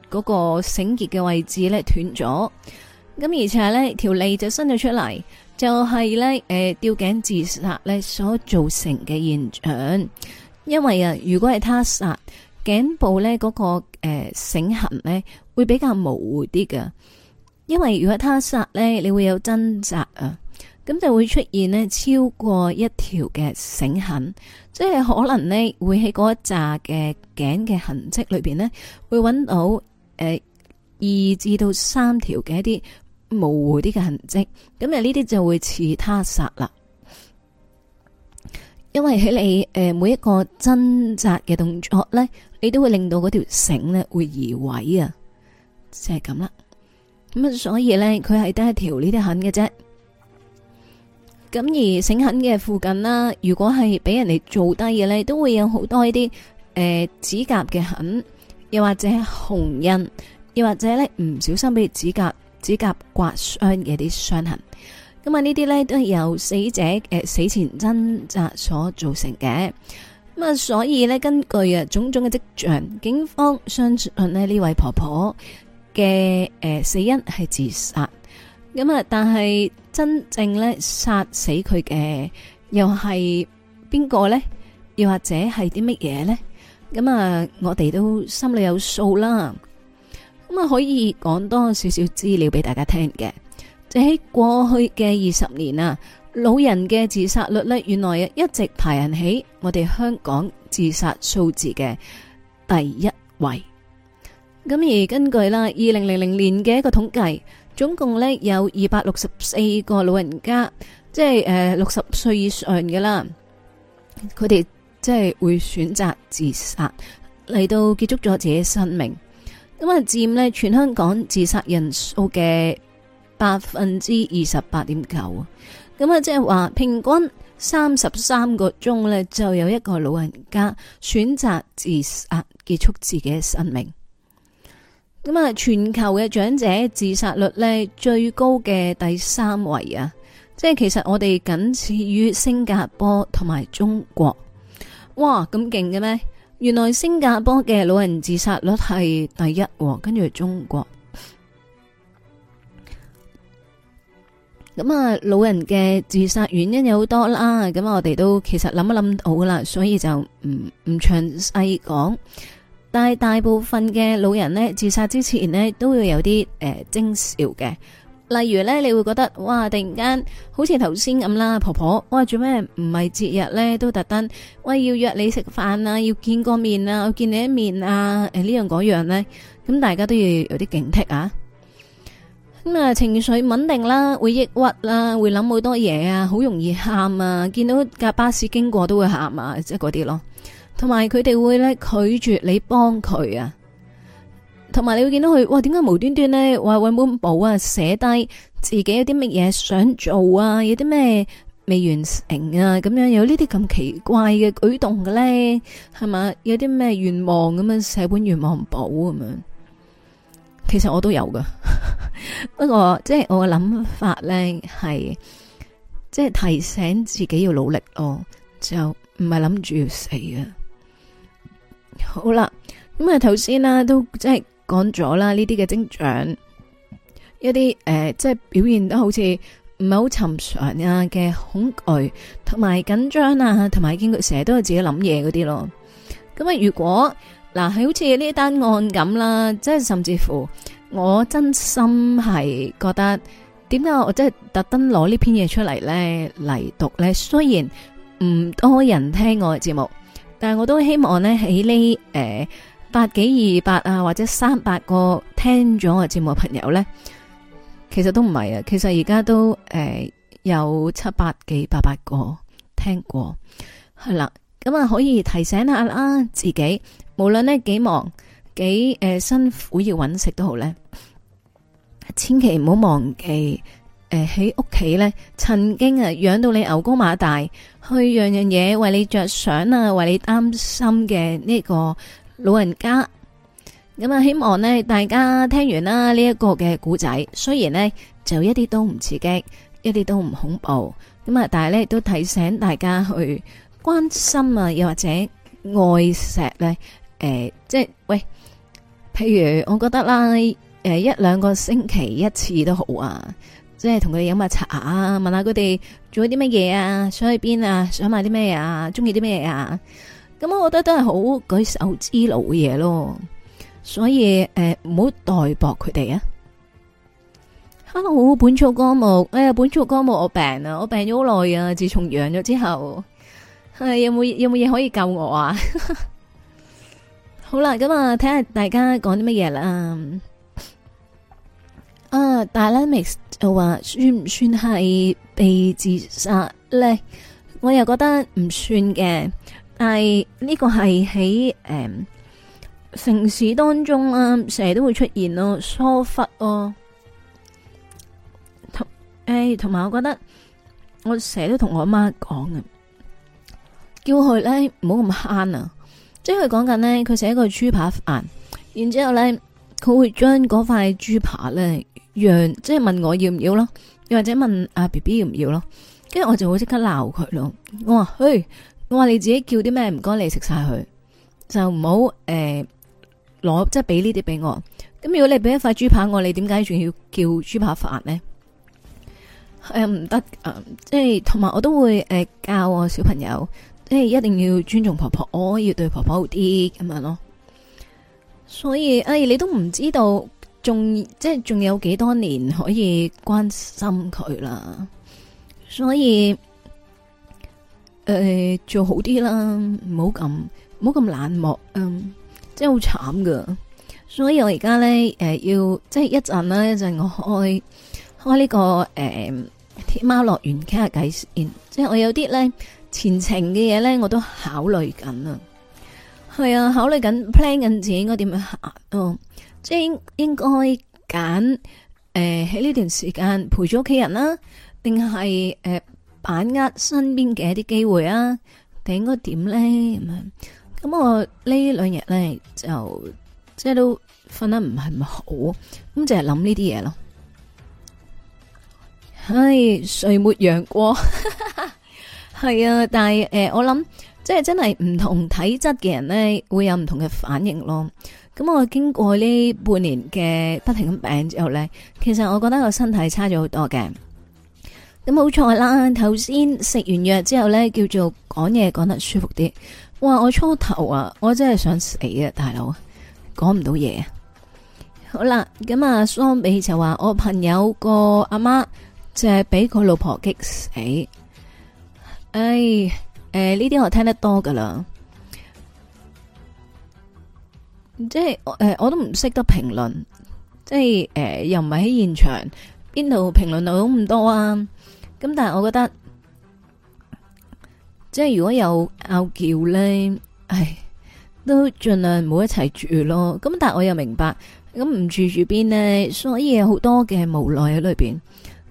嗰個繩結嘅位置咧斷咗。咁而且咧條脷就伸咗出嚟。就係、是、咧，誒、呃，吊頸自殺咧所造成嘅現象，因為啊，如果係他殺，頸部咧嗰、那個誒繩、呃、痕咧會比較模糊啲嘅，因為如果他殺咧，你會有掙扎啊，咁就會出現呢超過一條嘅繩痕，即係可能呢會喺嗰一扎嘅頸嘅痕跡裏邊呢會搵到誒、呃、二至到三條嘅一啲。模糊啲嘅痕跡，咁誒呢啲就會似他殺啦。因為喺你誒、呃、每一個掙扎嘅動作咧，你都會令到嗰條繩咧會移位啊，即係咁啦。咁啊，所以咧佢係得一條呢啲痕嘅啫。咁而繩痕嘅附近啦，如果係俾人哋做低嘅咧，都會有好多呢啲誒指甲嘅痕，又或者紅印，又或者咧唔小心俾指甲。指甲刮傷嘅啲傷痕，咁啊呢啲呢都係由死者嘅死前掙扎所造成嘅，咁啊所以咧根據啊種種嘅跡象，警方相信咧呢位婆婆嘅誒死因係自殺，咁啊但係真正咧殺死佢嘅又係邊個呢？又或者係啲乜嘢呢？咁啊我哋都心裏有數啦。咁啊，可以講多少少資料俾大家聽嘅。就喺過去嘅二十年啊，老人嘅自殺率呢，原來一直排行起我哋香港自殺數字嘅第一位。咁而根據啦，二零零零年嘅一個統計，總共呢有二百六十四個老人家，即係誒六十歲以上嘅啦，佢哋即係會選擇自殺嚟到結束咗自己生命。咁啊，佔呢全香港自殺人數嘅百分之二十八點九。咁啊，即係話平均三十三個鐘呢，就有一個老人家選擇自殺結束自己嘅生命。咁啊，全球嘅長者自殺率呢，最高嘅第三位啊！即係其實我哋僅次於新加坡同埋中國。哇，咁勁嘅咩？原來新加坡嘅老人自殺率係第一，跟住中國。咁啊，老人嘅自殺原因有好多啦。咁我哋都其實諗一諗到㗎啦，所以就唔唔詳細講。但係大部分嘅老人呢，自殺之前呢，都會有啲誒、呃、徵兆嘅。例如咧，你會覺得哇，突然間好似頭先咁啦，婆婆哇，做咩唔係節日咧都特登，喂要約你食飯啊，要見個面啊，我見你一面啊，誒呢樣嗰樣呢，咁大家都要有啲警惕啊。咁、嗯、啊，情緒穩定啦，會抑鬱啦，會諗好多嘢啊，好容易喊啊，見到架巴士經過都會喊啊，即係嗰啲咯。同埋佢哋會咧拒絕你幫佢啊。同埋你會見到佢，哇！點解無端端咧，話搵本簿啊，寫低自己有啲乜嘢想做啊，有啲咩未完成啊，咁樣有呢啲咁奇怪嘅舉動嘅咧，係嘛？有啲咩願望咁樣寫本願望簿咁樣？其實我都有噶， 不過即係、就是、我嘅諗法咧，係即係提醒自己要努力咯，就唔係諗住要死啊！好啦，咁啊，頭先啦都即係。講咗啦，呢啲嘅徵象，一啲誒、呃，即係表現得好似唔係好尋常啊嘅恐懼同埋緊張啊，同埋經常佢成日都係自己諗嘢嗰啲咯。咁啊，如果嗱係好似呢單案咁啦，即係甚至乎，我真心係覺得點解我即係特登攞呢篇嘢出嚟咧嚟讀咧？雖然唔多人聽我嘅節目，但係我都希望咧喺呢誒。百幾二百啊，或者三百個聽咗我節目朋友呢，其實都唔係啊。其實而家都誒、呃、有七百幾八百個聽過係啦，咁啊可以提醒下啦自己，無論呢幾忙幾誒、呃、辛苦要揾食都好呢。千祈唔好忘記誒喺屋企呢，曾經啊養到你牛高馬大，去樣樣嘢為你着想啊，為你擔心嘅呢、這個。老人家，咁啊，希望咧，大家聽完啦呢一個嘅故仔，雖然呢就一啲都唔刺激，一啲都唔恐怖，咁啊，但係呢都提醒大家去關心啊，又或者愛錫咧，誒、呃，即係喂，譬如我覺得啦，誒、呃，一兩個星期一次都好啊，即係同佢哋飲下茶啊，問下佢哋做啲乜嘢啊，想去邊啊，想買啲咩啊，中意啲咩啊？咁、嗯、我覺得都係好舉手之勞嘅嘢咯，所以誒唔好代薄佢哋啊。Hello，本草綱目，哎呀，本草綱目我，我病啊，我病咗好耐啊。自從養咗之後，哎、有冇有冇嘢可以救我啊？ 好啦，咁、嗯、啊，睇下大家講啲乜嘢啦。啊，大 a m i s, 就話算唔算係被自殺咧？我又覺得唔算嘅。但係呢個係喺誒城市當中啊，成日都會出現咯疏忽，咯。同誒同埋，欸、我覺得我成日都同我阿媽講嘅，叫佢咧唔好咁慳啊！即係佢講緊咧，佢食一個豬扒飯，然之後咧佢會將嗰塊豬扒咧讓，即係問我要唔要咯，又或者問阿 B B 要唔要咯，跟住我就會即刻鬧佢咯。我話去。嘿我話你自己叫啲咩，唔該你食晒佢，就唔好誒攞，即係俾呢啲俾我。咁如果你俾一塊豬扒，我你點解仲要叫豬扒飯呢？係，唔得啊！即係同埋我都會誒、欸、教我小朋友，即、欸、係一定要尊重婆婆，我要對婆婆好啲咁樣咯。所以哎、欸，你都唔知道，仲即係仲有幾多年可以關心佢啦。所以。誒、呃，做好啲啦，唔好咁，唔好咁冷漠，嗯、呃，真係好慘噶。所以我而家咧，誒、呃，要即係一陣咧，一陣我開開呢、這個誒，天貓樂園傾下偈先。即係我有啲咧，前程嘅嘢咧，我都考慮緊啊。係啊，考慮緊 plan 緊錢應該點樣行，哦、即係應應該揀誒喺呢段時間陪住屋企人啦，定係誒。呃把握身邊嘅一啲機會啊，定應該點呢？咁樣？咁我呢兩日咧就即係都瞓得唔係咁好，咁淨係諗呢啲嘢咯。唉，睡沒陽光，係 啊，但係誒、呃，我諗即係真係唔同體質嘅人咧會有唔同嘅反應咯。咁我經過呢半年嘅不停咁病之後咧，其實我覺得我身體差咗好多嘅。咁冇錯啦！頭先食完藥之後呢，叫做講嘢講得舒服啲。哇！我初頭啊，我真係想死啊，大佬講唔到嘢。好啦，咁啊，桑比起就話我朋友個阿媽就係俾個老婆激死。唉，誒、呃，呢啲我聽得多噶啦。即係我誒、呃，我都唔識得評論。即係誒、呃，又唔係喺現場，邊度評論到咁多啊？咁但係我覺得，即係如果有拗撬咧，唉，都盡量唔好一齊住咯。咁但係我又明白，咁唔住住邊咧，所以有好多嘅無奈喺裏邊。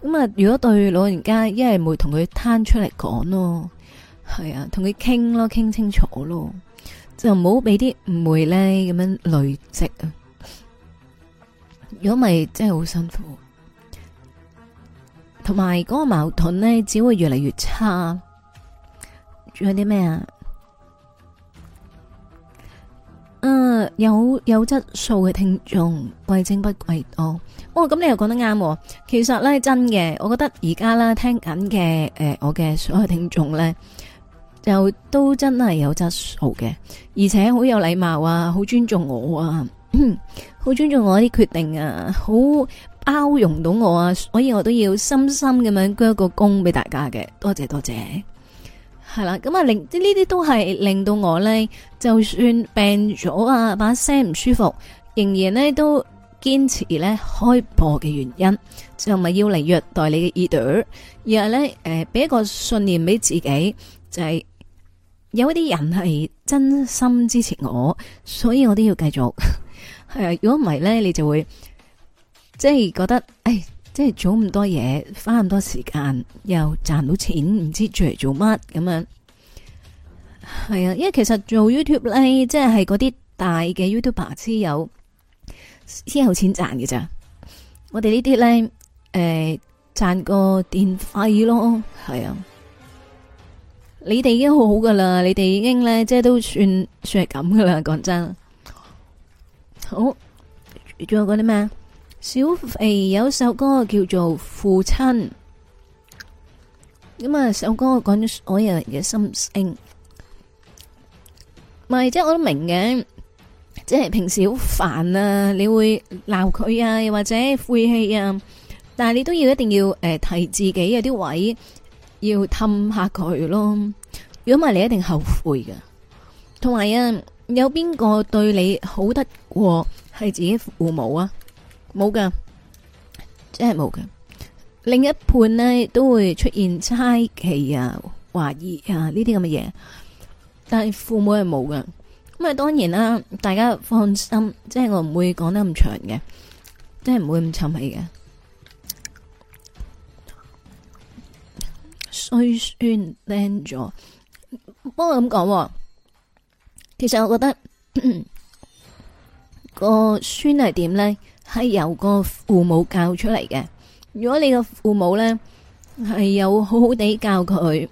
咁啊，如果對老人家，一係冇同佢攤出嚟講咯，係啊，同佢傾咯，傾清楚咯，就唔好俾啲誤會咧咁樣累積啊。如果咪真係好辛苦。同埋嗰個矛盾呢，只會越嚟越差。仲有啲咩啊？啊，有有質素嘅聽眾，貴精不貴多。哦，咁你又講得啱喎。其實呢，真嘅，我覺得而家呢，聽緊嘅，誒，我嘅所有聽眾呢，就都真係有質素嘅，而且好有禮貌啊，好尊重我啊，好 尊重我啲決定啊，好。包容到我啊，所以我都要深深咁樣鞠一個躬俾大家嘅，多謝多謝。係啦，咁啊令即呢啲都係令到我咧，就算病咗啊，把聲唔舒服，仍然咧都堅持咧開播嘅原因，就咪要嚟虐待你嘅耳朵，而係咧誒俾一個信念俾自己，就係有一啲人係真心支持我，所以我都要繼續。係啊，如果唔係咧，你就會。即係覺得，誒，即係做咁多嘢，花咁多時間，又賺到錢，唔知出做嚟做乜咁樣。係啊，因為其實做 YouTube 咧，即係嗰啲大嘅 YouTuber 先有先有錢賺嘅咋。我哋呢啲咧，誒、欸，賺個電費咯。係啊，你哋已經好好噶啦，你哋已經咧，即係都算算係咁噶啦。講真，好，仲有嗰啲咩？小肥有一首歌叫做《父親》，咁啊，首歌講咗所有人嘅心聲，唔係即係我都明嘅，即係平時好煩啊，你會鬧佢啊，又或者晦氣啊，但係你都要一定要誒提自己有啲位要氹下佢咯，如果唔係你一定後悔㗎。同埋啊，有邊個對你好得過係自己父母啊？冇噶，即係冇噶。另一半呢都會出現猜忌啊、懷疑啊呢啲咁嘅嘢，但係父母係冇噶。咁啊，當然啦，大家放心，即係我唔會講得咁長嘅，即係唔會咁沉氣嘅。衰孫靚咗，不過咁講，其實我覺得 個孫係點呢？係由個父母教出嚟嘅。如果你個父母呢，係有好好地教佢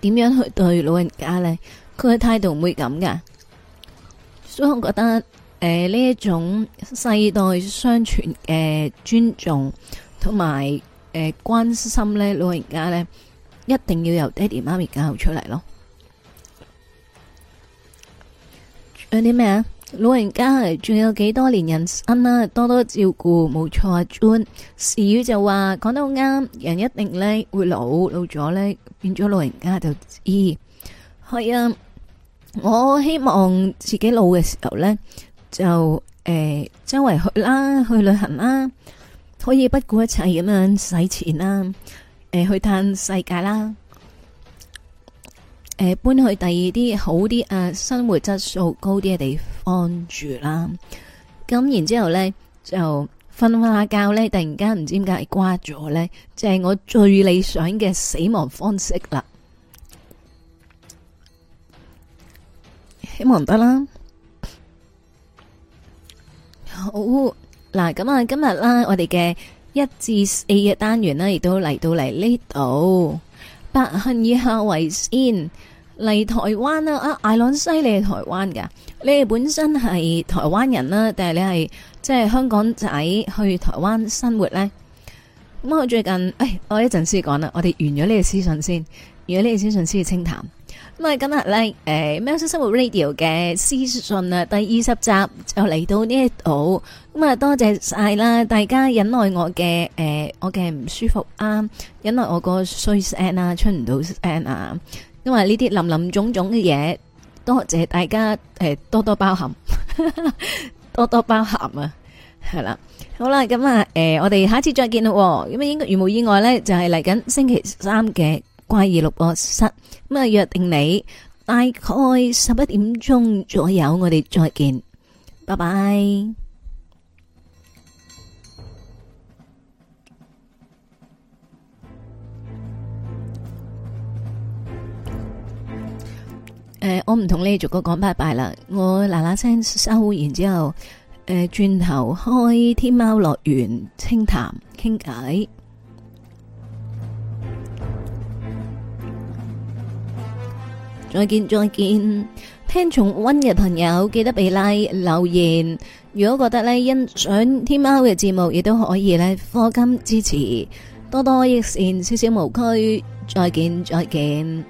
點樣去對老人家呢，佢嘅態度唔會咁噶。所以我覺得誒呢一種世代相傳嘅尊重同埋誒關心呢，老人家呢一定要由爹哋媽咪教出嚟咯。有啲咩啊？老人家仲有幾多年人生啦、啊，多多照顧，冇錯啊 John 時雨就話講得好啱，人一定咧會老，老咗咧變咗老人家就知。係啊！我希望自己老嘅時候咧就誒、呃、周圍去啦，去旅行啦，可以不顧一切咁樣使錢啦，誒、呃、去嘆世界啦。誒，搬去第二啲好啲誒、啊，生活質素高啲嘅地方住啦。咁然之後呢，就瞓下覺呢，突然間唔知點解瓜咗呢，就係、是、我最理想嘅死亡方式啦。希望得啦。好，嗱，咁啊，今日啦，我哋嘅一至四嘅單元呢，亦都嚟到嚟呢度，百恨以孝為先。嚟台灣啦、啊！啊，艾朗西你，你係台灣㗎。你本身係台灣人啦、啊，定係你係即係香港仔去台灣生活咧？咁、嗯、我最近，哎，我一陣先講啦，我哋完咗呢個屍訊先，完咗呢個屍訊先去清談。咁、嗯、啊，今日咧，誒，喵式生活 radio 嘅屍訊啊，訊第二十集就嚟到呢一度，咁、嗯、啊，多謝晒啦，大家忍耐我嘅誒、呃，我嘅唔舒服啊，忍耐我個衰聲啊，出唔到聲啊！因為呢啲林林總總嘅嘢，多謝大家誒，多多包涵，多多包涵啊！係啦，好啦，咁啊誒，我哋下次再見啦。咁啊，應該如無意外咧，就係嚟緊星期三嘅怪異錄播室，咁啊，約定你大概十一點鐘左右，我哋再見，拜拜。誒、呃，我唔同你逐個講拜拜啦，我嗱嗱聲收，然之後誒、呃，轉頭開天貓樂園清談傾偈。再見再見。聽重溫嘅朋友記得俾 like, 留言。如果覺得呢，欣賞天貓嘅節目，亦都可以呢，課金支持，多多益善，少少無拘。再見再見。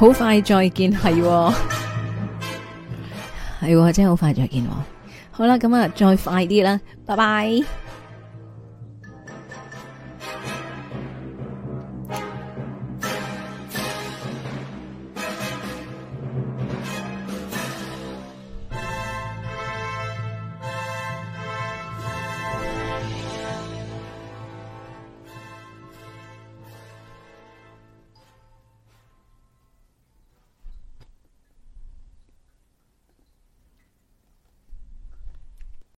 好快再見，係係、喎 喎、真係好快再見、喎，好啦，咁啊，再快啲啦，拜拜。